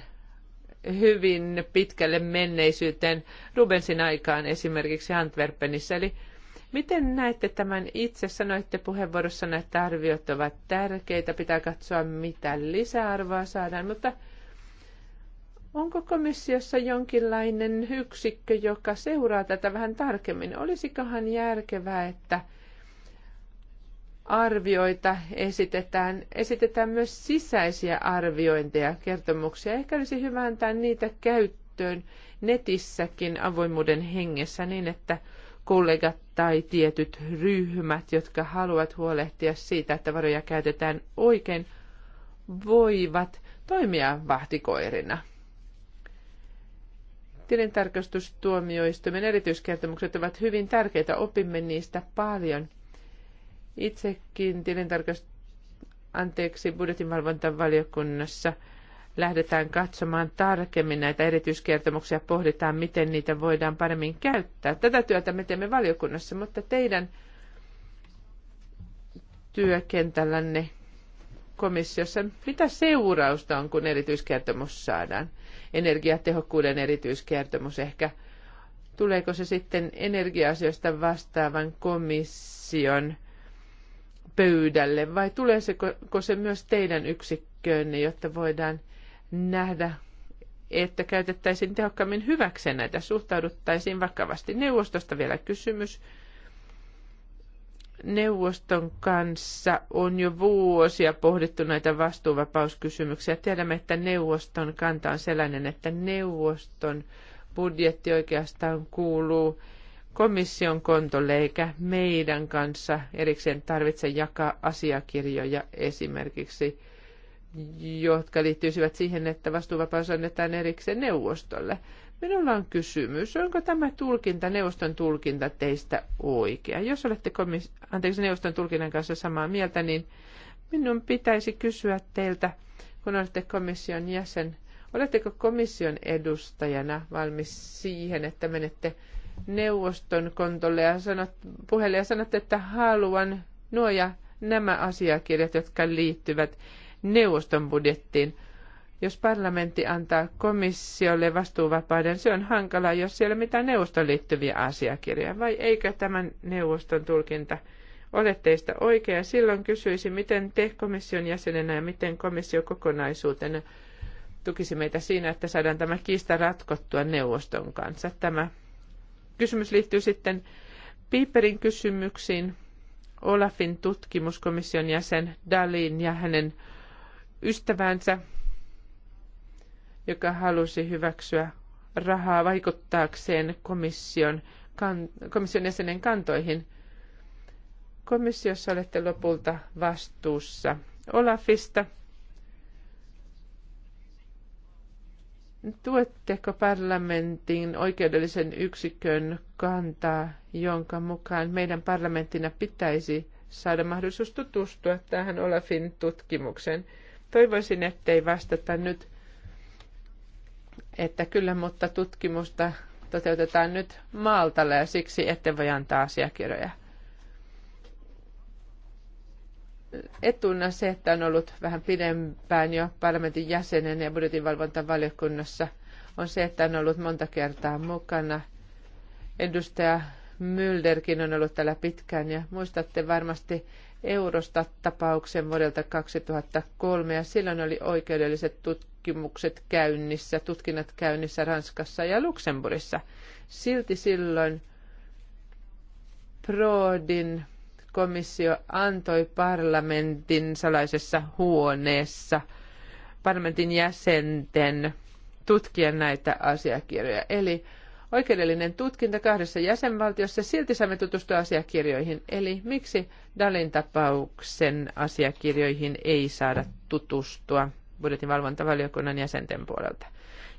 hyvin pitkälle menneisyyteen Rubensin aikaan esimerkiksi Antwerpenissä. Eli miten näette tämän itse? Sanoitte puheenvuorossa, että arviot ovat tärkeitä, pitää katsoa mitä lisäarvoa saadaan, mutta – Onko komissiossa jonkinlainen yksikkö, joka seuraa tätä vähän tarkemmin? Olisikohan järkevää, että arvioita esitetään, esitetään myös sisäisiä arviointeja, kertomuksia. Ehkä olisi hyvä antaa niitä käyttöön netissäkin avoimuuden hengessä niin, että kollegat tai tietyt ryhmät, jotka haluavat huolehtia siitä, että varoja käytetään oikein, voivat toimia vahtikoirina – Tilintarkastustuomioistuimen erityiskertomukset ovat hyvin tärkeitä, opimme niistä paljon. Itsekin tilintarkast... anteeksi, budjetinvalvontavaliokunnassa lähdetään katsomaan tarkemmin näitä erityiskertomuksia, pohditaan, miten niitä voidaan paremmin käyttää. Tätä työtä me teemme valiokunnassa, mutta teidän työkentällänne komissiossa, mitä seurausta on, kun erityiskertomus saadaan? Energiatehokkuuden erityiskertomus ehkä. Tuleeko se sitten energia-asioista vastaavan komission pöydälle vai tuleeko se myös teidän yksikköönne, jotta voidaan nähdä, että käytettäisiin tehokkaammin hyväkseen näitä, suhtauduttaisiin vakavasti. Neuvostosta vielä kysymys neuvoston kanssa on jo vuosia pohdittu näitä vastuuvapauskysymyksiä. Tiedämme, että neuvoston kanta on sellainen, että neuvoston budjetti oikeastaan kuuluu komission kontolle eikä meidän kanssa erikseen tarvitse jakaa asiakirjoja esimerkiksi, jotka liittyisivät siihen, että vastuuvapaus annetaan erikseen neuvostolle. Minulla on kysymys, onko tämä tulkinta, neuvoston tulkinta teistä oikea? Jos olette komis- anteeksi, neuvoston tulkinnan kanssa samaa mieltä, niin minun pitäisi kysyä teiltä, kun olette komission jäsen, oletteko komission edustajana valmis siihen, että menette neuvoston kontolle ja sanot, puhelle ja sanotte, että haluan nuo ja nämä asiakirjat, jotka liittyvät neuvoston budjettiin – jos parlamentti antaa komissiolle vastuuvapauden, se on hankalaa, jos siellä mitään neuvostoon liittyviä asiakirjoja, vai eikö tämän neuvoston tulkinta ole teistä oikea? Silloin kysyisin, miten te komission jäsenenä ja miten komissio kokonaisuutena tukisi meitä siinä, että saadaan tämä kiista ratkottua neuvoston kanssa. Tämä kysymys liittyy sitten Piperin kysymyksiin. Olafin tutkimuskomission jäsen Dalin ja hänen ystävänsä joka halusi hyväksyä rahaa vaikuttaakseen komission, kan, komission jäsenen kantoihin. Komissiossa olette lopulta vastuussa Olafista. Tuetteko parlamentin oikeudellisen yksikön kantaa, jonka mukaan meidän parlamenttina pitäisi saada mahdollisuus tutustua tähän Olafin tutkimukseen? Toivoisin, ettei vastata nyt että kyllä, mutta tutkimusta toteutetaan nyt Maltalla ja siksi ette voi antaa asiakirjoja. Etuna se, että on ollut vähän pidempään jo parlamentin jäsenen ja budjetinvalvontavaliokunnassa, on se, että on ollut monta kertaa mukana. Edustaja Mylderkin on ollut täällä pitkään ja muistatte varmasti Eurostat-tapauksen vuodelta 2003 ja silloin oli oikeudelliset tutkimukset käynnissä, tutkinnat käynnissä Ranskassa ja Luxemburissa. Silti silloin Prodin komissio antoi parlamentin salaisessa huoneessa parlamentin jäsenten tutkia näitä asiakirjoja. Eli oikeudellinen tutkinta kahdessa jäsenvaltiossa, silti saamme tutustua asiakirjoihin. Eli miksi Dalin tapauksen asiakirjoihin ei saada tutustua budjetinvalvontavaliokunnan jäsenten puolelta?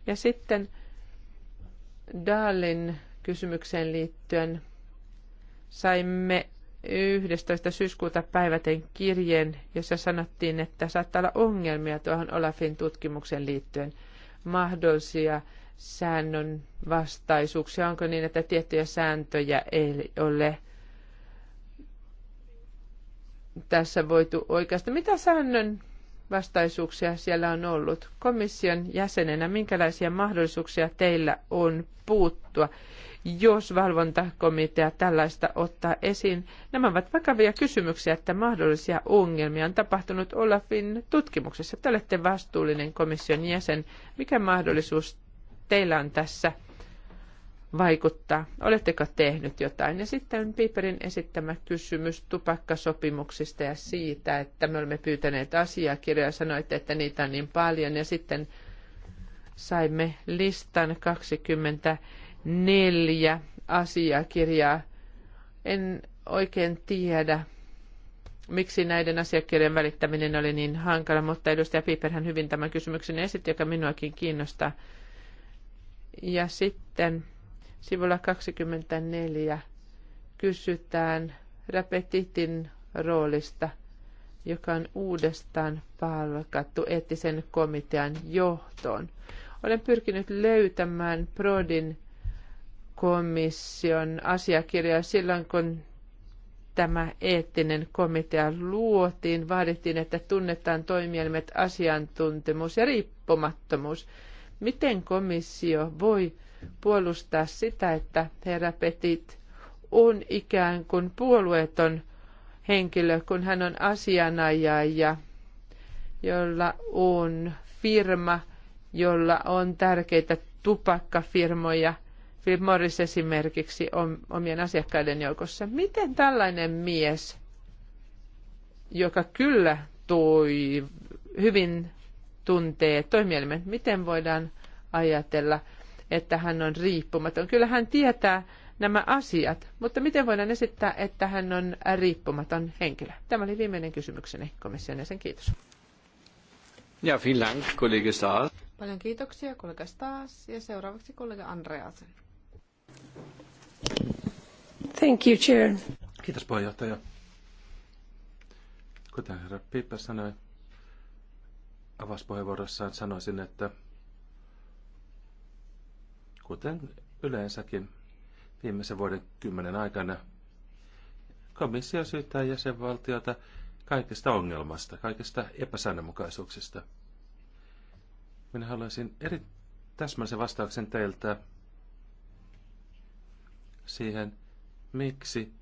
Ja sitten Dalin kysymykseen liittyen saimme 11. syyskuuta päiväten kirjeen, jossa sanottiin, että saattaa olla ongelmia tuohon Olafin tutkimukseen liittyen mahdollisia säännön vastaisuuksia? Onko niin, että tiettyjä sääntöjä ei ole tässä voitu oikeasta? Mitä säännön vastaisuuksia siellä on ollut? Komission jäsenenä, minkälaisia mahdollisuuksia teillä on puuttua, jos valvontakomitea tällaista ottaa esiin? Nämä ovat vakavia kysymyksiä, että mahdollisia ongelmia on tapahtunut Olafin tutkimuksessa. Te olette vastuullinen komission jäsen. Mikä mahdollisuus teillä on tässä vaikuttaa? Oletteko tehnyt jotain? Ja sitten Piperin esittämä kysymys tupakkasopimuksista ja siitä, että me olemme pyytäneet asiakirjoja, sanoitte, että niitä on niin paljon, ja sitten saimme listan 24 asiakirjaa. En oikein tiedä, miksi näiden asiakirjojen välittäminen oli niin hankala, mutta edustaja Piperhän hyvin tämän kysymyksen esitti, joka minuakin kiinnostaa. Ja sitten sivulla 24 kysytään Repetitin roolista, joka on uudestaan palkattu eettisen komitean johtoon. Olen pyrkinyt löytämään Prodin komission asiakirjaa silloin, kun tämä eettinen komitea luotiin. Vaadittiin, että tunnetaan toimielimet asiantuntemus ja riippumattomuus. Miten komissio voi puolustaa sitä, että herra Petit on ikään kuin puolueeton henkilö, kun hän on asianajaja, jolla on firma, jolla on tärkeitä tupakkafirmoja, Philip Morris esimerkiksi omien asiakkaiden joukossa. Miten tällainen mies, joka kyllä toi hyvin tuntee toimielimet, miten voidaan ajatella, että hän on riippumaton. Kyllä hän tietää nämä asiat, mutta miten voidaan esittää, että hän on riippumaton henkilö? Tämä oli viimeinen kysymykseni komission jäsen. Kiitos. Ja Finland, kollega Staas. Paljon kiitoksia, kollega Staas. Ja seuraavaksi kollega Andreasen. Thank you, Chair. Kiitos puheenjohtaja. Kuten herra Piippa sanoi, avauspuheenvuorossaan sanoisin, että kuten yleensäkin viimeisen vuoden kymmenen aikana, komissio syyttää jäsenvaltiota kaikesta ongelmasta, kaikesta epäsäännönmukaisuuksista. Minä haluaisin eri täsmällisen vastauksen teiltä siihen, miksi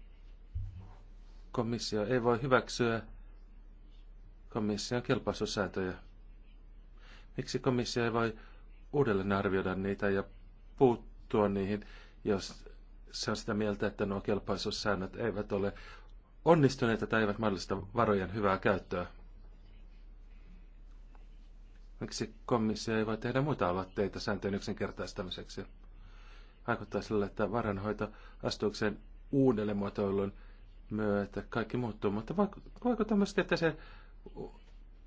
komissio ei voi hyväksyä komission kilpailusääntöjä. Miksi komissio ei voi uudelleen arvioida niitä ja puuttua niihin, jos se on sitä mieltä, että nuo kelpoisuussäännöt eivät ole onnistuneita tai eivät mahdollista varojen hyvää käyttöä? Miksi komissio ei voi tehdä muita aloitteita sääntöjen yksinkertaistamiseksi? Vaikuttaa sille, että varanhoito astuukseen uudelle muotoilun myötä kaikki muuttuu, mutta vaikuttaa myös, että se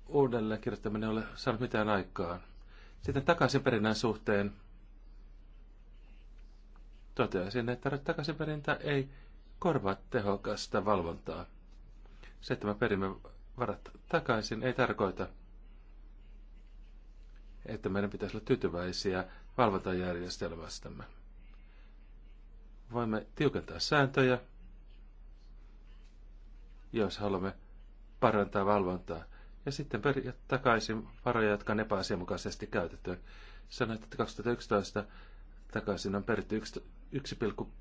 uudelleen kirjoittaminen ole saanut mitään aikaan. Sitten takaisin perinnän suhteen toteaisin, että takaisinperintä ei korvaa tehokasta valvontaa. Se, että me perimme varat takaisin, ei tarkoita, että meidän pitäisi olla tyytyväisiä valvontajärjestelmästämme. Voimme tiukentaa sääntöjä, jos haluamme parantaa valvontaa ja sitten periä takaisin varoja, jotka on epäasianmukaisesti käytetty. Sanoit, että 2011 takaisin on peritty 1,18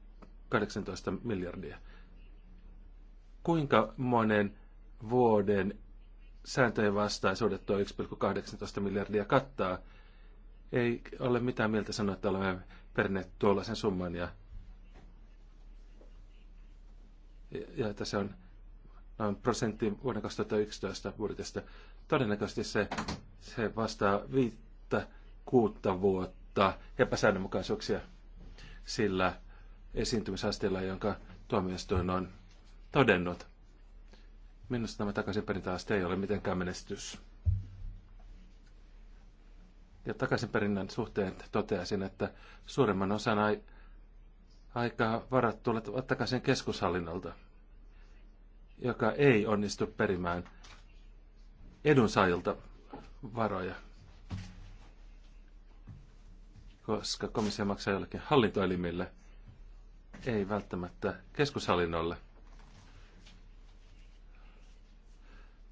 miljardia. Kuinka monen vuoden sääntöjen vastaisuudet tuo 1,18 miljardia kattaa? Ei ole mitään mieltä sanoa, että olemme perineet tuollaisen summan ja, ja että se on Ähm, prosentti vuonna 2011 budjetista. Todennäköisesti se, se vastaa viittä kuutta vuotta epäsäännönmukaisuuksia sillä esiintymisasteella, jonka tuomioistuin on todennut. Minusta tämä takaisinperintäaste ei ole mitenkään menestys. Ja takaisinperinnän suhteen toteaisin, että suurimman osan ai- aikaa varat tulevat takaisin keskushallinnolta joka ei onnistu perimään edunsaajilta varoja, koska komissio maksaa jollekin hallintoelimille, ei välttämättä keskushallinnolle.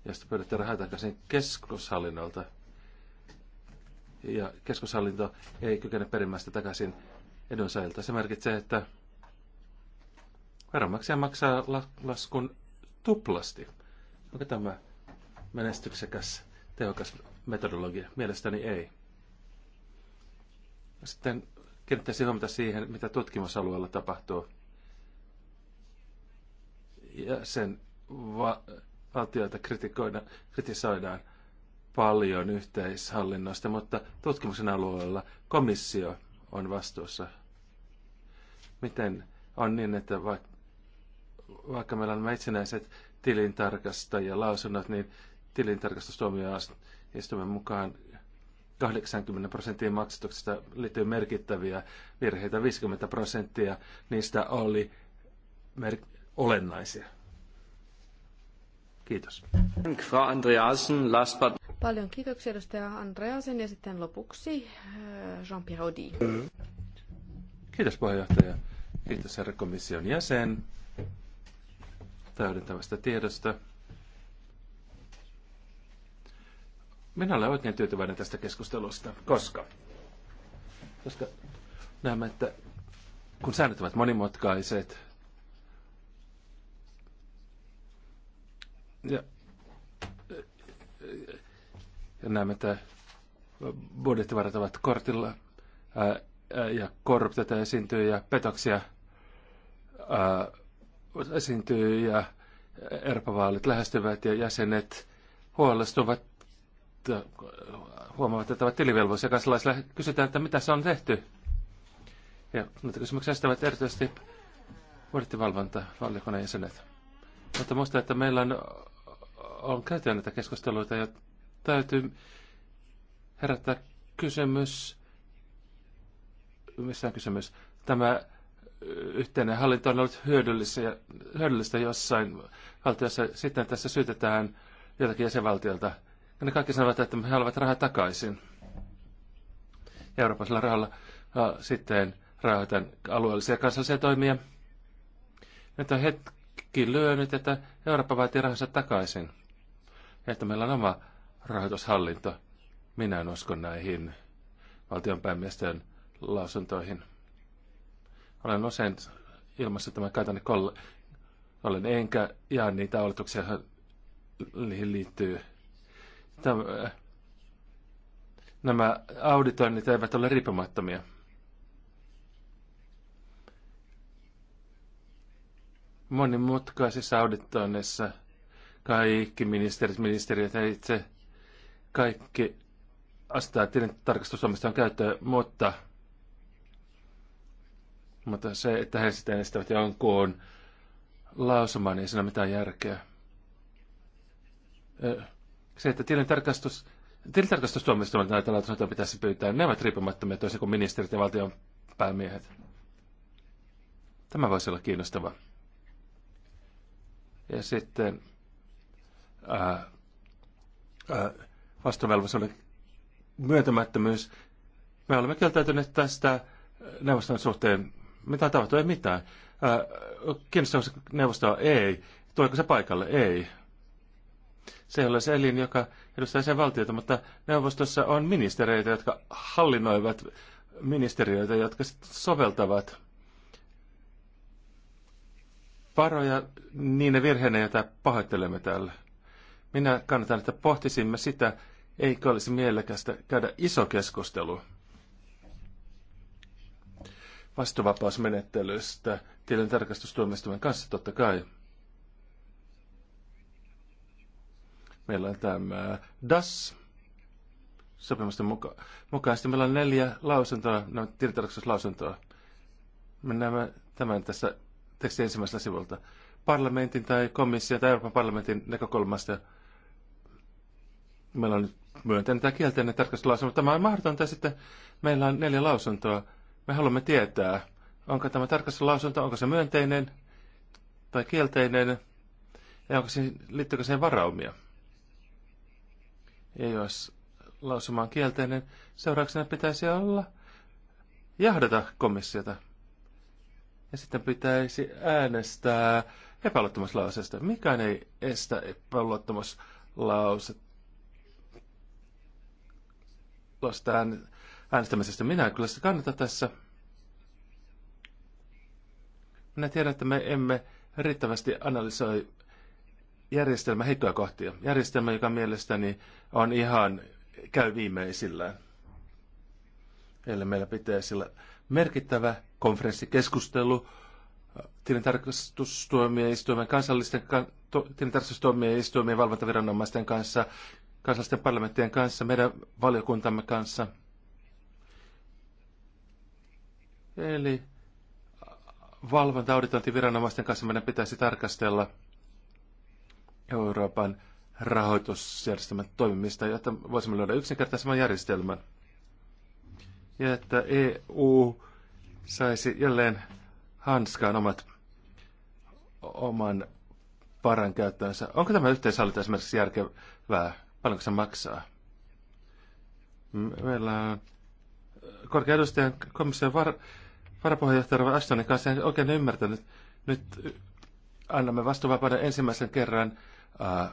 Ja sitten pyydätte rahaa takaisin keskushallinnolta. Ja keskushallinto ei kykene perimästä takaisin edunsaajilta. Se merkitsee, että veronmaksaja maksaa laskun tuplasti. Onko tämä menestyksekäs, tehokas metodologia? Mielestäni ei. Sitten kiinnittäisin huomiota siihen, mitä tutkimusalueella tapahtuu. Ja sen va- valtioita kritisoidaan paljon yhteishallinnosta, mutta tutkimuksen alueella komissio on vastuussa. Miten on niin, että vaikka vaikka meillä on itsenäiset tilintarkastajia lausunnot, niin tilintarkastustuomioistuimen mukaan 80 prosenttia maksatuksista liittyy merkittäviä virheitä, 50 prosenttia niistä oli mer- olennaisia. Kiitos. Frau Andreasen, last but... Paljon kiitoksia edustaja Andreasen ja sitten lopuksi äh, Jean-Pierre Audi. Kiitos puheenjohtaja. Kiitos herra komission jäsen täydentävästä tiedosta. Minä olen oikein tyytyväinen tästä keskustelusta, koska, koska näemme, että kun säännöt ovat monimutkaiset ja, ja näemme, että budjettivarat ovat kortilla ää, ja korruptiota esiintyy ja petoksia ää, esiintyy ja erpavaalit lähestyvät ja jäsenet huolestuvat, huomaavat, että ovat tilivelvollisia kansalaisille. Kysytään, että mitä se on tehty. Ja näitä kysymyksiä estävät erityisesti valiokunnan jäsenet. Mutta muista, että meillä on, on käyty näitä keskusteluita ja täytyy herättää kysymys, missä on kysymys, tämä yhteinen hallinto on ollut hyödyllistä, jossain valtiossa. Sitten tässä syytetään jotakin jäsenvaltiolta. Ja ne kaikki sanovat, että me haluavat rahaa takaisin. Ja rahalla ja sitten rahoitan alueellisia kansallisia toimia. Nyt on hetki lyönyt, että Eurooppa vaatii rahansa takaisin. että meillä on oma rahoitushallinto. Minä en usko näihin valtionpäämiesten lausuntoihin. Olen usein ilmassa tämän käytännön kolle. Olen enkä jaa niitä oletuksia, niihin liittyy. Tämä, nämä auditoinnit eivät ole riippumattomia. monimutkaisissa auditoinnissa kaikki ministerit, ministeriöt ja itse kaikki astaa tarkastusomistajan käyttöön, mutta mutta se, että he sitten estävät jonkun lausumaan, niin ei siinä mitään järkeä. Se, että tilintarkastus tarkastus, tilintarkastustuomioistuimelta näitä lausuntoja pitäisi pyytää, ne ovat riippumattomia toisin kuin ministerit ja valtion päämiehet. Tämä voisi olla kiinnostava. Ja sitten ää, ää, vastavelvollisuuden myöntämättömyys. Me olemme kieltäytyneet tästä neuvoston suhteen mitä tapahtuu? Ei mitään. Kiinnostaako se neuvostoa? Ei. Tuleeko se paikalle? Ei. Se ei ole se elin, joka edustaa sen valtiota, mutta neuvostossa on ministereitä, jotka hallinnoivat ministeriöitä, jotka soveltavat varoja ne virheenä, joita pahoittelemme täällä. Minä kannatan, että pohtisimme sitä, eikö olisi mielekästä käydä iso keskustelu vastuvapausmenettelystä tilin tarkastustuomioistuimen kanssa totta kai. Meillä on tämä DAS, sopimusten muka- mukaisesti. Meillä on neljä lausuntoa, no, tilintarkastuslausuntoa. Me näemme tämän tässä tekstin ensimmäisellä sivulta. Parlamentin tai komissio tai Euroopan parlamentin näkökulmasta meillä on nyt myönteinen tai kielteinen tarkastuslausunto. Tämä on mahdotonta sitten. Meillä on neljä lausuntoa me haluamme tietää, onko tämä tarkastuslausunto, onko se myönteinen tai kielteinen, ja onko se, liittyykö siihen varaumia. Ja jos lausuma on kielteinen, seurauksena pitäisi olla jahdata komissiota. Ja sitten pitäisi äänestää epäluottamuslausesta. Mikään ei estä epäluottamuslausetta lausta äänestämisestä. Minä kyllä sitä kannata tässä. Minä tiedän, että me emme riittävästi analysoi järjestelmän heikkoja kohtia. Järjestelmä, joka mielestäni on ihan käy viimeisillään. Eli meillä pitää sillä merkittävä konferenssikeskustelu tilintarkastustuomioistuimen, kansallisten tilintarkastustuomioistuimen valvontaviranomaisten kanssa, kansallisten parlamenttien kanssa, meidän valiokuntamme kanssa – Eli valvonta auditointiviranomaisten kanssa meidän pitäisi tarkastella Euroopan rahoitusjärjestelmän toimimista, jotta voisimme löydä yksinkertaisemman järjestelmän. Ja että EU saisi jälleen hanskaan omat, oman paran käyttöönsä. Onko tämä yhteishallinta esimerkiksi järkevää? Paljonko se maksaa? Meillä on korkean edustajan komission var- varapuheenjohtaja Rova Ashtonin kanssa en oikein ymmärtänyt. Nyt annamme vastuuvapauden ensimmäisen kerran äh,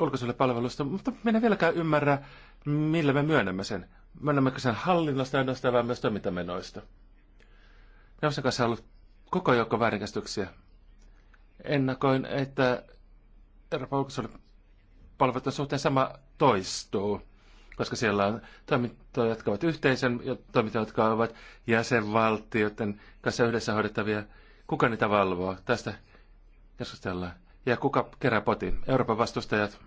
ulkoiselle palvelusta, mutta minä vieläkään ymmärrä, millä me myönnämme sen. Myönnämmekö sen hallinnosta ainoastaan vai myös toimintamenoista? Neuvoston kanssa on ollut koko joukko väärinkäsityksiä. Ennakoin, että Euroopan ulkoiselle palveluiden suhteen sama toistuu koska siellä on toimintoja, jotka ovat yhteisön, toimintoja, jotka ovat jäsenvaltioiden kanssa yhdessä hoidettavia. Kuka niitä valvoo? Tästä keskustellaan. Ja kuka kerää potin? Euroopan vastustajat,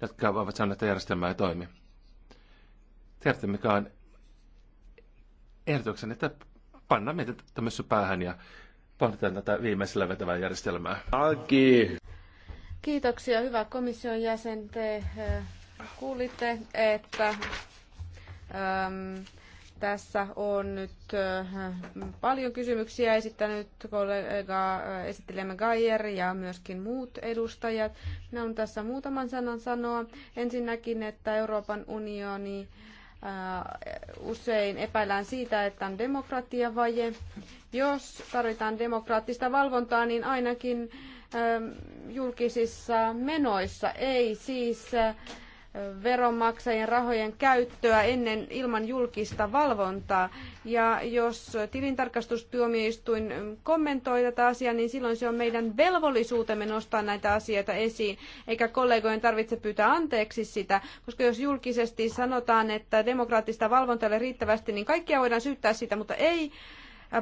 jotka ovat sanoneet, että järjestelmä ei toimi. Tiedätte, mikä on ehdotuksen, että panna meitä tämmöisessä päähän ja pohditaan tätä viimeisellä vetävää järjestelmää. Alki. Kiitoksia, hyvä komission jäsen. Te eh, Kuulitte, että äm, tässä on nyt äh, paljon kysymyksiä esittänyt kollega äh, esittelemme Gaier ja myöskin muut edustajat. Minä on tässä muutaman sanan sanoa. Ensinnäkin, että Euroopan unioni äh, usein epäillään siitä, että on demokratiavaje. Jos tarvitaan demokraattista valvontaa, niin ainakin julkisissa menoissa, ei siis veronmaksajien rahojen käyttöä ennen ilman julkista valvontaa. Ja jos tilintarkastustuomioistuin kommentoi tätä asiaa, niin silloin se on meidän velvollisuutemme nostaa näitä asioita esiin, eikä kollegojen tarvitse pyytää anteeksi sitä, koska jos julkisesti sanotaan, että demokraattista valvontaa ei ole riittävästi, niin kaikkia voidaan syyttää siitä, mutta ei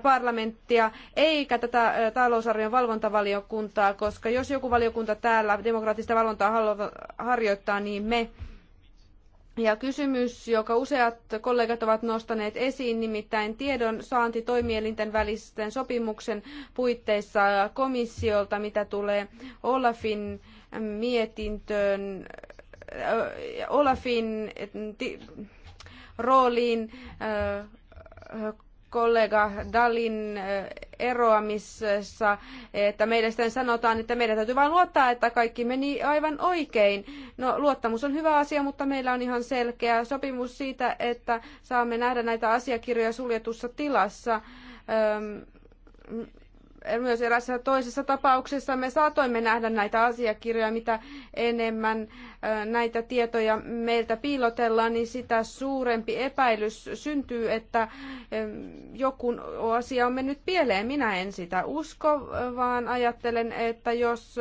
parlamenttia eikä tätä talousarvion valvontavaliokuntaa, koska jos joku valiokunta täällä demokraattista valvontaa harjoittaa, niin me. Ja kysymys, joka useat kollegat ovat nostaneet esiin, nimittäin tiedon saanti toimielinten välisten sopimuksen puitteissa komissiolta, mitä tulee Olafin mietintöön, Olafin rooliin kollega Dalin eh, eroamisessa, että meille sitten sanotaan, että meidän täytyy vain luottaa, että kaikki meni aivan oikein. No luottamus on hyvä asia, mutta meillä on ihan selkeä sopimus siitä, että saamme nähdä näitä asiakirjoja suljetussa tilassa myös erässä toisessa tapauksessa me saatoimme nähdä näitä asiakirjoja, mitä enemmän näitä tietoja meiltä piilotellaan, niin sitä suurempi epäilys syntyy, että joku asia on mennyt pieleen. Minä en sitä usko, vaan ajattelen, että jos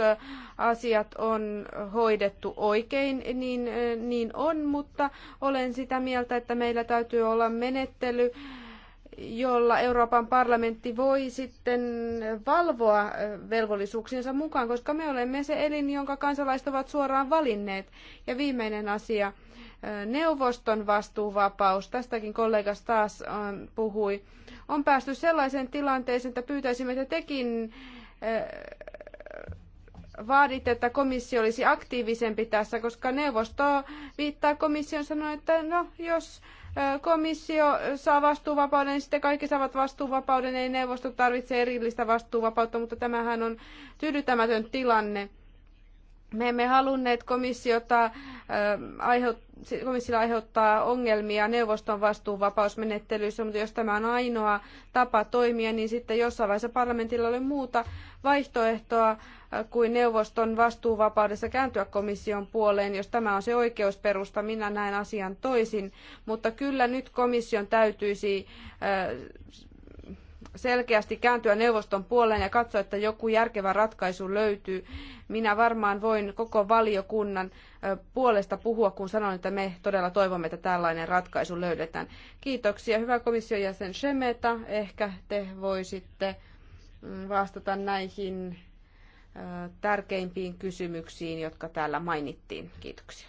asiat on hoidettu oikein, niin, niin on, mutta olen sitä mieltä, että meillä täytyy olla menettely, jolla Euroopan parlamentti voi sitten valvoa velvollisuuksiensa mukaan, koska me olemme se elin, jonka kansalaiset ovat suoraan valinneet. Ja viimeinen asia, neuvoston vastuuvapaus, tästäkin kollegas taas puhui, on päästy sellaiseen tilanteeseen, että pyytäisimme, että tekin vaaditte, että komissio olisi aktiivisempi tässä, koska neuvosto viittaa komission sanoin, että no, jos komissio saa vastuuvapauden, niin sitten kaikki saavat vastuuvapauden, ei neuvosto tarvitse erillistä vastuuvapautta, mutta tämähän on tyydyttämätön tilanne. Me emme halunneet komissiota, äh, komissiolla aiheuttaa ongelmia neuvoston vastuuvapausmenettelyssä, mutta jos tämä on ainoa tapa toimia, niin sitten jossain vaiheessa parlamentilla oli muuta vaihtoehtoa äh, kuin neuvoston vastuuvapaudessa kääntyä komission puoleen, jos tämä on se oikeusperusta, minä näen asian toisin. Mutta kyllä nyt komission täytyisi äh, selkeästi kääntyä neuvoston puoleen ja katsoa, että joku järkevä ratkaisu löytyy. Minä varmaan voin koko valiokunnan puolesta puhua, kun sanon, että me todella toivomme, että tällainen ratkaisu löydetään. Kiitoksia. Hyvä komission jäsen Shemeta, ehkä te voisitte mm, vastata näihin tärkeimpiin kysymyksiin, jotka täällä mainittiin. Kiitoksia.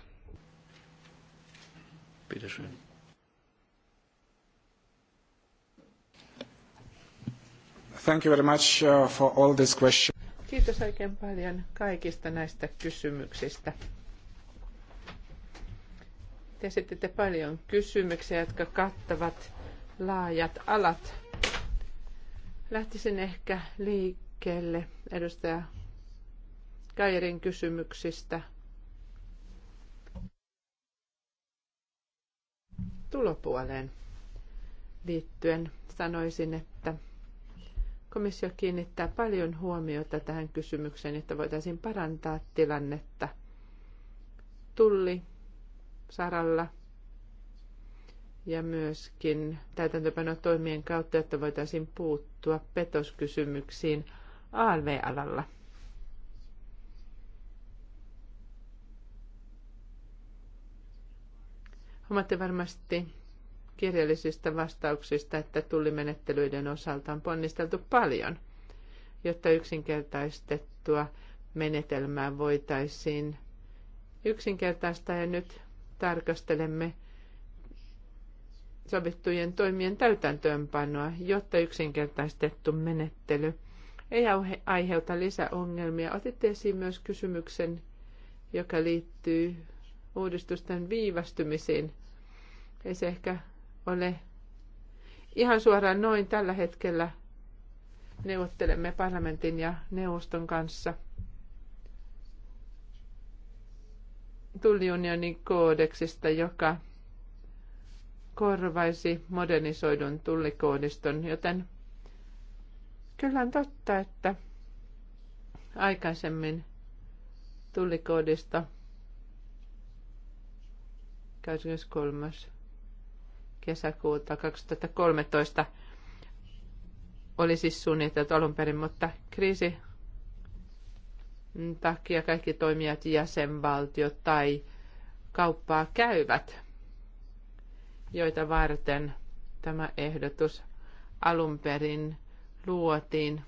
Thank you very much uh, for all these questions. Kiitos oikein paljon kaikista näistä kysymyksistä. Te esititte paljon kysymyksiä, jotka kattavat laajat alat. Lähtisin ehkä liikkeelle edustaja Kairin kysymyksistä. Tulopuoleen liittyen sanoisin, että – Komissio kiinnittää paljon huomiota tähän kysymykseen, että voitaisiin parantaa tilannetta tulli saralla ja myöskin täytäntöpanotoimien kautta, että voitaisiin puuttua petoskysymyksiin ALV-alalla. Huomaatte varmasti kirjallisista vastauksista että tullimenettelyiden osalta on ponnisteltu paljon, jotta yksinkertaistettua menetelmää voitaisiin yksinkertaista ja nyt tarkastelemme sovittujen toimien täytäntöönpanoa, jotta yksinkertaistettu menettely ei aiheuta lisäongelmia. Otitte esiin myös kysymyksen, joka liittyy uudistusten viivästymisiin. Ei se ehkä ole ihan suoraan noin tällä hetkellä neuvottelemme parlamentin ja neuvoston kanssa tulliunionin koodeksista, joka korvaisi modernisoidun tullikoodiston, joten kyllä on totta, että aikaisemmin tullikoodista 23 kesäkuuta 2013 oli siis suunniteltu alun perin, mutta kriisi takia kaikki toimijat, jäsenvaltiot tai kauppaa käyvät, joita varten tämä ehdotus alun perin luotiin.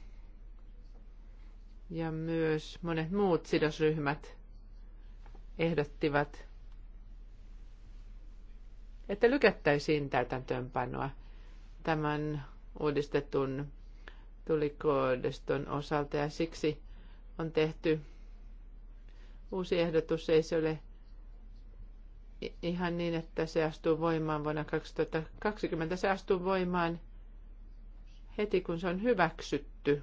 Ja myös monet muut sidosryhmät ehdottivat että lykättäisiin täytäntöönpanoa tämän uudistetun tulikoodiston osalta ja siksi on tehty uusi ehdotus. Ei se ole ihan niin, että se astuu voimaan vuonna 2020. Se astuu voimaan heti, kun se on hyväksytty.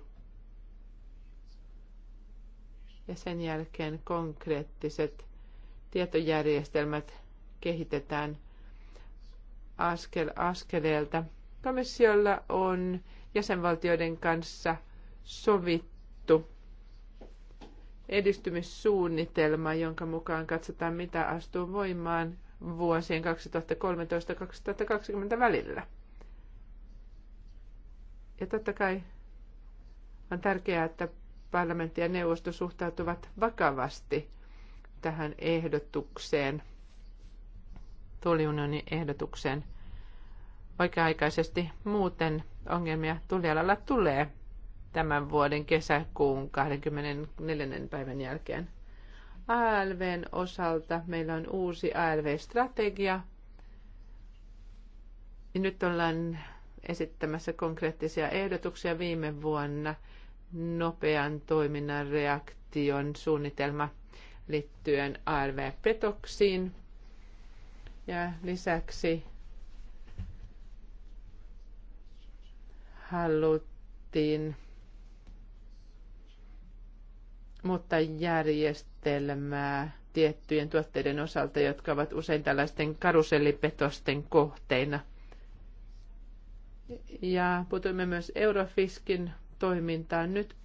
Ja sen jälkeen konkreettiset tietojärjestelmät kehitetään – askel askeleelta. Komissiolla on jäsenvaltioiden kanssa sovittu edistymissuunnitelma, jonka mukaan katsotaan, mitä astuu voimaan vuosien 2013-2020 välillä. Ja totta kai on tärkeää, että parlamentti ja neuvosto suhtautuvat vakavasti tähän ehdotukseen – tulliunionin ehdotukseen oikea-aikaisesti. Muuten ongelmia tulialalla tulee tämän vuoden kesäkuun 24. päivän jälkeen. ALVn osalta meillä on uusi ALV-strategia. Ja nyt ollaan esittämässä konkreettisia ehdotuksia viime vuonna nopean toiminnan reaktion suunnitelma liittyen ALV-petoksiin – ja lisäksi haluttiin mutta järjestelmää tiettyjen tuotteiden osalta, jotka ovat usein tällaisten karusellipetosten kohteina. Ja putuimme myös Eurofiskin toimintaan. Nyt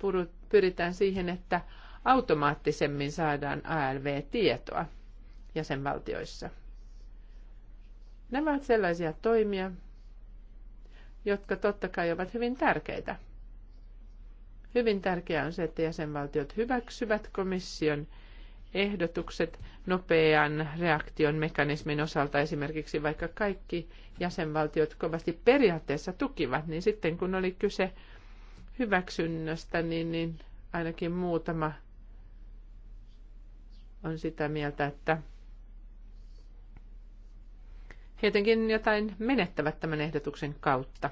pyritään siihen, että automaattisemmin saadaan ALV-tietoa jäsenvaltioissa. Nämä ovat sellaisia toimia, jotka totta kai ovat hyvin tärkeitä. Hyvin tärkeää on se, että jäsenvaltiot hyväksyvät komission ehdotukset nopean reaktion mekanismin osalta esimerkiksi, vaikka kaikki jäsenvaltiot kovasti periaatteessa tukivat, niin sitten kun oli kyse hyväksynnästä, niin, niin ainakin muutama on sitä mieltä, että Jotenkin jotain menettävät tämän ehdotuksen kautta.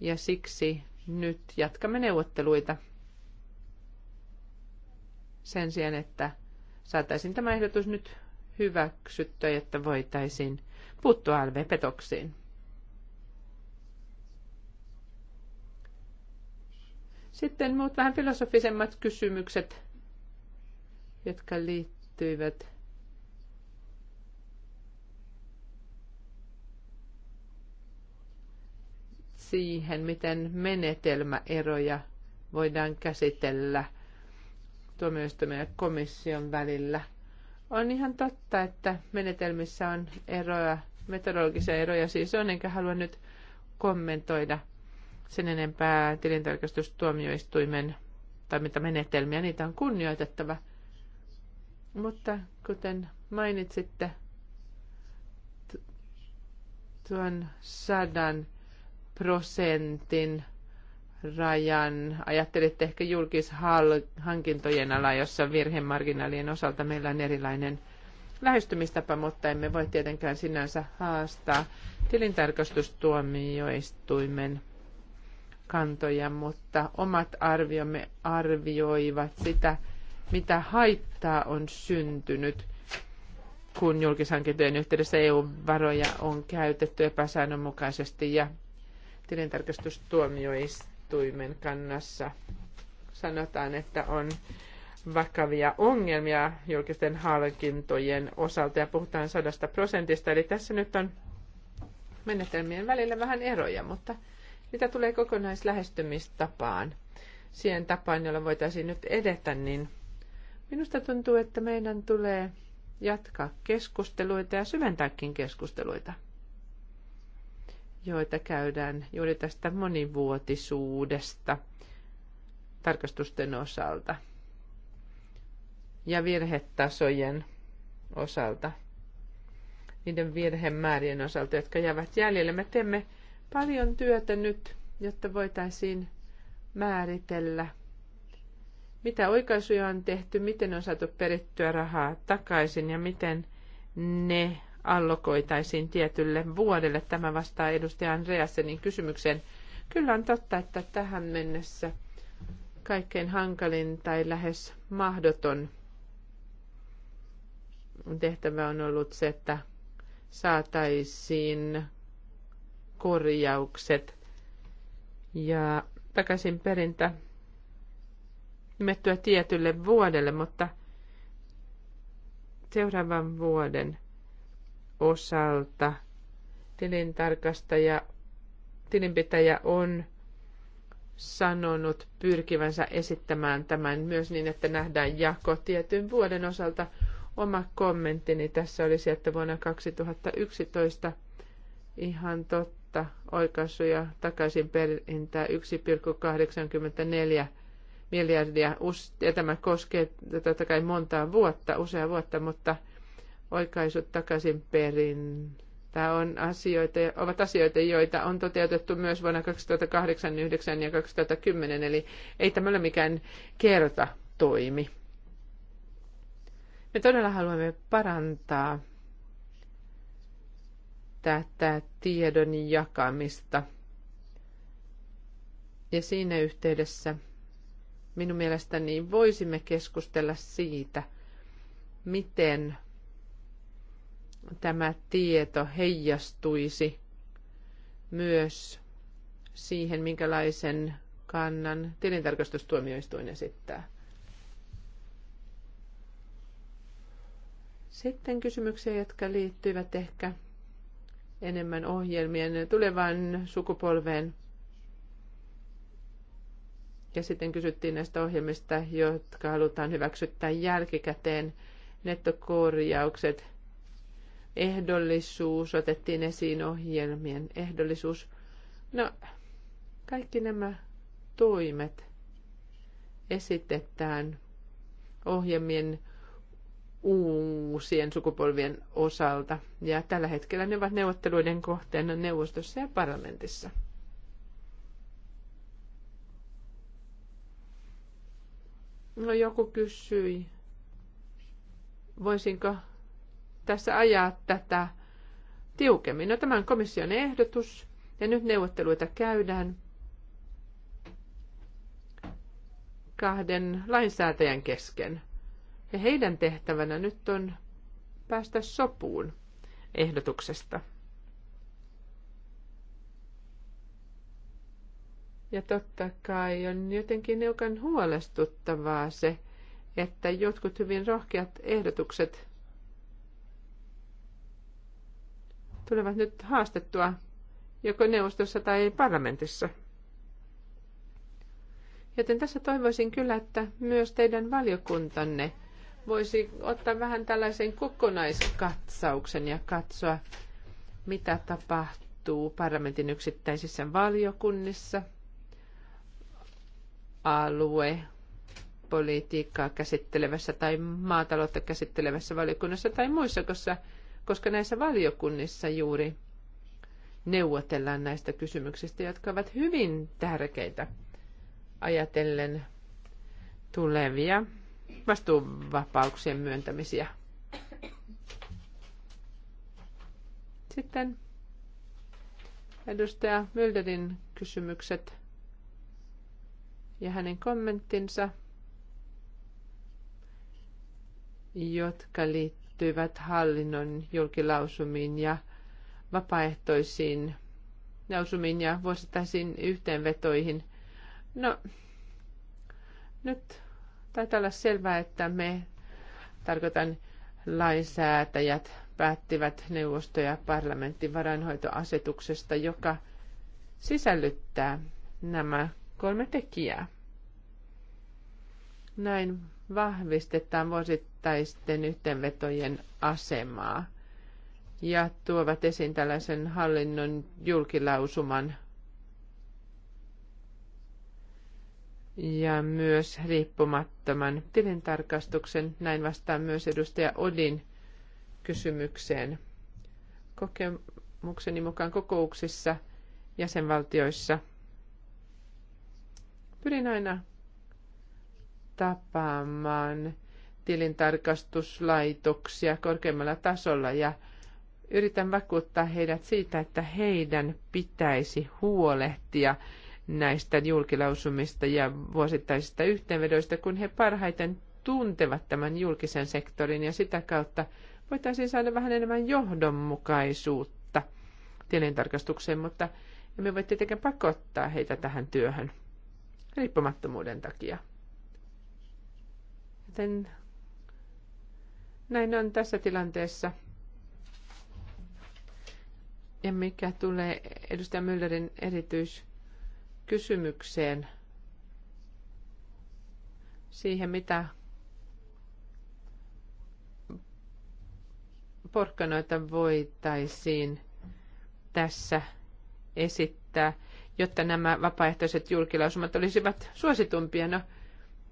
Ja siksi nyt jatkamme neuvotteluita sen sijaan, että saataisiin tämä ehdotus nyt hyväksyttyä, että voitaisiin puuttua LV-petoksiin. Sitten muut vähän filosofisemmat kysymykset, jotka liittyivät siihen, miten menetelmäeroja voidaan käsitellä tuomioistuimen ja komission välillä. On ihan totta, että menetelmissä on eroja, metodologisia eroja siis on, enkä halua nyt kommentoida sen enempää tilintarkastustuomioistuimen tai mitä menetelmiä, niitä on kunnioitettava. Mutta kuten mainitsitte, tuon sadan prosentin rajan. Ajattelette ehkä julkishankintojen ala, jossa virhemarginaalien osalta meillä on erilainen lähestymistapa, mutta emme voi tietenkään sinänsä haastaa tilintarkastustuomioistuimen kantoja, mutta omat arviomme arvioivat sitä, mitä haittaa on syntynyt, kun julkishankintojen yhteydessä EU-varoja on käytetty epäsäännönmukaisesti ja tilintarkastustuomioistuimen kannassa sanotaan, että on vakavia ongelmia julkisten hankintojen osalta ja puhutaan sadasta prosentista. Eli tässä nyt on menetelmien välillä vähän eroja, mutta mitä tulee kokonaislähestymistapaan, siihen tapaan, jolla voitaisiin nyt edetä, niin minusta tuntuu, että meidän tulee jatkaa keskusteluita ja syventääkin keskusteluita – joita käydään juuri tästä monivuotisuudesta tarkastusten osalta ja virhetasojen osalta, niiden virhemäärien osalta, jotka jäävät jäljelle. Me teemme paljon työtä nyt, jotta voitaisiin määritellä, mitä oikaisuja on tehty, miten on saatu perittyä rahaa takaisin ja miten ne allokoitaisiin tietylle vuodelle. Tämä vastaa edustaja Andreasenin kysymykseen. Kyllä on totta, että tähän mennessä kaikkein hankalin tai lähes mahdoton tehtävä on ollut se, että saataisiin korjaukset ja takaisin perintä nimettyä tietylle vuodelle, mutta seuraavan vuoden osalta tilintarkastaja, tilinpitäjä on sanonut pyrkivänsä esittämään tämän myös niin, että nähdään jako tietyn vuoden osalta. Oma kommenttini tässä olisi, että vuonna 2011 ihan totta oikaisuja takaisin perintää 1,84 miljardia. Ja tämä koskee totta kai montaa vuotta, usea vuotta, mutta oikaisut takaisin perin. Tämä on asioita, ovat asioita, joita on toteutettu myös vuonna 2008, 2009 ja 2010, eli ei tämä ole mikään kerta toimi. Me todella haluamme parantaa tätä tiedon jakamista. Ja siinä yhteydessä minun mielestäni voisimme keskustella siitä, miten tämä tieto heijastuisi myös siihen, minkälaisen kannan tilintarkastustuomioistuin esittää. Sitten kysymyksiä, jotka liittyvät ehkä enemmän ohjelmien tulevaan sukupolveen. Ja sitten kysyttiin näistä ohjelmista, jotka halutaan hyväksyttää jälkikäteen. Nettokorjaukset ehdollisuus, otettiin esiin ohjelmien ehdollisuus. No, kaikki nämä toimet esitetään ohjelmien uusien sukupolvien osalta. Ja tällä hetkellä ne ovat neuvotteluiden kohteena neuvostossa ja parlamentissa. No joku kysyi, voisinko tässä ajaa tätä tiukemmin. No tämä on komission ehdotus ja nyt neuvotteluita käydään kahden lainsäätäjän kesken. Ja heidän tehtävänä nyt on päästä sopuun ehdotuksesta. Ja totta kai on jotenkin hiukan huolestuttavaa se, että jotkut hyvin rohkeat ehdotukset tulevat nyt haastettua joko neuvostossa tai parlamentissa. Joten tässä toivoisin kyllä, että myös teidän valiokuntanne voisi ottaa vähän tällaisen kokonaiskatsauksen ja katsoa, mitä tapahtuu parlamentin yksittäisissä valiokunnissa, alue, politiikkaa käsittelevässä tai maataloutta käsittelevässä valiokunnassa tai muissa, koska koska näissä valiokunnissa juuri neuvotellaan näistä kysymyksistä, jotka ovat hyvin tärkeitä ajatellen tulevia vastuuvapauksien myöntämisiä. Sitten edustaja Mylderin kysymykset ja hänen kommenttinsa, jotka liittyvät liittyivät hallinnon julkilausumiin ja vapaaehtoisiin lausumiin ja vuosittaisiin yhteenvetoihin. No, nyt taitaa olla selvää, että me, tarkoitan lainsäätäjät, päättivät neuvosto- ja parlamentin varainhoitoasetuksesta, joka sisällyttää nämä kolme tekijää. Näin vahvistetaan vuosittain vuosittaisten yhteenvetojen asemaa ja tuovat esiin tällaisen hallinnon julkilausuman ja myös riippumattoman tilintarkastuksen. Näin vastaan myös edustaja Odin kysymykseen. Kokemukseni mukaan kokouksissa jäsenvaltioissa pyrin aina tapaamaan tilintarkastuslaitoksia korkeammalla tasolla ja yritän vakuuttaa heidät siitä, että heidän pitäisi huolehtia näistä julkilausumista ja vuosittaisista yhteenvedoista, kun he parhaiten tuntevat tämän julkisen sektorin ja sitä kautta voitaisiin saada vähän enemmän johdonmukaisuutta tilintarkastukseen, mutta emme voi tietenkään pakottaa heitä tähän työhön riippumattomuuden takia. Joten näin on tässä tilanteessa. Ja mikä tulee edustaja Müllerin erityiskysymykseen siihen, mitä porkkanoita voitaisiin tässä esittää, jotta nämä vapaaehtoiset julkilausumat olisivat suositumpia. No,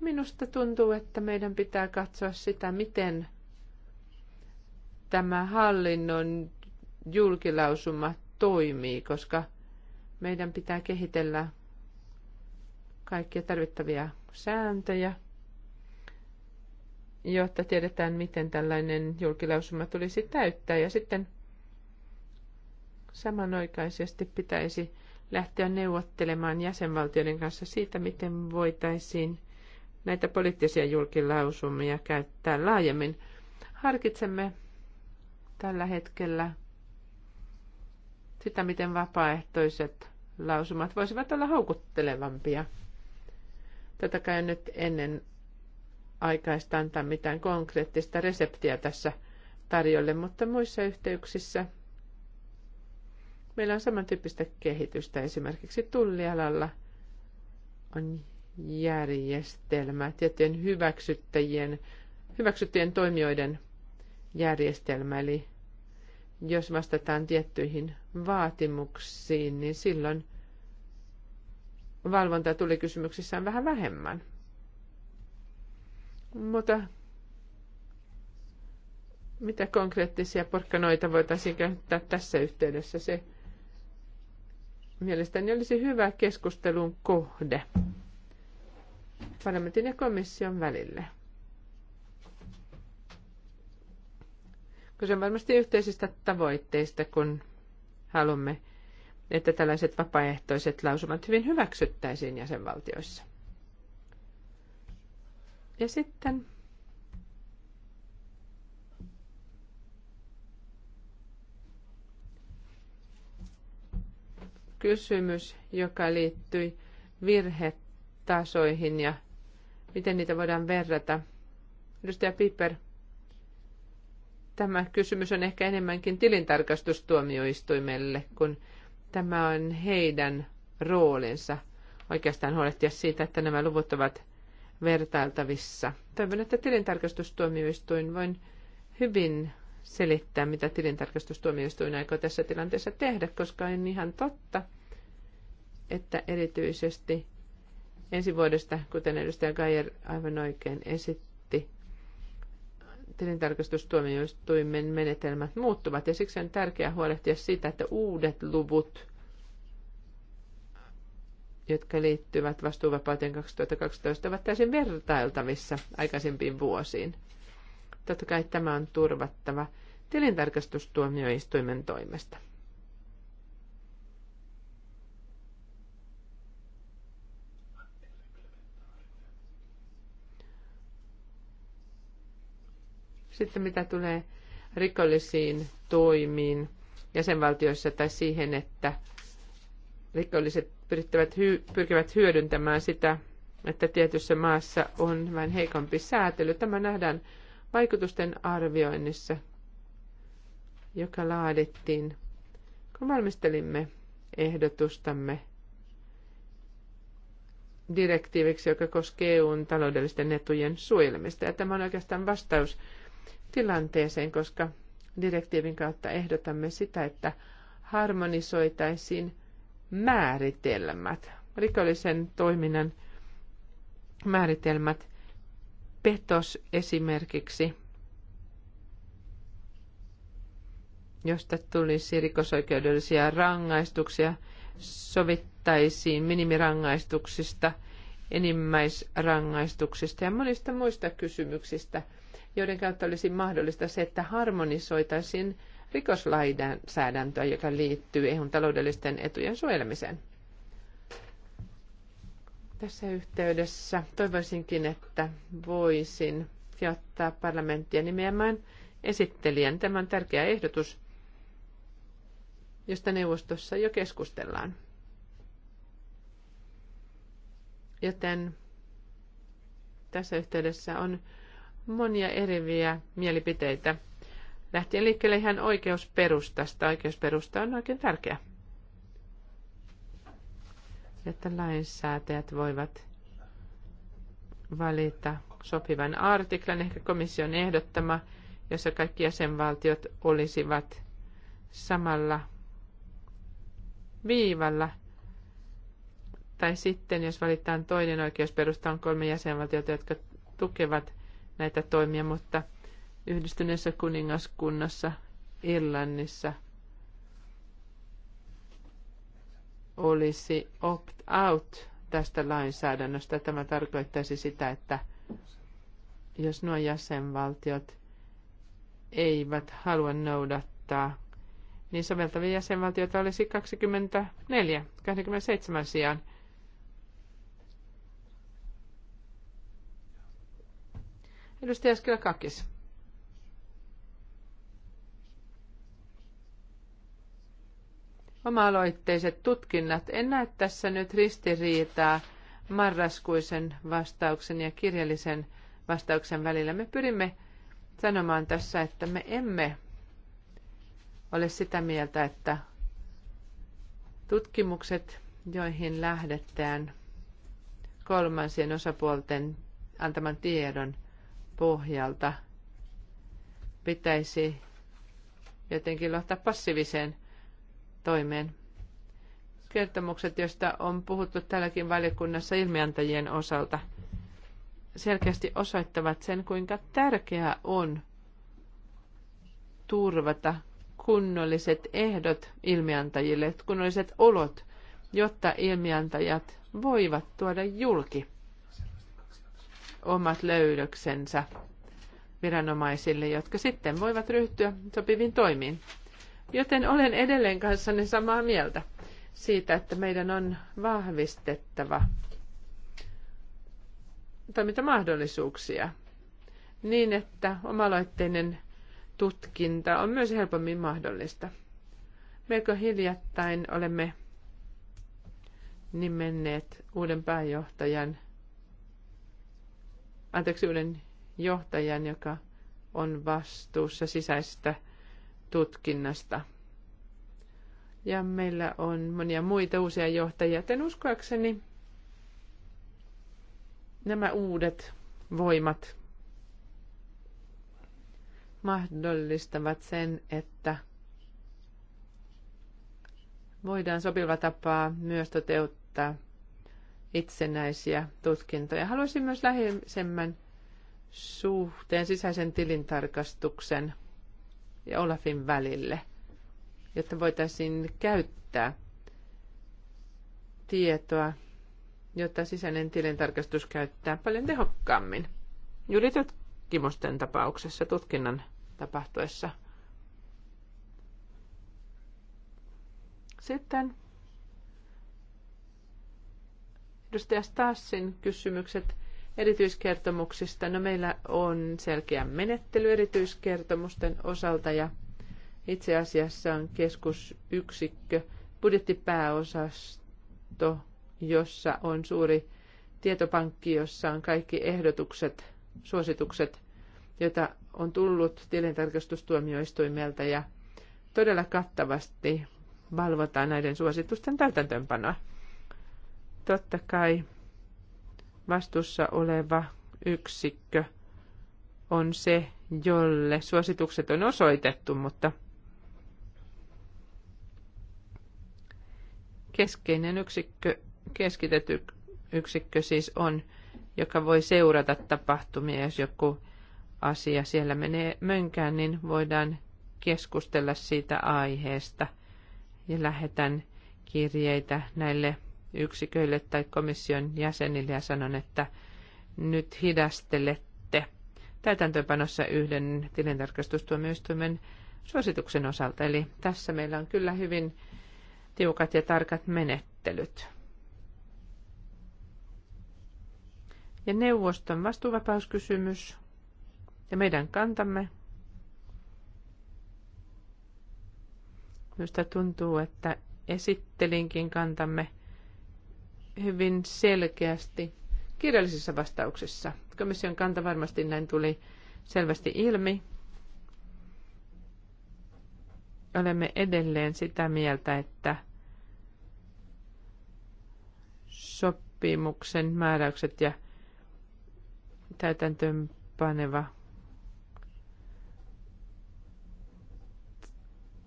minusta tuntuu, että meidän pitää katsoa sitä, miten tämä hallinnon julkilausuma toimii, koska meidän pitää kehitellä kaikkia tarvittavia sääntöjä, jotta tiedetään, miten tällainen julkilausuma tulisi täyttää. Ja sitten samanoikaisesti pitäisi lähteä neuvottelemaan jäsenvaltioiden kanssa siitä, miten voitaisiin näitä poliittisia julkilausumia käyttää laajemmin. Harkitsemme tällä hetkellä sitä, miten vapaaehtoiset lausumat voisivat olla houkuttelevampia. Tätä kai nyt ennen aikaista antaa mitään konkreettista reseptiä tässä tarjolle, mutta muissa yhteyksissä meillä on samantyyppistä kehitystä. Esimerkiksi tullialalla on järjestelmä tiettyjen hyväksyttäjien, hyväksyttyjen toimijoiden järjestelmä, eli jos vastataan tiettyihin vaatimuksiin, niin silloin valvonta tuli kysymyksissään vähän vähemmän. Mutta mitä konkreettisia porkkanoita voitaisiin käyttää tässä yhteydessä? Se mielestäni olisi hyvä keskustelun kohde parlamentin ja komission välille. Kyse on varmasti yhteisistä tavoitteista, kun haluamme, että tällaiset vapaaehtoiset lausumat hyvin hyväksyttäisiin jäsenvaltioissa. Ja sitten kysymys, joka liittyi virhetasoihin ja miten niitä voidaan verrata. Edustaja Piper tämä kysymys on ehkä enemmänkin tilintarkastustuomioistuimelle, kun tämä on heidän roolinsa oikeastaan huolehtia siitä, että nämä luvut ovat vertailtavissa. Toivon, että tilintarkastustuomioistuin voin hyvin selittää, mitä tilintarkastustuomioistuin aikoo tässä tilanteessa tehdä, koska on ihan totta, että erityisesti ensi vuodesta, kuten edustaja geyer aivan oikein esitti, tilintarkastustuomioistuimen menetelmät muuttuvat ja siksi on tärkeää huolehtia siitä, että uudet luvut, jotka liittyvät vastuuvapauteen 2012, ovat täysin vertailtavissa aikaisempiin vuosiin. Totta kai tämä on turvattava tilintarkastustuomioistuimen toimesta. Sitten mitä tulee rikollisiin toimiin jäsenvaltioissa tai siihen, että rikolliset pyrittävät pyrkivät hyödyntämään sitä, että tietyssä maassa on vähän heikompi säätely. Tämä nähdään vaikutusten arvioinnissa, joka laadittiin, kun valmistelimme ehdotustamme direktiiviksi, joka koskee EUn taloudellisten etujen suojelemista. Ja tämä on oikeastaan vastaus tilanteeseen, koska direktiivin kautta ehdotamme sitä, että harmonisoitaisiin määritelmät, rikollisen toiminnan määritelmät, petos esimerkiksi, josta tulisi rikosoikeudellisia rangaistuksia, sovittaisiin minimirangaistuksista, enimmäisrangaistuksista ja monista muista kysymyksistä – joiden kautta olisi mahdollista se, että harmonisoitaisiin rikoslainsäädäntöä, joka liittyy EUn taloudellisten etujen suojelemiseen. Tässä yhteydessä toivoisinkin, että voisin johtaa parlamenttia nimeämään esittelijän. Tämä on tärkeä ehdotus, josta neuvostossa jo keskustellaan. Joten tässä yhteydessä on monia eriviä mielipiteitä. Lähtien liikkeelle ihan oikeusperustasta. Oikeusperusta on oikein tärkeä. Että lainsäätäjät voivat valita sopivan artiklan, ehkä komission ehdottama, jossa kaikki jäsenvaltiot olisivat samalla viivalla. Tai sitten, jos valitaan toinen oikeusperusta, on kolme jäsenvaltiota, jotka tukevat näitä toimia, mutta yhdistyneessä kuningaskunnassa, Irlannissa olisi opt-out tästä lainsäädännöstä. Tämä tarkoittaisi sitä, että jos nuo jäsenvaltiot eivät halua noudattaa, niin soveltavia jäsenvaltioita olisi 24, 27 sijaan – Edustaja Kakis. Oma-aloitteiset tutkinnat. En näe tässä nyt ristiriitaa marraskuisen vastauksen ja kirjallisen vastauksen välillä. Me pyrimme sanomaan tässä, että me emme ole sitä mieltä, että tutkimukset, joihin lähdetään kolmansien osapuolten antaman tiedon pohjalta pitäisi jotenkin lohtaa passiiviseen toimeen. Kertomukset, joista on puhuttu tälläkin valiokunnassa ilmiantajien osalta, selkeästi osoittavat sen, kuinka tärkeää on turvata kunnolliset ehdot ilmiantajille, kunnolliset olot, jotta ilmiantajat voivat tuoda julki omat löydöksensä viranomaisille, jotka sitten voivat ryhtyä sopiviin toimiin. Joten olen edelleen kanssanne samaa mieltä siitä, että meidän on vahvistettava toimintamahdollisuuksia niin, että omaloitteinen tutkinta on myös helpommin mahdollista. Melko hiljattain olemme nimenneet uuden pääjohtajan anteeksi, uuden johtajan, joka on vastuussa sisäisestä tutkinnasta. Ja meillä on monia muita uusia johtajia. En uskoakseni nämä uudet voimat mahdollistavat sen, että voidaan sopiva tapaa myös toteuttaa itsenäisiä tutkintoja. Haluaisin myös läheisemmän suhteen sisäisen tilintarkastuksen ja Olafin välille, jotta voitaisiin käyttää tietoa, jota sisäinen tilintarkastus käyttää paljon tehokkaammin. Juuri tutkimusten tapauksessa, tutkinnan tapahtuessa. Sitten Edustaja Stassin kysymykset erityiskertomuksista. No meillä on selkeä menettely erityiskertomusten osalta ja itse asiassa on keskusyksikkö, budjettipääosasto, jossa on suuri tietopankki, jossa on kaikki ehdotukset, suositukset, joita on tullut tilintarkastustuomioistuimelta ja todella kattavasti valvotaan näiden suositusten täytäntöönpanoa. Totta kai vastuussa oleva yksikkö on se, jolle suositukset on osoitettu, mutta keskeinen yksikkö, keskitetty yksikkö siis on, joka voi seurata tapahtumia, jos joku asia siellä menee mönkään, niin voidaan keskustella siitä aiheesta ja lähetän kirjeitä näille yksiköille tai komission jäsenille ja sanon, että nyt hidastelette täytäntöönpanossa yhden tilintarkastustuomioistuimen suosituksen osalta. Eli tässä meillä on kyllä hyvin tiukat ja tarkat menettelyt. Ja neuvoston vastuuvapauskysymys ja meidän kantamme. Minusta tuntuu, että esittelinkin kantamme – hyvin selkeästi kirjallisissa vastauksissa. Komission kanta varmasti näin tuli selvästi ilmi. Olemme edelleen sitä mieltä, että sopimuksen määräykset ja täytäntöönpaneva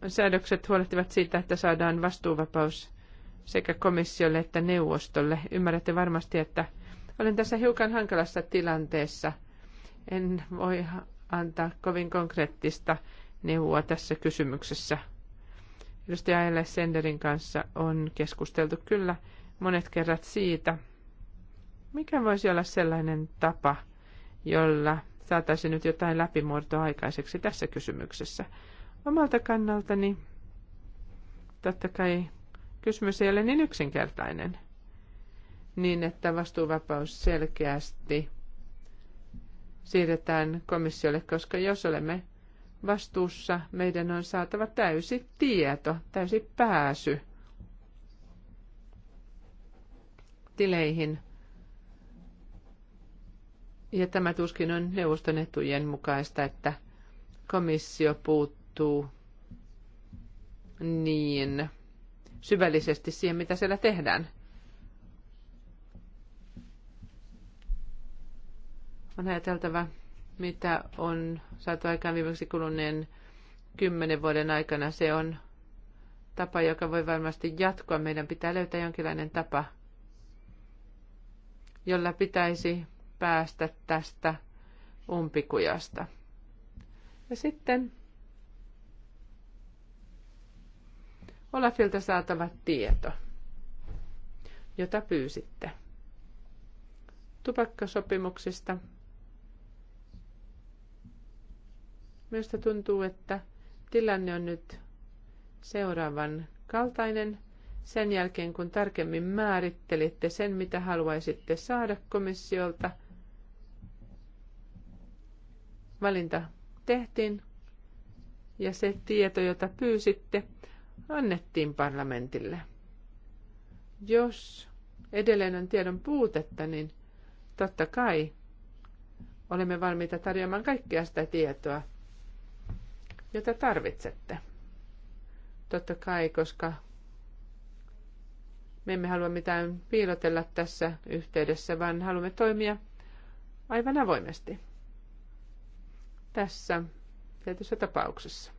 säädökset huolehtivat siitä, että saadaan vastuuvapaus sekä komissiolle että neuvostolle. Ymmärrätte varmasti, että olen tässä hiukan hankalassa tilanteessa. En voi antaa kovin konkreettista neuvoa tässä kysymyksessä. Edustaja Aile Senderin kanssa on keskusteltu kyllä monet kerrat siitä, mikä voisi olla sellainen tapa, jolla saataisiin nyt jotain läpimuotoa aikaiseksi tässä kysymyksessä. Omalta kannaltani totta kai kysymys ei ole niin yksinkertainen, niin että vastuuvapaus selkeästi siirretään komissiolle, koska jos olemme vastuussa, meidän on saatava täysi tieto, täysi pääsy tileihin. Ja tämä tuskin on neuvoston etujen mukaista, että komissio puuttuu niin syvällisesti siihen, mitä siellä tehdään. On ajateltava, mitä on saatu aikaan viimeksi kuluneen kymmenen vuoden aikana. Se on tapa, joka voi varmasti jatkua. Meidän pitää löytää jonkinlainen tapa, jolla pitäisi päästä tästä umpikujasta. Ja sitten Olafilta saatava tieto, jota pyysitte. Tupakkasopimuksista. Minusta tuntuu, että tilanne on nyt seuraavan kaltainen sen jälkeen, kun tarkemmin määrittelitte sen, mitä haluaisitte saada komissiolta. Valinta tehtiin ja se tieto, jota pyysitte, annettiin parlamentille. Jos edelleen on tiedon puutetta, niin totta kai olemme valmiita tarjoamaan kaikkea sitä tietoa, jota tarvitsette. Totta kai, koska me emme halua mitään piilotella tässä yhteydessä, vaan haluamme toimia aivan avoimesti tässä tietyssä tapauksessa.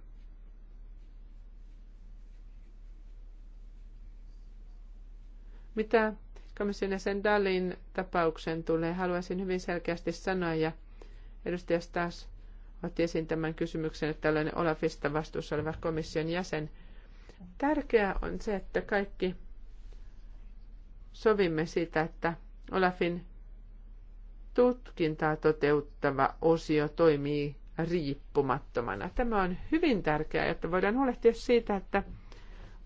Mitä komission jäsen Dalin tapauksen tulee, haluaisin hyvin selkeästi sanoa, ja edustaja taas otti esiin tämän kysymyksen, että tällainen Olafista vastuussa oleva komission jäsen. Tärkeää on se, että kaikki sovimme siitä, että Olafin tutkintaa toteuttava osio toimii riippumattomana. Tämä on hyvin tärkeää, jotta voidaan huolehtia siitä, että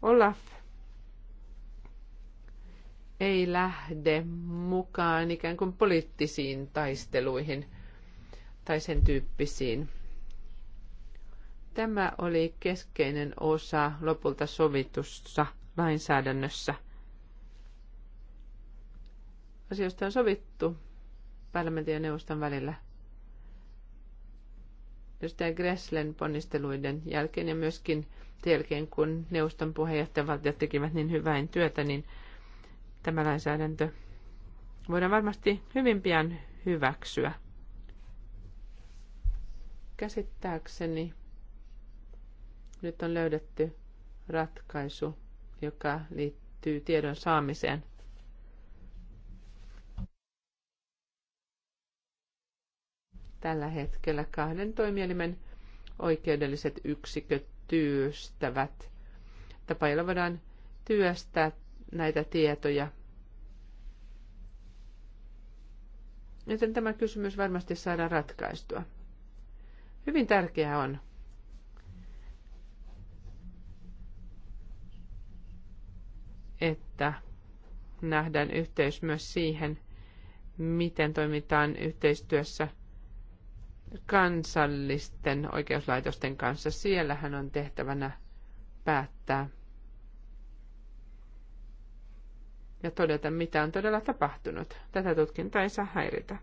Olaf ei lähde mukaan ikään kuin poliittisiin taisteluihin tai sen tyyppisiin. Tämä oli keskeinen osa lopulta sovitussa lainsäädännössä. Asioista on sovittu parlamentin ja neuvoston välillä. Edustaja Gresslen ponnisteluiden jälkeen ja myöskin jälkeen, kun neuvoston puheenjohtajavaltiot tekivät niin hyvää työtä, niin – tämä lainsäädäntö voidaan varmasti hyvin pian hyväksyä. Käsittääkseni nyt on löydetty ratkaisu, joka liittyy tiedon saamiseen. Tällä hetkellä kahden toimielimen oikeudelliset yksiköt työstävät tapailla voidaan työstää näitä tietoja. Joten tämä kysymys varmasti saadaan ratkaistua. Hyvin tärkeää on, että nähdään yhteys myös siihen, miten toimitaan yhteistyössä kansallisten oikeuslaitosten kanssa. Siellähän on tehtävänä päättää ja todeta, mitä on todella tapahtunut. Tätä tutkintaa ei saa häiritä.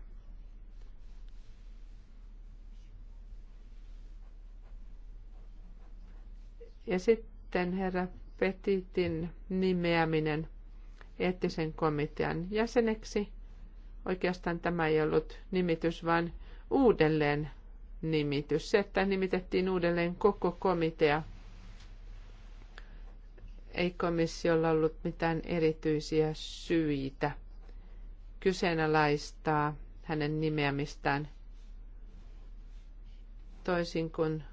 Ja sitten herra Petitin nimeäminen eettisen komitean jäseneksi. Oikeastaan tämä ei ollut nimitys, vaan uudelleen nimitys. Se, että nimitettiin uudelleen koko komitea – ei komissiolla ollut mitään erityisiä syitä kyseenalaistaa hänen nimeämistään toisin kuin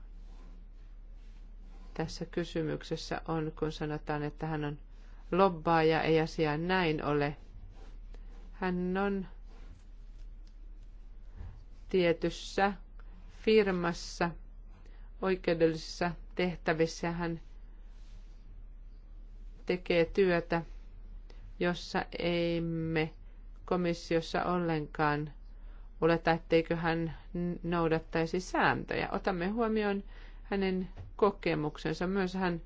tässä kysymyksessä on, kun sanotaan, että hän on lobbaaja, ei asia näin ole. Hän on tietyssä firmassa oikeudellisissa tehtävissä hän tekee työtä, jossa emme komissiossa ollenkaan tai etteikö hän noudattaisi sääntöjä. Otamme huomioon hänen kokemuksensa. Myös hän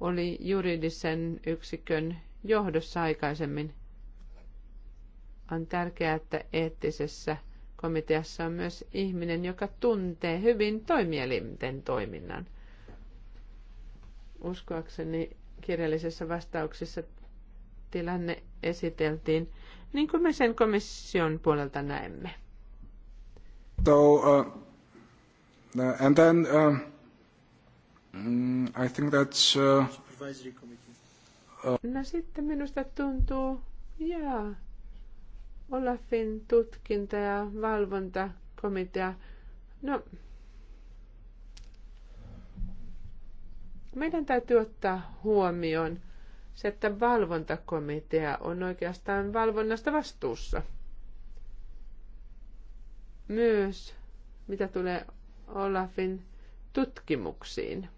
oli juridisen yksikön johdossa aikaisemmin. On tärkeää, että eettisessä komiteassa on myös ihminen, joka tuntee hyvin toimielinten toiminnan. Uskoakseni kirjallisessa vastauksessa tilanne esiteltiin, niin kuin me sen komission puolelta näemme. So, uh, uh and then uh, mm, I think that's... Uh, uh, no sitten minusta tuntuu, jaa, Olafin tutkinta ja valvontakomitea, no Meidän täytyy ottaa huomioon se, että valvontakomitea on oikeastaan valvonnasta vastuussa. Myös mitä tulee Olafin tutkimuksiin.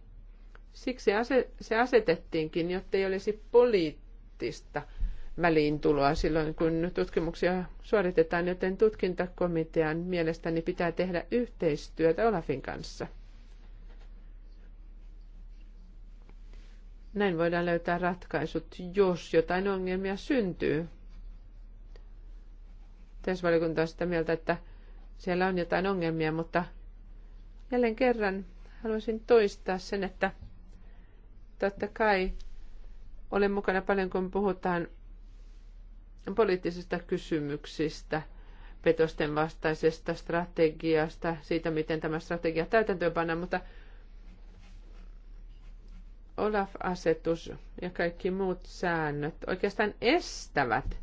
Siksi se asetettiinkin, jotta ei olisi poliittista väliintuloa silloin, kun tutkimuksia suoritetaan, joten tutkintakomitean mielestäni pitää tehdä yhteistyötä Olafin kanssa – Näin voidaan löytää ratkaisut, jos jotain ongelmia syntyy. Täysvaliokunta on sitä mieltä, että siellä on jotain ongelmia, mutta jälleen kerran haluaisin toistaa sen, että totta kai olen mukana paljon, kun puhutaan poliittisista kysymyksistä, petosten vastaisesta strategiasta, siitä, miten tämä strategia täytäntöön pannaan, mutta Olaf-asetus ja kaikki muut säännöt oikeastaan estävät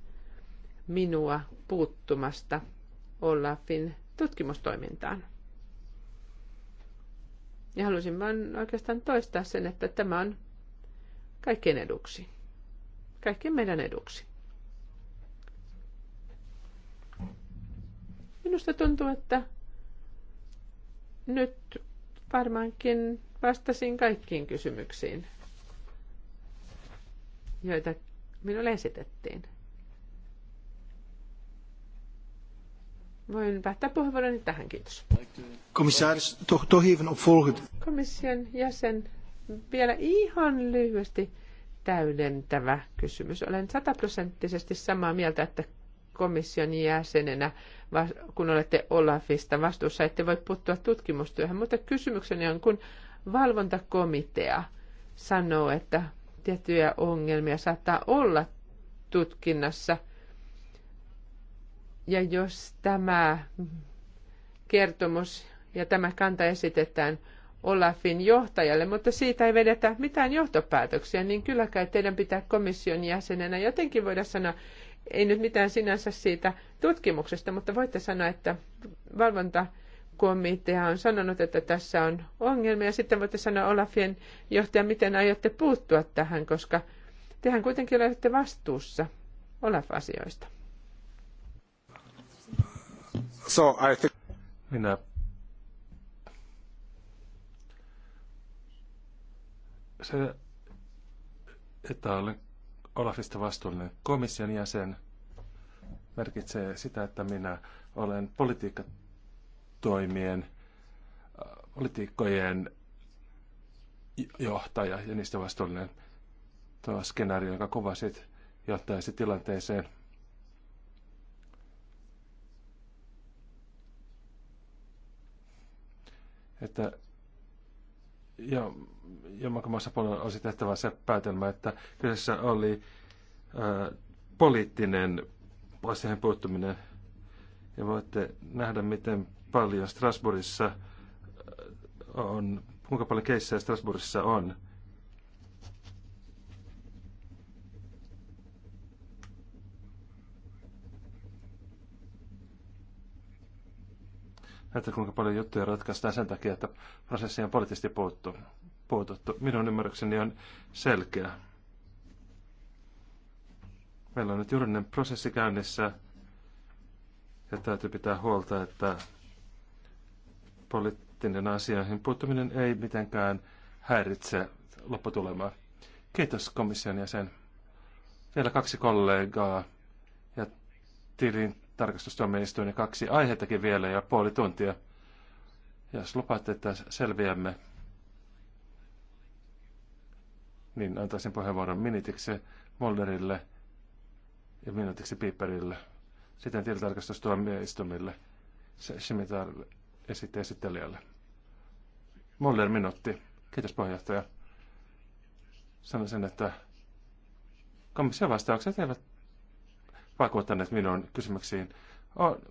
minua puuttumasta Olafin tutkimustoimintaan. Ja halusin vain oikeastaan toistaa sen, että tämä on kaikkien eduksi. Kaikkien meidän eduksi. Minusta tuntuu, että nyt varmaankin Vastasin kaikkiin kysymyksiin, joita minulle esitettiin. Voin päättää puheenvuoroni tähän, kiitos. Commissaris, even Komission jäsen, vielä ihan lyhyesti täydentävä kysymys. Olen sataprosenttisesti samaa mieltä, että komission jäsenenä, kun olette Olafista vastuussa, ette voi puuttua tutkimustyöhön, mutta kysymykseni on, kun valvontakomitea sanoo, että tiettyjä ongelmia saattaa olla tutkinnassa. Ja jos tämä kertomus ja tämä kanta esitetään Olafin johtajalle, mutta siitä ei vedetä mitään johtopäätöksiä, niin kyllä kai teidän pitää komission jäsenenä jotenkin voida sanoa, ei nyt mitään sinänsä siitä tutkimuksesta, mutta voitte sanoa, että valvonta komitea on sanonut, että tässä on ongelmia. Sitten voitte sanoa Olafien johtaja, miten aiotte puuttua tähän, koska tehän kuitenkin olette vastuussa Olaf-asioista. So I think... Minä se, että olen Olafista vastuullinen komission jäsen, merkitsee sitä, että minä olen politiikka toimien, äh, politiikkojen johtaja ja niistä vastuullinen tuo skenaario, joka kovasit johtaisi tilanteeseen, että ja, jommakummassa puolella olisi tehtävä se päätelmä, että kyseessä oli ää, äh, poliittinen asiaan puuttuminen. Ja voitte nähdä, miten paljon Strasbourgissa äh, on, kuinka paljon keissejä Strasbourgissa on. Näyttää, kuinka paljon juttuja ratkaistaan sen takia, että prosessi on poliittisesti puuttu, puututtu. Minun ymmärrykseni on selkeä. Meillä on nyt juridinen prosessi käynnissä ja täytyy pitää huolta, että poliittinen asioihin puuttuminen ei mitenkään häiritse lopputulemaa. Kiitos komission jäsen. Vielä kaksi kollegaa ja tilin tarkastustuomioistuin ja kaksi aihettakin vielä ja puoli tuntia. Jos lupaatte, että selviämme, niin antaisin puheenvuoron minitiksi Molderille ja minuutiksi Piperille, sitten tilintarkastustuomioistuimille, mitä? esitte esittelijälle. Moller minuutti. Kiitos puheenjohtaja. Sanoin sen, että komission vastaukset eivät vakuuttaneet minun kysymyksiin. On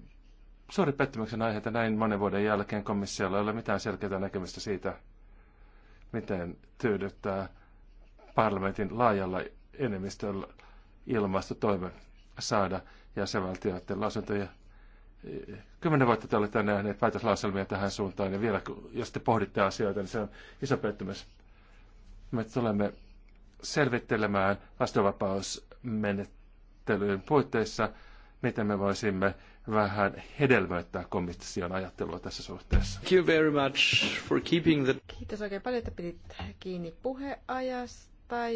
suuri pettymyksen aihe, että näin monen vuoden jälkeen komissiolla ei ole mitään selkeää näkemystä siitä, miten tyydyttää parlamentin laajalla enemmistöllä ilmastotoimen saada jäsenvaltioiden lausuntoja Kymmenen vuotta te olette nähneet päätöslauselmia tähän suuntaan, ja vielä jos te pohditte asioita, niin se on iso pettymys. Me tulemme selvittelemään vastuunvapausmenettelyyn puitteissa, miten me voisimme vähän hedelmöittää komission ajattelua tässä suhteessa. Thank you very much for keeping the... Kiitos oikein paljon, että pidit kiinni puheajasta.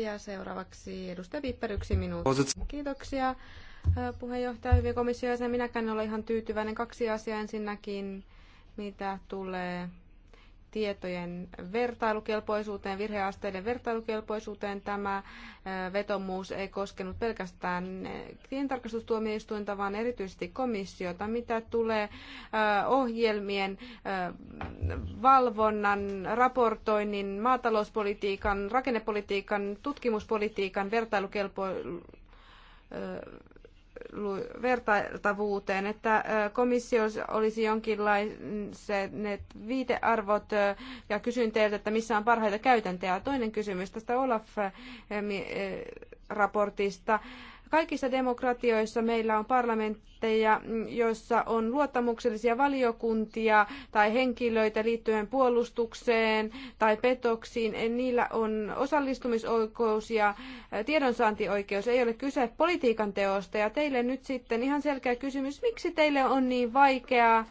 Ja seuraavaksi edustaja Viipper, yksi minuutti. Kiitoksia puheenjohtaja, hyvin komissioja, sen minäkään olen ihan tyytyväinen. Kaksi asiaa ensinnäkin, mitä tulee tietojen vertailukelpoisuuteen, virheasteiden vertailukelpoisuuteen. Tämä vetomuus ei koskenut pelkästään tientarkastustuomioistuinta, vaan erityisesti komissiota, mitä tulee ohjelmien valvonnan, raportoinnin, maatalouspolitiikan, rakennepolitiikan, tutkimuspolitiikan vertailukelpoisuuteen vertailtavuuteen, että komissio olisi jonkinlaiset viitearvot ja kysyn teiltä, että missä on parhaita käytäntöjä. Toinen kysymys tästä Olaf-raportista. Kaikissa demokratioissa meillä on parlamentteja, joissa on luottamuksellisia valiokuntia tai henkilöitä liittyen puolustukseen tai petoksiin. Niillä on osallistumisoikeus ja tiedonsaantioikeus. Ei ole kyse politiikan teosta. Ja teille nyt sitten ihan selkeä kysymys, miksi teille on niin vaikeaa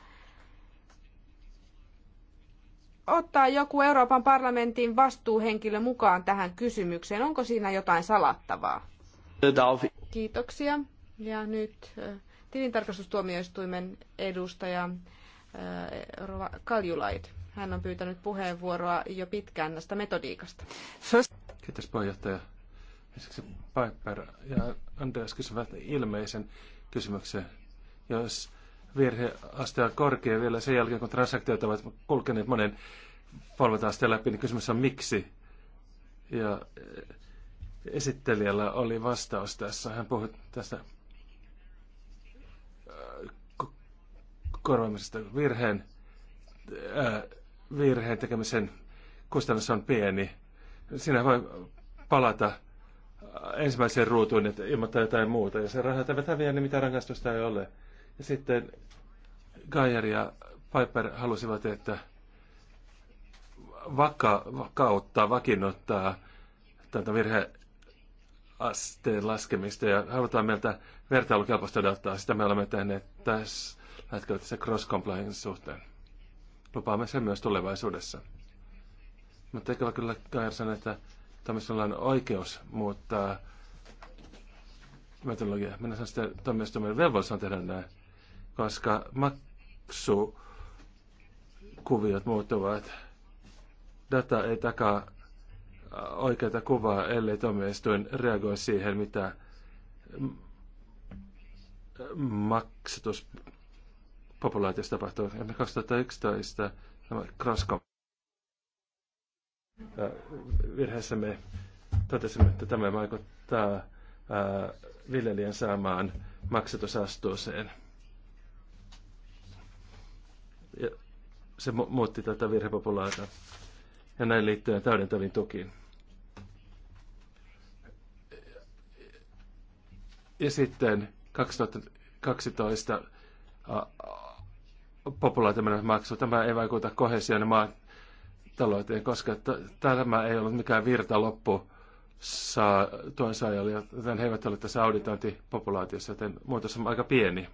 ottaa joku Euroopan parlamentin vastuuhenkilö mukaan tähän kysymykseen? Onko siinä jotain salattavaa? Kiitoksia. Ja nyt äh, tilintarkastustuomioistuimen edustaja äh, Rova Kaljulait. Hän on pyytänyt puheenvuoroa jo pitkään tästä metodiikasta. Kiitos puheenjohtaja. Ensiksi Piper ja Andreas kysyvät ilmeisen kysymyksen. Jos virheaste on korkea vielä sen jälkeen, kun transaktiot ovat kulkeneet monen valvonta läpi, niin kysymys on miksi. Ja esittelijällä oli vastaus tässä. Hän puhui tästä äh, korvaamisesta virheen, äh, virheen tekemisen kustannus on pieni. Sinä voi palata äh, ensimmäiseen ruutuun että ilmoittaa jotain muuta. ja se rahat eivät häviä, niin mitä rangaistusta ei ole. Ja sitten Geyer ja Piper halusivat, että vaka, vakauttaa, vakiinnuttaa tätä virhe asteen laskemista ja halutaan meiltä vertailukelpoista dataa. Sitä me olemme tehneet tässä hetkellä tässä cross compliance suhteen. Lupaamme sen myös tulevaisuudessa. Mutta ikävä kyllä Kairsan, että toimistolla on oikeus muuttaa metodologiaa. Minä sanon sitä toimistomme velvollisuus on tehdä näin, koska maksukuviot muuttuvat. Data ei takaa oikeata kuvaa, ellei tuomioistuin reagoi siihen, mitä maksatuspopulaatiossa tapahtuu. Esimerkiksi 2011 tämä Croscom virheessä me totesimme, että tämä vaikuttaa viljelijän saamaan maksatusastuuseen. Ja se muutti tätä virhepopulaata ja näin liittyen täydentäviin tukiin. Ja sitten 2012 populaatiomenon maksu. Tämä ei vaikuta kohesion maatalouteen, koska tämä ei ollut mikään virtaloppu saa tuon saajalle, joten he eivät ole tässä auditointipopulaatiossa, joten muutos on aika pieni.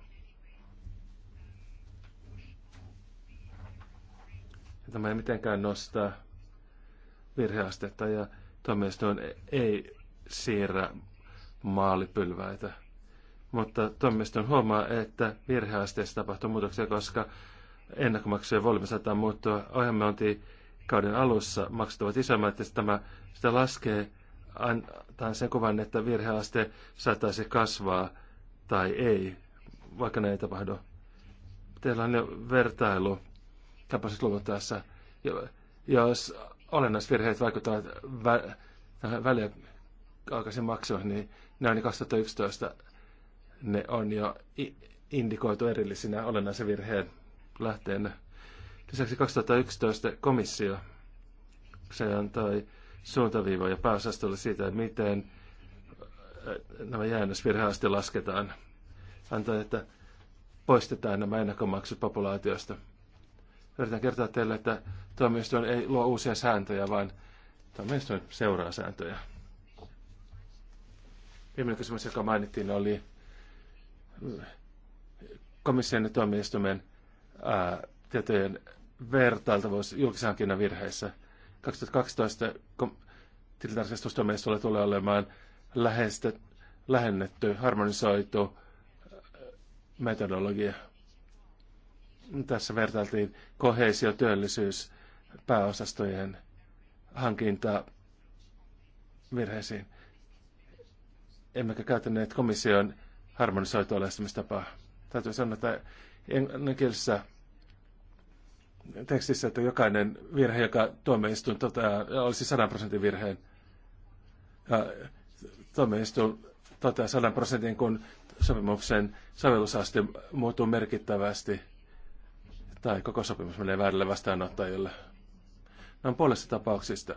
Tämä ei mitenkään nostaa virheastetta ja tuomioistuin ei siirrä maalipylväitä. Mutta tuomioistuin huomaa, että virheasteessa tapahtuu muutoksia, koska ennakkomaksujen volyymi saattaa muuttua kauden alussa. Maksut ovat isoimmat, tämä, sitä laskee antaa sen kuvan, että virheaste saattaisi kasvaa tai ei, vaikka näin ei tapahdu. Teillä on jo vertailu tapaiset luvut tässä. Jos olennaisvirheet vaikuttavat vä- väliä aikaisiin maksuihin, niin ne on 2011, ne on jo indikoitu erillisinä olennaisen virheen lähteenä. Lisäksi 2011 komissio se antoi suuntaviivoja pääosastolle siitä, miten äh, nämä jäännösvirheasti lasketaan. Antoi, että poistetaan nämä ennakkomaksut populaatiosta. Yritän kertoa teille, että tuomioistuin ei luo uusia sääntöjä, vaan tuomioistuin seuraa sääntöjä. Viimeinen kysymys, joka mainittiin, oli komission ja tuomioistuimen tietojen vertailtavuus julkisen hankinnan virheissä. 2012 tilintarkastustuomioistuimelle tulee olemaan lähestä, lähennetty, harmonisoitu metodologia. Tässä vertailtiin kohesio, työllisyys, pääosastojen hankinta virheisiin emmekä käytäneet komission harmonisoitua lähestymistapaa. Täytyy sanoa, että englanninkielisessä tekstissä, että jokainen virhe, joka tuomioistuin toteaa, olisi 100 prosentin virheen. Ja tuomioistuin toteaa 100 prosentin, kun sopimuksen sovellusaste muuttuu merkittävästi tai koko sopimus menee väärälle vastaanottajille. on puolesta tapauksista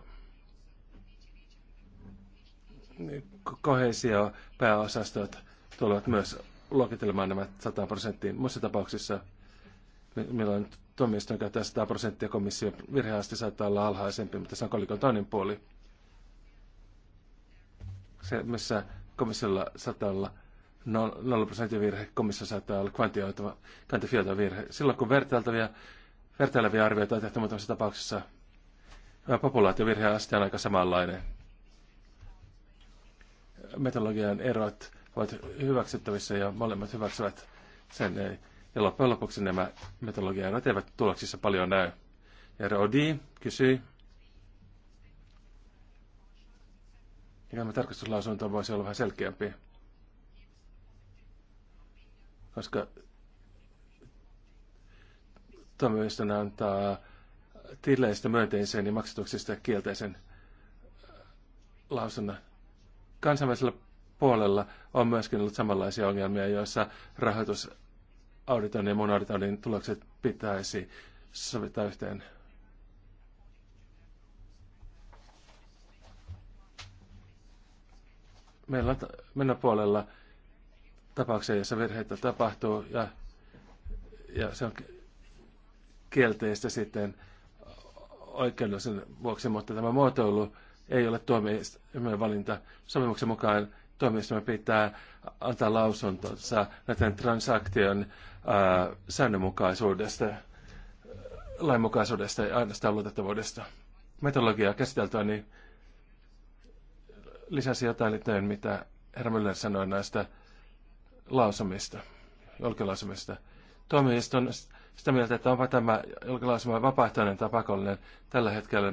niin kohesio-pääosastot tulevat myös luokitelemaan nämä 100 prosenttiin. Muissa tapauksissa, milloin tuomioistuin käyttää 100 prosenttia, komission virheasti saattaa olla alhaisempi, mutta se on kolikon toinen puoli. Se, missä komissiolla saattaa olla 0 no-, prosentin virhe, komissio saattaa olla kvantifioitava virhe. Silloin kun vertailtavia, vertailevia arvioita on tehty muutamassa tapauksessa, populaatiovirheaste on aika samanlainen metodologian erot ovat hyväksyttävissä ja molemmat hyväksyvät sen. Ja loppujen lopuksi nämä metodologian erot eivät tuloksissa paljon näy. Ja Rodi kysyi, mikä tämä tarkastuslausunto voisi olla vähän selkeämpi. Koska tuomioistuin antaa tilleistä myönteisen ja maksatuksista kielteisen lausunnon kansainvälisellä puolella on myöskin ollut samanlaisia ongelmia, joissa rahoitus auditoinnin ja mun auditoinnin tulokset pitäisi sovittaa yhteen. Meillä on mennä puolella tapauksia, joissa virheitä tapahtuu ja, ja se on kielteistä sitten oikeudellisen vuoksi, mutta tämä muotoilu ei ole tuomioistuimen valinta. Sopimuksen mukaan tuomioistuimen pitää antaa lausuntonsa näiden transaktion ää, säännönmukaisuudesta, lainmukaisuudesta ja ainoastaan luotettavuudesta. Metodologiaa käsiteltyä niin lisäsi jotain liittyen, mitä herra Müller sanoi näistä lausumista, julkilausumista. Tuomioistuin sitä mieltä, että onpa tämä julkilausuma vapaaehtoinen tai pakollinen tällä hetkellä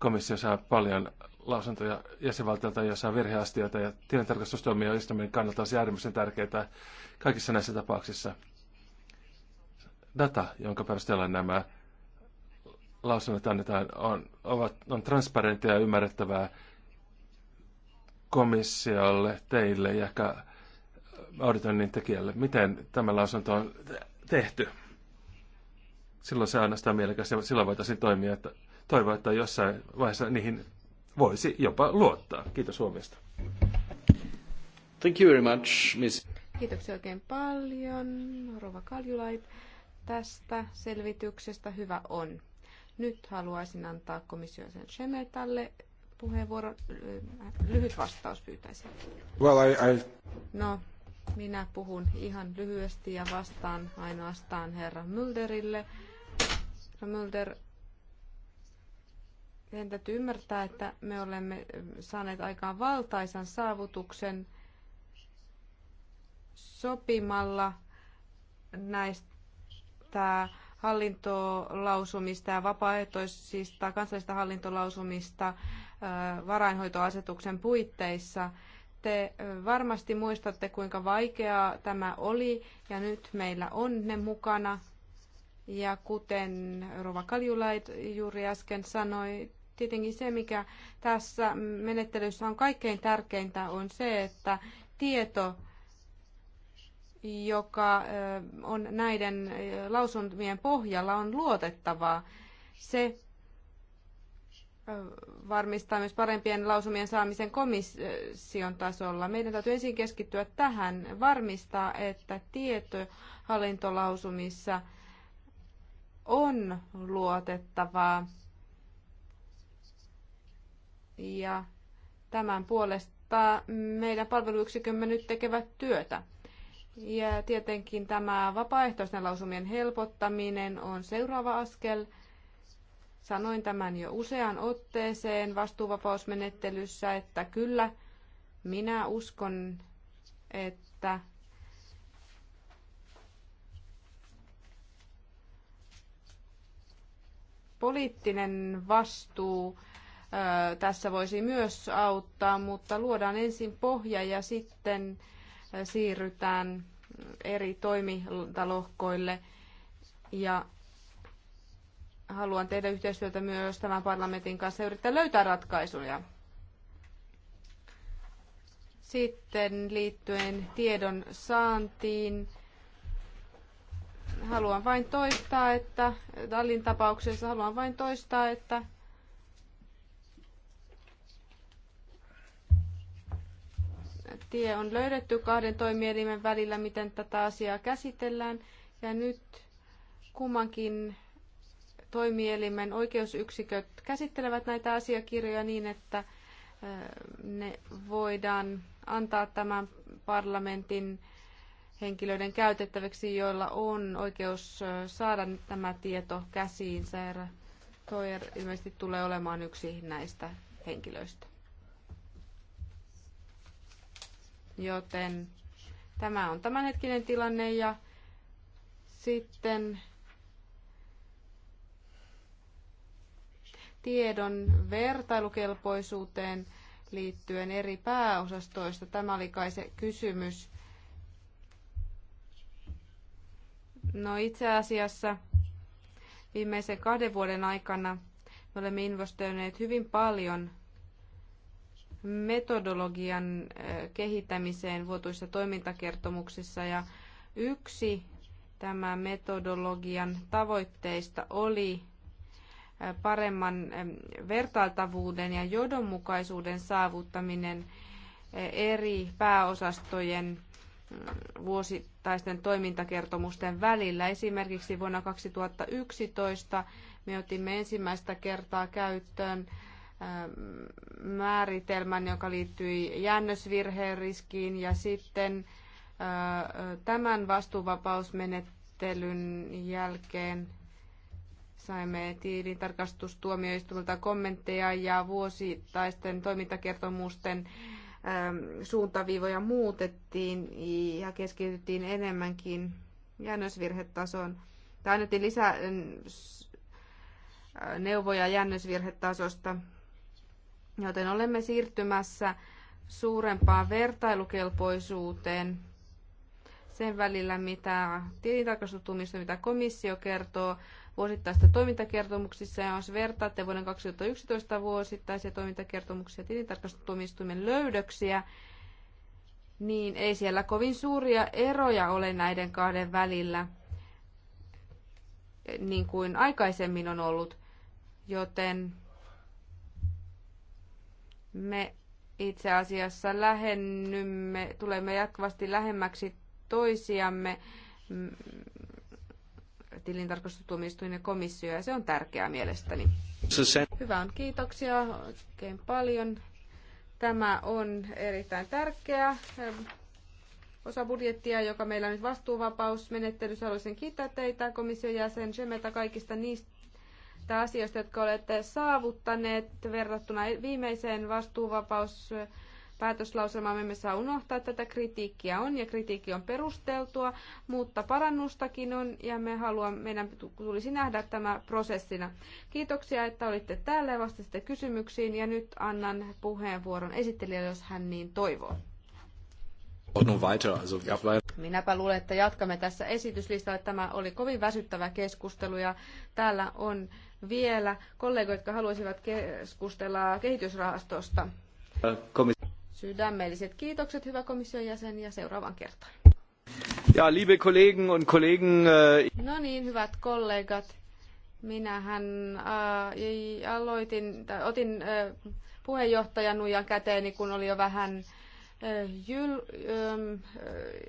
komissio saa paljon lausuntoja jäsenvaltiolta, jossa on virheastioita ja tilintarkastustuomioistuimen kannalta olisi äärimmäisen tärkeää kaikissa näissä tapauksissa. Data, jonka perusteella nämä lausunnot annetaan, on, ovat, on transparenttia ja ymmärrettävää komissiolle, teille ja ehkä auditoinnin tekijälle. Miten tämä lausunto on tehty? Silloin se on ainoastaan mielekästä ja silloin voitaisiin toimia, että toivoa, että jossain vaiheessa niihin voisi jopa luottaa. Kiitos huomiosta. Thank you very much, miss. Kiitoksia oikein paljon, Rova Kaljulait, tästä selvityksestä. Hyvä on. Nyt haluaisin antaa komissiosen Schemetalle puheenvuoron. Lyhyt vastaus pyytäisin. Well, I, I... No, minä puhun ihan lyhyesti ja vastaan ainoastaan herra Mulderille. Herra Mulder, meidän täytyy ymmärtää, että me olemme saaneet aikaan valtaisan saavutuksen sopimalla näistä hallintolausumista ja vapaaehtoisista kansallisista hallintolausumista varainhoitoasetuksen puitteissa. Te varmasti muistatte, kuinka vaikeaa tämä oli, ja nyt meillä on ne mukana. Ja kuten Rova Kaljulait juuri äsken sanoi, tietenkin se, mikä tässä menettelyssä on kaikkein tärkeintä, on se, että tieto, joka on näiden lausuntojen pohjalla, on luotettavaa. Se varmistaa myös parempien lausumien saamisen komission tasolla. Meidän täytyy ensin keskittyä tähän, varmistaa, että tietohallintolausumissa on luotettavaa ja tämän puolesta meidän palveluyksikömme nyt tekevät työtä. Ja tietenkin tämä vapaaehtoisten lausumien helpottaminen on seuraava askel. Sanoin tämän jo useaan otteeseen vastuuvapausmenettelyssä, että kyllä minä uskon, että poliittinen vastuu tässä voisi myös auttaa, mutta luodaan ensin pohja ja sitten siirrytään eri toimintalohkoille. Ja haluan tehdä yhteistyötä myös tämän parlamentin kanssa ja yrittää löytää ratkaisuja. Sitten liittyen tiedon saantiin. Haluan vain toistaa, että Dallin tapauksessa haluan vain toistaa, että tie on löydetty kahden toimielimen välillä, miten tätä asiaa käsitellään. Ja nyt kummankin toimielimen oikeusyksiköt käsittelevät näitä asiakirjoja niin, että ne voidaan antaa tämän parlamentin henkilöiden käytettäväksi, joilla on oikeus saada tämä tieto käsiinsä. Toier ilmeisesti tulee olemaan yksi näistä henkilöistä. Joten tämä on tämänhetkinen tilanne ja sitten tiedon vertailukelpoisuuteen liittyen eri pääosastoista. Tämä oli kai se kysymys. No itse asiassa viimeisen kahden vuoden aikana me olemme investoineet hyvin paljon metodologian eh, kehittämiseen vuotuissa toimintakertomuksissa ja yksi tämä metodologian tavoitteista oli eh, paremman vertailtavuuden ja johdonmukaisuuden saavuttaminen eh, eri pääosastojen mm, vuosittaisten toimintakertomusten välillä. Esimerkiksi vuonna 2011 me otimme ensimmäistä kertaa käyttöön määritelmän, joka liittyi jännösvirheen riskiin ja sitten tämän vastuuvapausmenettelyn jälkeen saimme tiilintarkastustuomioistuimelta kommentteja ja vuosittaisten toimintakertomusten suuntaviivoja muutettiin ja keskityttiin enemmänkin jännösvirhetasoon. Tai annettiin lisää neuvoja jännösvirhetasosta Joten olemme siirtymässä suurempaan vertailukelpoisuuteen sen välillä, mitä tilintarkastustuomioista, mitä komissio kertoo vuosittaista toimintakertomuksissa. Ja jos vertaatte vuoden 2011 vuosittaisia toimintakertomuksia tilintarkastustuomioistuimen löydöksiä, niin ei siellä kovin suuria eroja ole näiden kahden välillä, niin kuin aikaisemmin on ollut. Joten me itse asiassa lähennymme, tulemme jatkuvasti lähemmäksi toisiamme mm, tilintarkastustuomioistuin ja komissio, ja se on tärkeää mielestäni. Hyvä on, kiitoksia oikein paljon. Tämä on erittäin tärkeä ähm, osa budjettia, joka meillä on nyt vastuuvapausmenettelyssä. Haluaisin kiittää teitä komission jäsen Semeta kaikista niistä niistä asioista, jotka olette saavuttaneet verrattuna viimeiseen vastuuvapaus päätöslauselmaa me emme saa unohtaa, että tätä kritiikkiä on ja kritiikki on perusteltua, mutta parannustakin on ja me haluamme, meidän tulisi nähdä tämä prosessina. Kiitoksia, että olitte täällä ja vastasitte kysymyksiin ja nyt annan puheenvuoron esittelijälle, jos hän niin toivoo. Minäpä luulen, että jatkamme tässä esityslistalla. Tämä oli kovin väsyttävä keskustelu ja täällä on vielä kollegoita, jotka haluaisivat keskustella kehitysrahastosta. Komis- Sydämelliset kiitokset, hyvä komission jäsen, ja seuraavaan kertaan. Ja, liebe Kollegen und Kollegen. Äh... No niin, hyvät kollegat. Minähän äh, aloitin, tai otin äh, puheenjohtajan nujan käteeni, kun oli jo vähän Jyl, ähm,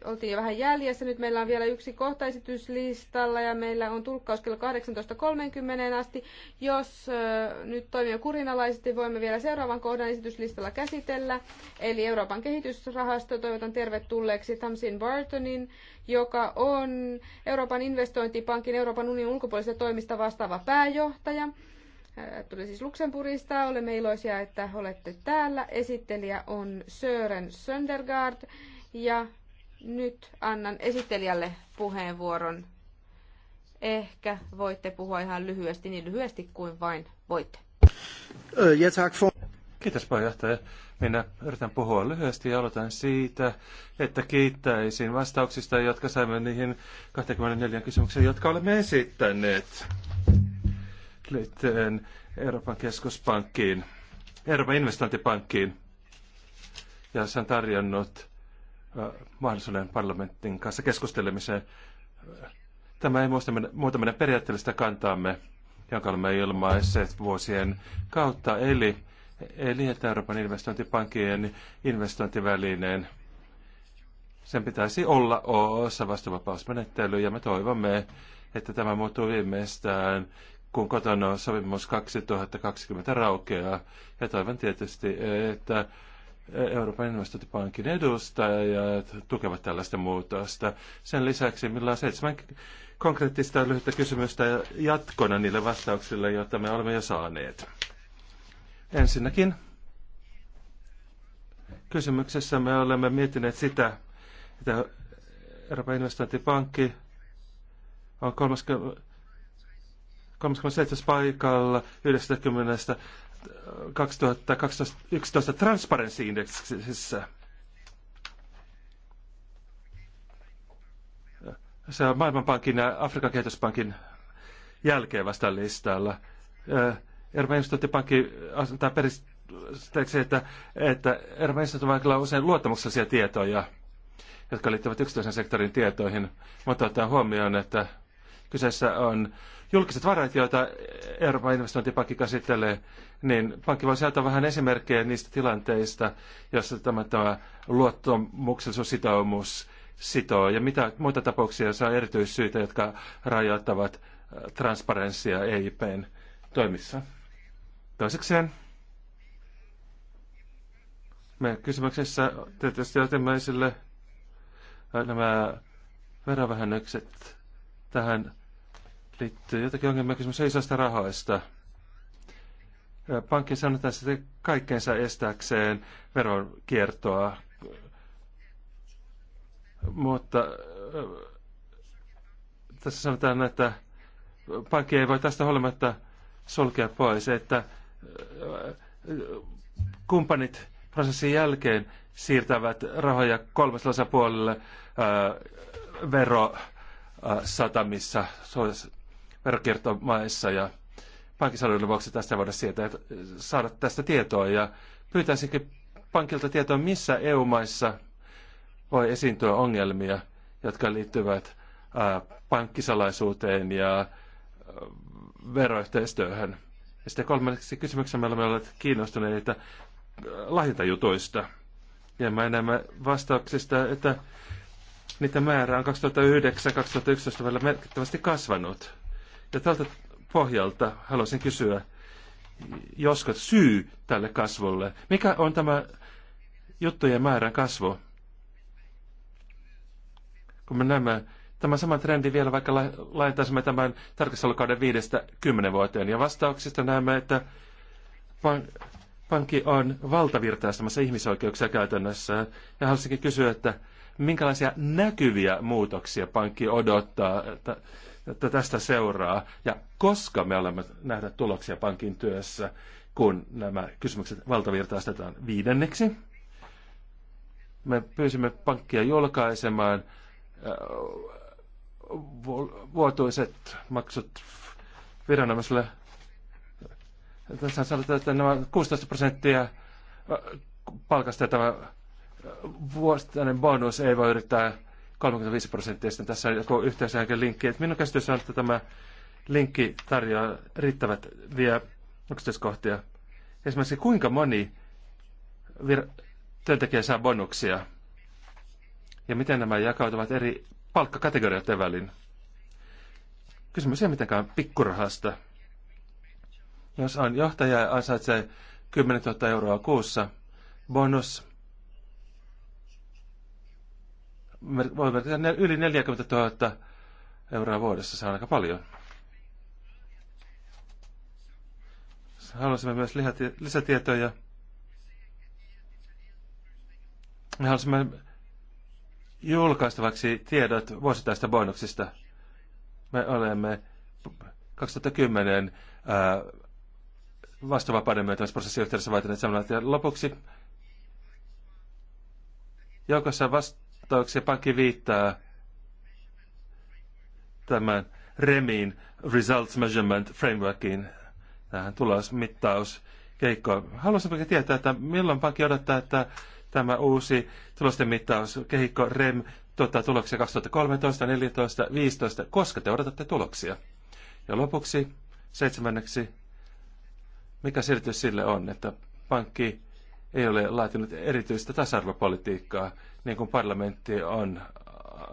oltiin jo vähän jäljessä. Nyt meillä on vielä yksi kohtaesityslistalla ja meillä on tulkkaus kello 18.30 asti. Jos äh, nyt toimii kurinalaisesti, voimme vielä seuraavan kohdan esityslistalla käsitellä. Eli Euroopan kehitysrahasto toivotan tervetulleeksi Thamsin Bartonin, joka on Euroopan investointipankin Euroopan unionin ulkopuolisesta toimista vastaava pääjohtaja tuli siis Luxemburgista. Olemme iloisia, että olette täällä. Esittelijä on Sören Söndergaard. Ja nyt annan esittelijälle puheenvuoron. Ehkä voitte puhua ihan lyhyesti, niin lyhyesti kuin vain voitte. Kiitos puheenjohtaja. Minä yritän puhua lyhyesti ja aloitan siitä, että kiittäisin vastauksista, jotka saimme niihin 24 kysymykseen, jotka olemme esittäneet liittyen Euroopan keskuspankkiin, Euroopan investointipankkiin. Ja se on tarjonnut mahdollisuuden parlamentin kanssa keskustelemiseen. Tämä ei muuta meidän periaatteellista kantaamme, jonka olemme ilmaisseet vuosien kautta, eli, eli että Euroopan investointipankkien investointivälineen sen pitäisi olla osa vastuvapausmenettelyä ja me toivomme, että tämä muuttuu viimeistään kun kotona sovimus 2020 raukeaa. Ja toivon tietysti, että Euroopan investointipankin edustajat tukevat tällaista muutosta. Sen lisäksi meillä on seitsemän konkreettista lyhyttä kysymystä jatkona niille vastauksille, joita me olemme jo saaneet. Ensinnäkin kysymyksessä me olemme miettineet sitä, että Euroopan investointipankki on 30 37 paikalla 90 2011 äh, transparency-indeksissä. Se on Maailmanpankin ja Afrikan kehityspankin jälkeen vasta listalla. Äh, Euroopan instituuttipankki antaa peristeeksi, että, että Euroopan instituuttipankilla on usein luottamuksellisia tietoja, jotka liittyvät yksityisen sektorin tietoihin, mutta ottaa huomioon, että kyseessä on julkiset varat, joita Euroopan investointipankki käsittelee, niin pankki voi sieltä vähän esimerkkejä niistä tilanteista, joissa tämä, tämä luottamuksellisuussitoumus sitoo, ja mitä muita tapauksia saa erityissyitä, jotka rajoittavat äh, transparenssia EIPn toimissa. Toisekseen me kysymyksessä tietysti otimme esille äh, nämä verovähennykset tähän sitten jotakin ongelmia kysymys isoista rahoista. Pankki sanotaan sitten kaikkeensa estääkseen veronkiertoa, mutta tässä sanotaan, että pankki ei voi tästä huolimatta sulkea pois, että kumppanit prosessin jälkeen siirtävät rahoja kolmasosapuolelle osapuolelle verosatamissa verokiertomaissa ja pankkisalueiden vuoksi tästä voida sietää, saada tästä tietoa ja pyytäisinkin pankilta tietoa, missä EU-maissa voi esiintyä ongelmia, jotka liittyvät ää, pankkisalaisuuteen ja ää, veroyhteistyöhön. Ja sitten kolmanneksi kysymyksen me olemme olleet kiinnostuneita lahjontajutuista. Ja mä näemme vastauksista, että niitä määrä on 2009-2011 välillä merkittävästi kasvanut. Ja tältä pohjalta haluaisin kysyä, josko syy tälle kasvulle, mikä on tämä juttujen määrän kasvu? Kun me näemme tämän saman trendin vielä, vaikka laitaisimme tämän tarkastelukauden viidestä kymmenen vuoteen, ja vastauksista näemme, että pankki on valtavirtaistamassa ihmisoikeuksia käytännössä, ja haluaisinkin kysyä, että minkälaisia näkyviä muutoksia pankki odottaa että tästä seuraa ja koska me olemme nähdä tuloksia pankin työssä, kun nämä kysymykset valtavirtaistetaan viidenneksi. Me pyysimme pankkia julkaisemaan äh, vuotuiset maksut viranomaiselle. Tässä sanotaan, että nämä 16 prosenttia äh, palkasta tämä äh, vuosittainen bonus ei voi yrittää 35 prosenttia. Sitten tässä on joku yhteislääke linkki. Et minun käsitys on, että tämä linkki tarjoaa riittävät vielä yksityiskohtia. Esimerkiksi kuinka moni vir- työntekijä saa bonuksia ja miten nämä jakautuvat eri palkkakategorioiden välin. Kysymys ei mitenkään pikkurahasta. Jos on johtaja ja ansaitsee 10 000 euroa kuussa, bonus voi merkitä yli 40 000 euroa vuodessa. Se on aika paljon. Haluaisimme myös lisätietoja. Me haluaisimme julkaistavaksi tiedot vuosittaista bonuksista. Me olemme 2010 ää, vastuvapauden myöntämisprosessin yhteydessä vaatineet samanlaisia. Lopuksi joukossa vast- vastauksia. Pankki viittaa tämän REMin Results Measurement frameworkin tähän tulosmittauskeikkoon. Haluaisin Haluaisin tietää, että milloin pankki odottaa, että tämä uusi tulosten mittaus REM tuottaa tuloksia 2013, 14, 15, koska te odotatte tuloksia. Ja lopuksi seitsemänneksi, mikä selitys sille on, että pankki ei ole laatinut erityistä tasa-arvopolitiikkaa, niin kuin parlamentti on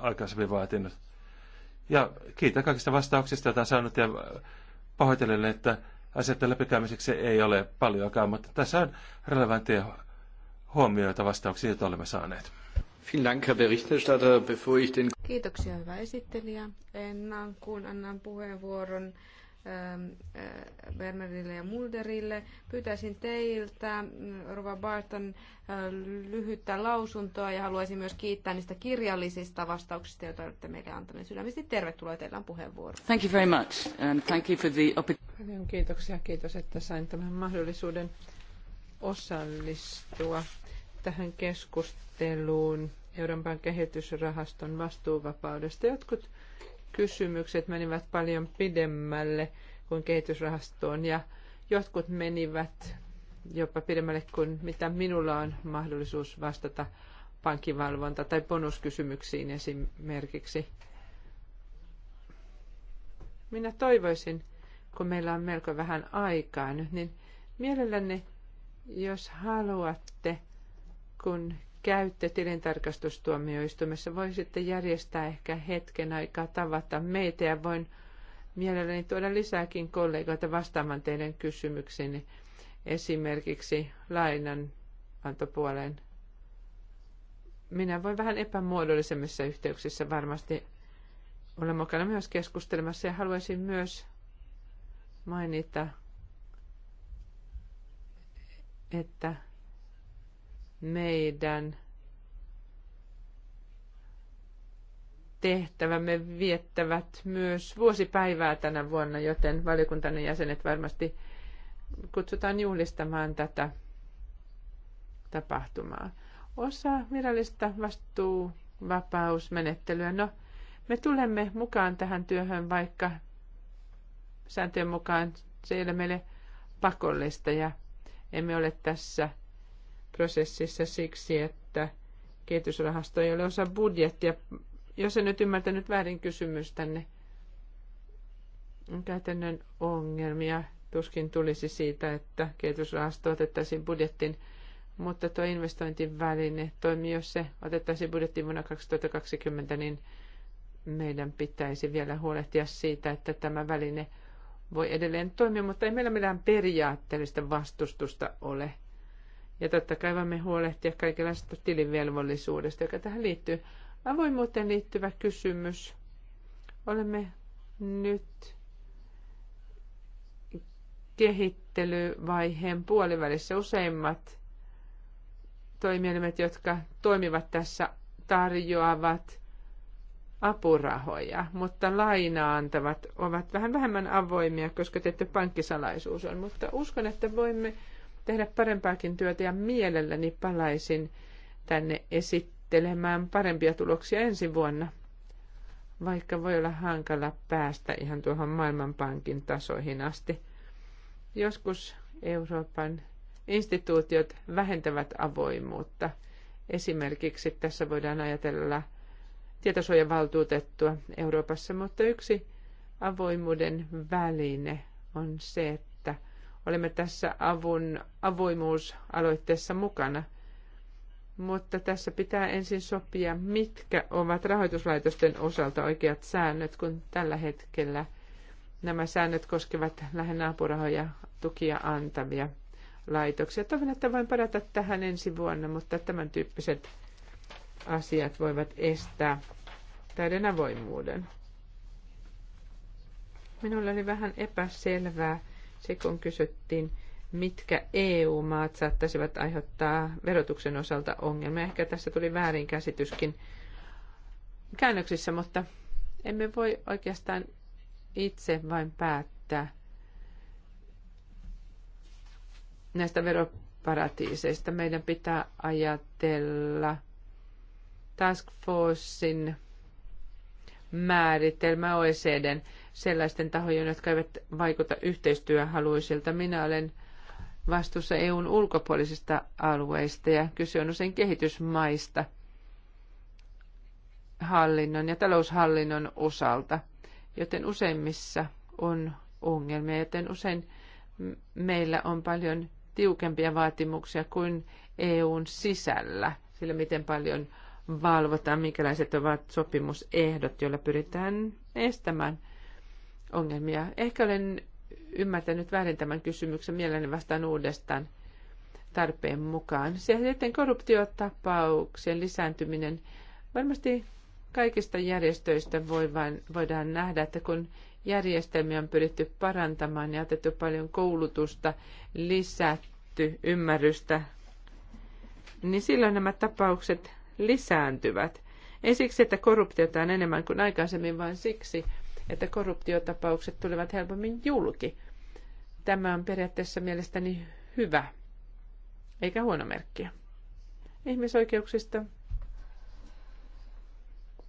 aikaisemmin vaatinut. Ja kiitän kaikista vastauksista, joita on saanut, ja pahoittelen, että asioiden läpikäymiseksi ei ole paljonkaan, mutta tässä on relevantteja huomioita vastauksia, joita olemme saaneet. Kiitoksia, hyvä esittelijä. Ennen kuin annan puheenvuoron Ähm, äh, Bernardille ja Mulderille. Pyytäisin teiltä, mm, Rova Barton, äh, lyhyttä lausuntoa ja haluaisin myös kiittää niistä kirjallisista vastauksista, joita olette meille antaneet. sydämisesti. tervetuloa, teillä on puheenvuoro. Thank you very much and thank you for the Paljon kiitoksia, kiitos, että sain tämän mahdollisuuden osallistua tähän keskusteluun Euroopan kehitysrahaston vastuuvapaudesta. Jotkut kysymykset menivät paljon pidemmälle kuin kehitysrahastoon ja jotkut menivät jopa pidemmälle kuin mitä minulla on mahdollisuus vastata pankkivalvonta- tai bonuskysymyksiin esimerkiksi. Minä toivoisin, kun meillä on melko vähän aikaa nyt, niin mielelläni, jos haluatte, kun käytte tilintarkastustuomioistuimessa, voisitte järjestää ehkä hetken aikaa tavata meitä ja voin mielelläni tuoda lisääkin kollegoita vastaamaan teidän kysymyksiin esimerkiksi lainan antopuoleen. Minä voin vähän epämuodollisemmissa yhteyksissä varmasti olla mukana myös keskustelemassa ja haluaisin myös mainita, että meidän tehtävämme viettävät myös vuosipäivää tänä vuonna, joten valiokuntanne jäsenet varmasti kutsutaan juhlistamaan tätä tapahtumaa. Osa virallista vastuuvapausmenettelyä. No, me tulemme mukaan tähän työhön, vaikka sääntöjen mukaan se ei ole meille pakollista ja emme ole tässä – prosessissa siksi, että kehitysrahasto ei ole osa budjettia. Jos en nyt ymmärtänyt väärin kysymystänne, käytännön ongelmia tuskin tulisi siitä, että kehitysrahasto otettaisiin budjettiin, mutta tuo investointiväline toimii, jos se otettaisiin budjettiin vuonna 2020, niin meidän pitäisi vielä huolehtia siitä, että tämä väline voi edelleen toimia, mutta ei meillä mitään periaatteellista vastustusta ole ja totta kai voimme huolehtia kaikenlaista tilivelvollisuudesta, joka tähän liittyy. Avoimuuteen liittyvä kysymys. Olemme nyt kehittelyvaiheen puolivälissä useimmat toimielimet, jotka toimivat tässä, tarjoavat apurahoja, mutta lainaa antavat ovat vähän vähemmän avoimia, koska tietty pankkisalaisuus on. Mutta uskon, että voimme tehdä parempaakin työtä ja mielelläni palaisin tänne esittelemään parempia tuloksia ensi vuonna, vaikka voi olla hankala päästä ihan tuohon Maailmanpankin tasoihin asti. Joskus Euroopan instituutiot vähentävät avoimuutta. Esimerkiksi tässä voidaan ajatella tietosuojavaltuutettua Euroopassa, mutta yksi avoimuuden väline on se, että Olemme tässä avun avoimuusaloitteessa mukana. Mutta tässä pitää ensin sopia, mitkä ovat rahoituslaitosten osalta oikeat säännöt, kun tällä hetkellä nämä säännöt koskevat lähinnä apurahoja tukia antavia laitoksia. Toivon, että voin parata tähän ensi vuonna, mutta tämän tyyppiset asiat voivat estää täyden avoimuuden. Minulla oli vähän epäselvää se kun kysyttiin, mitkä EU-maat saattaisivat aiheuttaa verotuksen osalta ongelmia. Ehkä tässä tuli väärinkäsityskin käännöksissä, mutta emme voi oikeastaan itse vain päättää näistä veroparatiiseista. Meidän pitää ajatella Task Forcein määritelmä OECDn sellaisten tahojen, jotka eivät vaikuta yhteistyöhaluisilta. Minä olen vastuussa EUn ulkopuolisista alueista ja kyse on usein kehitysmaista hallinnon ja taloushallinnon osalta, joten useimmissa on ongelmia, joten usein meillä on paljon tiukempia vaatimuksia kuin EUn sisällä, sillä miten paljon valvotaan, minkälaiset ovat sopimusehdot, joilla pyritään estämään ongelmia. Ehkä olen ymmärtänyt väärin tämän kysymyksen, mielelläni vastaan uudestaan tarpeen mukaan. Sitten korruptiotapauksien lisääntyminen. Varmasti kaikista järjestöistä voi vain, voidaan nähdä, että kun järjestelmiä on pyritty parantamaan ja otettu paljon koulutusta, lisätty ymmärrystä, niin silloin nämä tapaukset lisääntyvät. Ei siksi, että korruptiota on enemmän kuin aikaisemmin, vaan siksi, että korruptiotapaukset tulevat helpommin julki. Tämä on periaatteessa mielestäni hyvä, eikä huono merkki. Ihmisoikeuksista.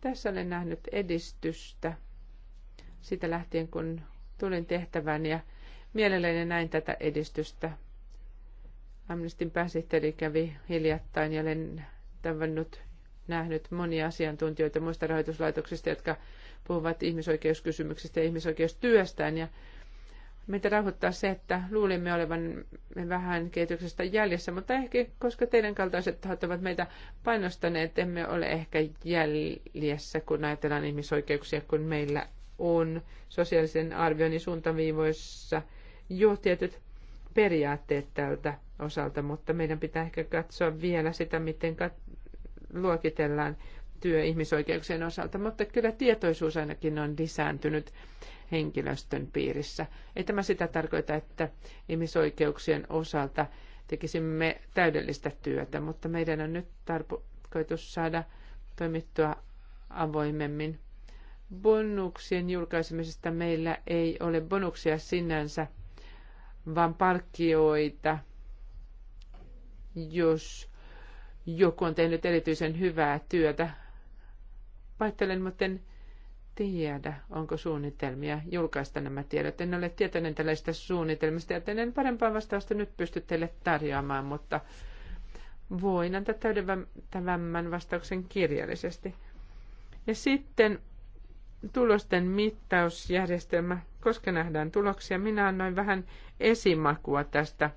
Tässä olen nähnyt edistystä sitä lähtien, kun tulin tehtävään ja mielelläni näin tätä edistystä. Amnestin pääsihteeri kävi hiljattain ja olen tavannut nähnyt monia asiantuntijoita muista rahoituslaitoksista, jotka puhuvat ihmisoikeuskysymyksistä ja ihmisoikeustyöstään. Ja meitä rauhoittaa se, että luulimme olevan vähän kehityksestä jäljessä, mutta ehkä koska teidän kaltaiset tahot ovat meitä painostaneet, emme ole ehkä jäljessä, kun ajatellaan ihmisoikeuksia, kun meillä on sosiaalisen arvioinnin suuntaviivoissa jo tietyt periaatteet tältä osalta, mutta meidän pitää ehkä katsoa vielä sitä, miten kat- luokitellaan työ ihmisoikeuksien osalta, mutta kyllä tietoisuus ainakin on lisääntynyt henkilöstön piirissä. Ei tämä sitä tarkoita, että ihmisoikeuksien osalta tekisimme täydellistä työtä, mutta meidän on nyt tarkoitus saada toimittua avoimemmin. Bonuksien julkaisemisesta meillä ei ole bonuksia sinänsä, vaan palkkioita, jos joku on tehnyt erityisen hyvää työtä Pahoittelen, mutta en tiedä, onko suunnitelmia julkaista nämä tiedot. En ole tietoinen tällaista suunnitelmista, joten en parempaa vastausta nyt pysty teille tarjoamaan, mutta voin antaa täydentävämmän vastauksen kirjallisesti. Ja sitten tulosten mittausjärjestelmä, koska nähdään tuloksia. Minä annoin vähän esimakua tästä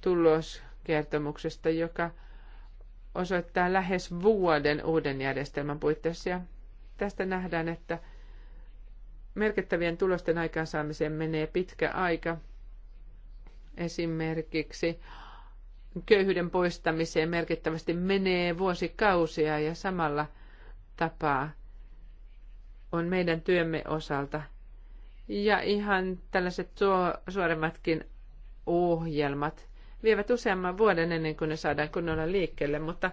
tuloskertomuksesta, joka – osoittaa lähes vuoden uuden järjestelmän puitteissa. Ja tästä nähdään, että merkittävien tulosten aikaansaamiseen menee pitkä aika. Esimerkiksi köyhyyden poistamiseen merkittävästi menee vuosikausia ja samalla tapaa on meidän työmme osalta. Ja ihan tällaiset suoremmatkin ohjelmat vievät useamman vuoden ennen kuin ne saadaan kunnolla liikkeelle, mutta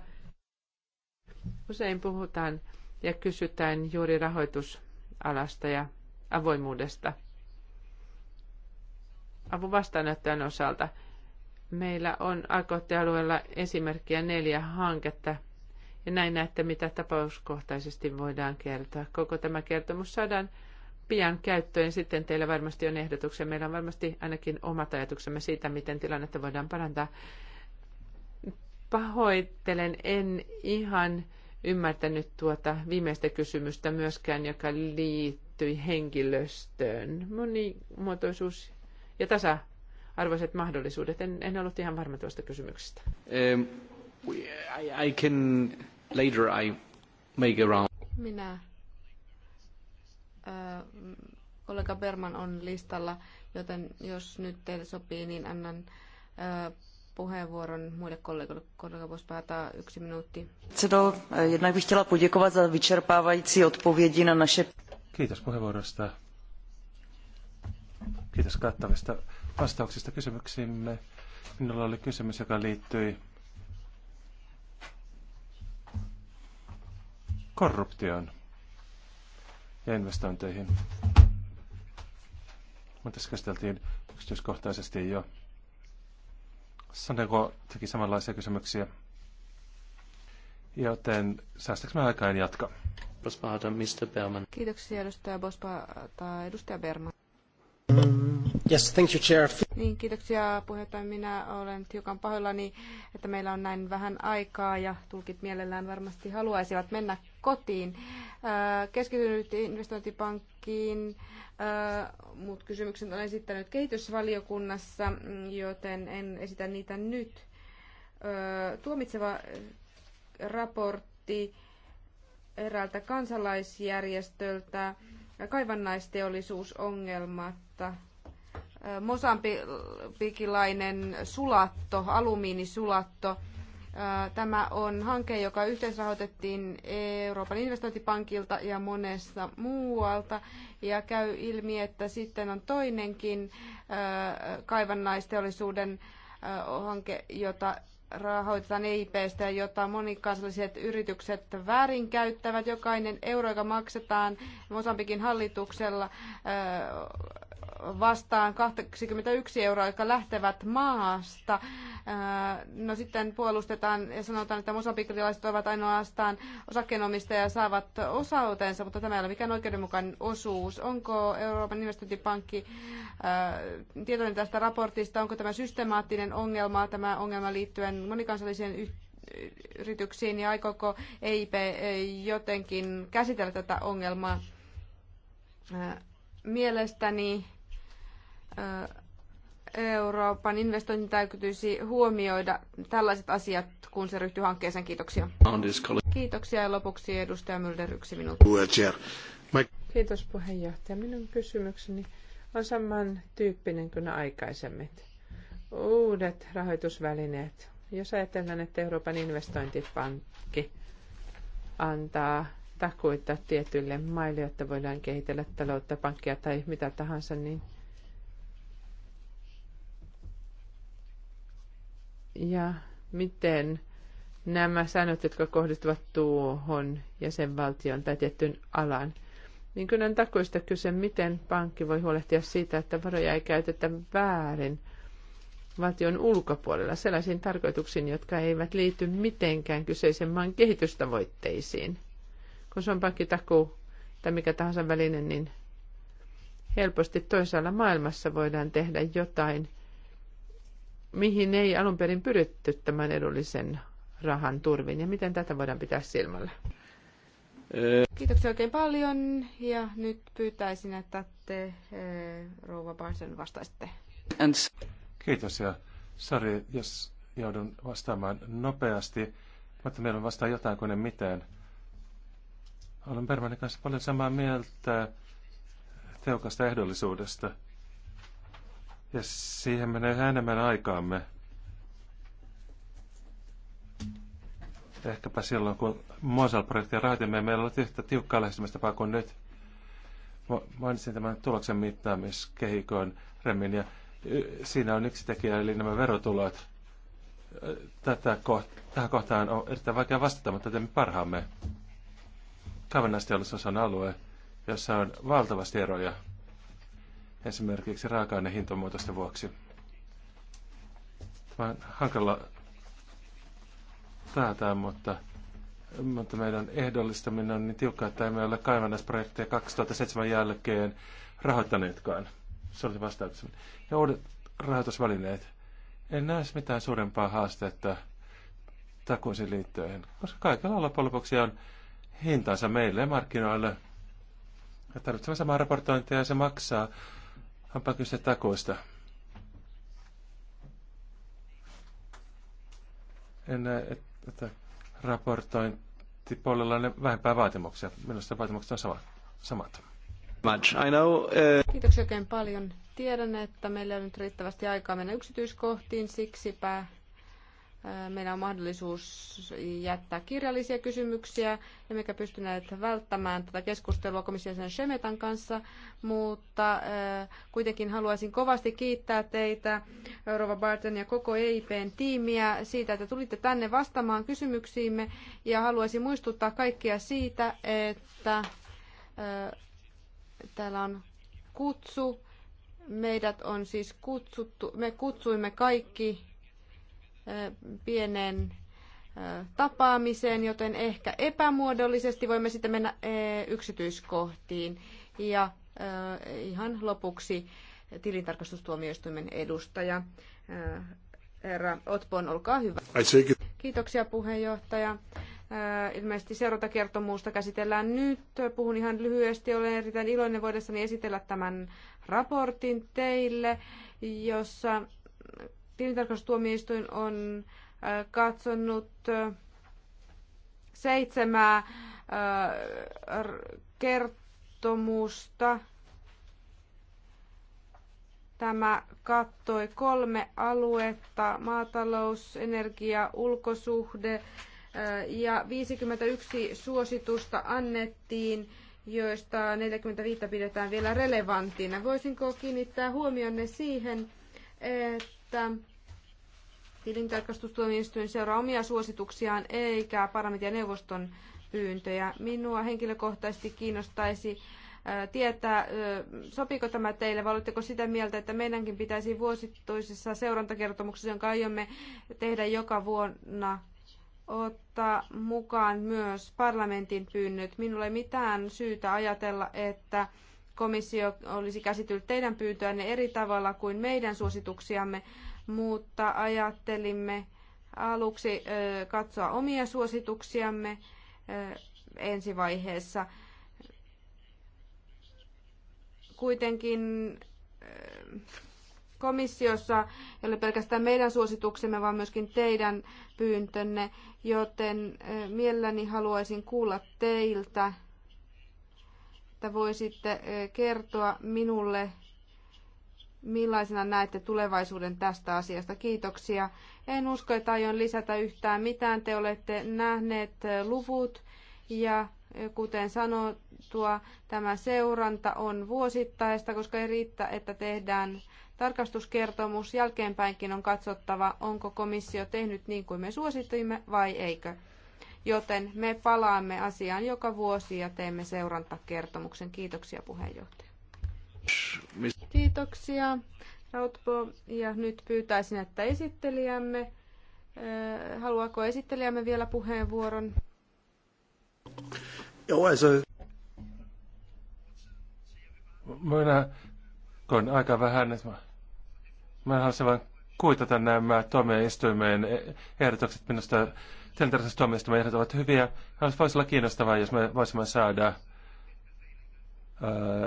usein puhutaan ja kysytään juuri rahoitusalasta ja avoimuudesta. Avun vastaanottajan osalta meillä on AKT-alueella esimerkkiä neljä hanketta, ja näin näette, mitä tapauskohtaisesti voidaan kertoa. Koko tämä kertomus saadaan pian käyttöön. Sitten teillä varmasti on ehdotuksia. Meillä on varmasti ainakin omat ajatuksemme siitä, miten tilannetta voidaan parantaa. Pahoittelen, en ihan ymmärtänyt tuota viimeistä kysymystä myöskään, joka liittyi henkilöstöön. Monimuotoisuus ja tasa-arvoiset mahdollisuudet. En, en ollut ihan varma tuosta kysymyksestä. Um, I, I can later I make around. Minä Äh, kollega Berman on listalla, joten jos nyt teille sopii, niin annan äh, puheenvuoron muille kollegoille. Kollega voisi päätää yksi minuutti. Cedo, eh, jednak bych chtěla poděkovat za vyčerpávající odpovědi na naše... Kiitos puheenvuorosta. Kiitos kattavista vastauksista kysymyksiimme. Minulla oli kysymys, joka liittyi korruptioon ja investointeihin. Mutta tässä käsiteltiin yksityiskohtaisesti jo. Sandeko teki samanlaisia kysymyksiä. Joten säästäks mä aikaa en jatka. Bospahata, Mr. Berman. Kiitoksia edustaja tai edustaja Berman. Yes, thank you, Chair. Niin, kiitoksia puheenjohtaja. Minä olen hiukan pahoillani, että meillä on näin vähän aikaa ja tulkit mielellään varmasti haluaisivat mennä kotiin. Keskityn investointipankkiin. Muut kysymykset olen esittänyt kehitysvaliokunnassa, mm, joten en esitä niitä nyt. Tuomitseva raportti eräältä kansalaisjärjestöltä kaivannaisteollisuusongelmatta. Mosambikilainen sulatto, alumiinisulatto, Tämä on hanke, joka yhteisrahoitettiin Euroopan investointipankilta ja monesta muualta. Ja käy ilmi, että sitten on toinenkin kaivannaisteollisuuden hanke, jota rahoitetaan EIPstä, jota monikansalliset yritykset väärinkäyttävät. Jokainen euro, joka maksetaan Mosambikin hallituksella, vastaan 21 euroa, jotka lähtevät maasta. No sitten puolustetaan ja sanotaan, että mosambikilaiset ovat ainoastaan osakkeenomistajia ja saavat osautensa, mutta tämä ei ole mikään oikeudenmukainen osuus. Onko Euroopan investointipankki tietoinen tästä raportista? Onko tämä systemaattinen ongelma, tämä ongelma liittyen monikansalliseen yrityksiin ja aikooko EIP jotenkin käsitellä tätä ongelmaa? Mielestäni Euroopan investoinnin täytyisi huomioida tällaiset asiat, kun se ryhtyy hankkeeseen. Kiitoksia. Kiitoksia ja lopuksi edustaja Mylder yksi minuutti. Kiitos puheenjohtaja. Minun kysymykseni on saman tyyppinen kuin aikaisemmin. Uudet rahoitusvälineet. Jos ajatellaan, että Euroopan investointipankki antaa takuita tietyille maille, jotta voidaan kehitellä taloutta, pankkia tai mitä tahansa, niin Ja miten nämä säännöt, jotka kohdistuvat tuohon jäsenvaltion tai tiettyyn alaan, niin kyllä on takuista kyse, miten pankki voi huolehtia siitä, että varoja ei käytetä väärin valtion ulkopuolella sellaisiin tarkoituksiin, jotka eivät liity mitenkään kyseisen maan kehitystavoitteisiin. Kun se on pankkitakuu tai mikä tahansa väline, niin helposti toisaalla maailmassa voidaan tehdä jotain – mihin ei alun perin pyritty tämän edullisen rahan turvin ja miten tätä voidaan pitää silmällä? Kiitoksia oikein paljon ja nyt pyytäisin, että te eh, rouva Barsen vastaisitte. Kiitos ja sori, jos joudun vastaamaan nopeasti, mutta meillä on vastaa jotain kuin mitään. Olen Bermanin kanssa paljon samaa mieltä teokasta ehdollisuudesta – ja siihen menee enemmän aikaamme. Ehkäpä silloin, kun Mosel-projektia rahoitimme, meillä oli yhtä tiukkaa lähestymistapaa kuin nyt. mainitsin tämän tuloksen mittaamiskehikon remmin ja siinä on yksi tekijä, eli nämä verotulot. Tätä koht- tähän kohtaan on erittäin vaikea vastata, mutta teemme parhaamme. Kavennaisteollisuus on alue, jossa on valtavasti eroja esimerkiksi raaka ainehintamuutosten hintamuutosten vuoksi. Vähän hankala täätää, mutta, mutta meidän ehdollistaminen on niin tiukkaa, että emme ole kaivannaisprojekteja 2007 jälkeen rahoittaneetkaan. Se oli vastaukseni. Ja uudet rahoitusvälineet. En näe mitään suurempaa haastetta takuisin liittyen, koska kaikilla loppujen lopuksi on hintansa meille ja markkinoille. Ja tarvitsemme samaa raportointia ja se maksaa Onpa kyse takuista. En näe, että raportointipuolella on vähempää vaatimuksia. Minusta vaatimukset on sama, samat. Much. I know, uh... Kiitoksia oikein paljon. Tiedän, että meillä on nyt riittävästi aikaa mennä yksityiskohtiin, siksipä Meillä on mahdollisuus jättää kirjallisia kysymyksiä, emmekä pystyneet välttämään tätä keskustelua komission Shemetan kanssa, mutta äh, kuitenkin haluaisin kovasti kiittää teitä, Rova Barton ja koko EIPn tiimiä, siitä, että tulitte tänne vastaamaan kysymyksiimme, ja haluaisin muistuttaa kaikkia siitä, että äh, täällä on kutsu, meidät on siis kutsuttu, me kutsuimme kaikki pienen tapaamiseen, joten ehkä epämuodollisesti voimme sitten mennä yksityiskohtiin. Ja ihan lopuksi tilintarkastustuomioistuimen edustaja herra Otpon, olkaa hyvä. Kiitoksia puheenjohtaja. Ilmeisesti seurantakertomuusta käsitellään nyt. Puhun ihan lyhyesti. Olen erittäin iloinen voidessani esitellä tämän raportin teille, jossa Tilintarkastustuomioistuin on äh, katsonut äh, seitsemää äh, kertomusta. Tämä kattoi kolme aluetta, maatalous, energia, ulkosuhde ja 51 suositusta annettiin, joista 45 pidetään vielä relevanttina. Voisinko kiinnittää huomionne siihen, että Tilintarkastustuomioistuin seuraa omia suosituksiaan eikä parlamentin ja neuvoston pyyntöjä. Minua henkilökohtaisesti kiinnostaisi äh, tietää, äh, sopiiko tämä teille vai oletteko sitä mieltä, että meidänkin pitäisi vuosittuisessa seurantakertomuksessa, jonka aiomme tehdä joka vuonna, ottaa mukaan myös parlamentin pyynnöt. Minulla ei mitään syytä ajatella, että komissio olisi käsitellyt teidän pyyntöänne eri tavalla kuin meidän suosituksiamme, mutta ajattelimme aluksi katsoa omia suosituksiamme ensi vaiheessa. Kuitenkin komissiossa ei ole pelkästään meidän suosituksemme, vaan myöskin teidän pyyntönne, joten mielelläni haluaisin kuulla teiltä, että voisitte kertoa minulle millaisena näette tulevaisuuden tästä asiasta. Kiitoksia. En usko, että aion lisätä yhtään mitään. Te olette nähneet luvut ja eh, kuten sanottua, tämä seuranta on vuosittaista, koska ei riitä, että tehdään tarkastuskertomus. Jälkeenpäinkin on katsottava, onko komissio tehnyt niin kuin me suosittimme vai eikö. Joten me palaamme asiaan joka vuosi ja teemme seurantakertomuksen. Kiitoksia puheenjohtaja. Kiitoksia, Rautpo. Ja nyt pyytäisin, että esittelijämme, äh, haluaako esittelijämme vielä puheenvuoron? Joo, also... Minä, kun aika vähän, että niin mä, mä haluaisin vain kuitata nämä tuomioistuimeen e- ehdotukset. Minusta tilintarkastus tuomioistuimen ehdot ovat hyviä. Voisi olla kiinnostavaa, jos me voisimme saada ää,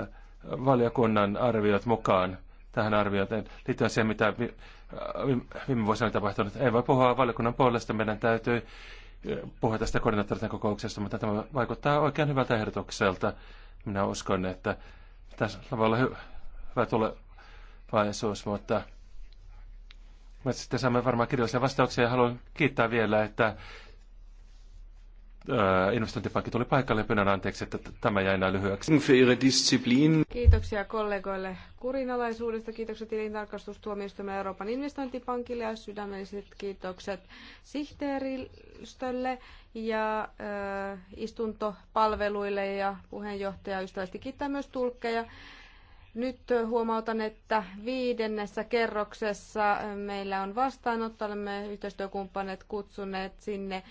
äh, valiokunnan arviot mukaan tähän arviointiin liittyen siihen, mitä äh, viime vuosina on tapahtunut. Ei voi puhua valiokunnan puolesta, meidän täytyy äh, puhua tästä koordinaattoreiden kokouksesta, mutta tämä vaikuttaa oikein hyvältä ehdotukselta. Minä uskon, että tässä voi olla hy- hyvä tulevaisuus, mutta me sitten saamme varmaan kirjallisia vastauksia ja haluan kiittää vielä, että Äh, investointipankki tuli paikalle ja niin pyydän anteeksi, että tämä jäi näin lyhyeksi. Kiitoksia kollegoille kurinalaisuudesta, kiitokset tilintarkastustuomioistuimen Euroopan investointipankille ja sydämelliset kiitokset sihteeristölle ja äh, istuntopalveluille ja puheenjohtaja ystävästi kiittää myös tulkkeja. Nyt huomautan, että viidennessä kerroksessa meillä on vastaanotto. Olemme yhteistyökumppanit kutsuneet sinne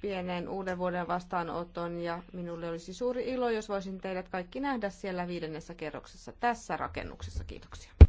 pienen uuden vuoden vastaanoton ja minulle olisi suuri ilo, jos voisin teidät kaikki nähdä siellä viidennessä kerroksessa tässä rakennuksessa. Kiitoksia.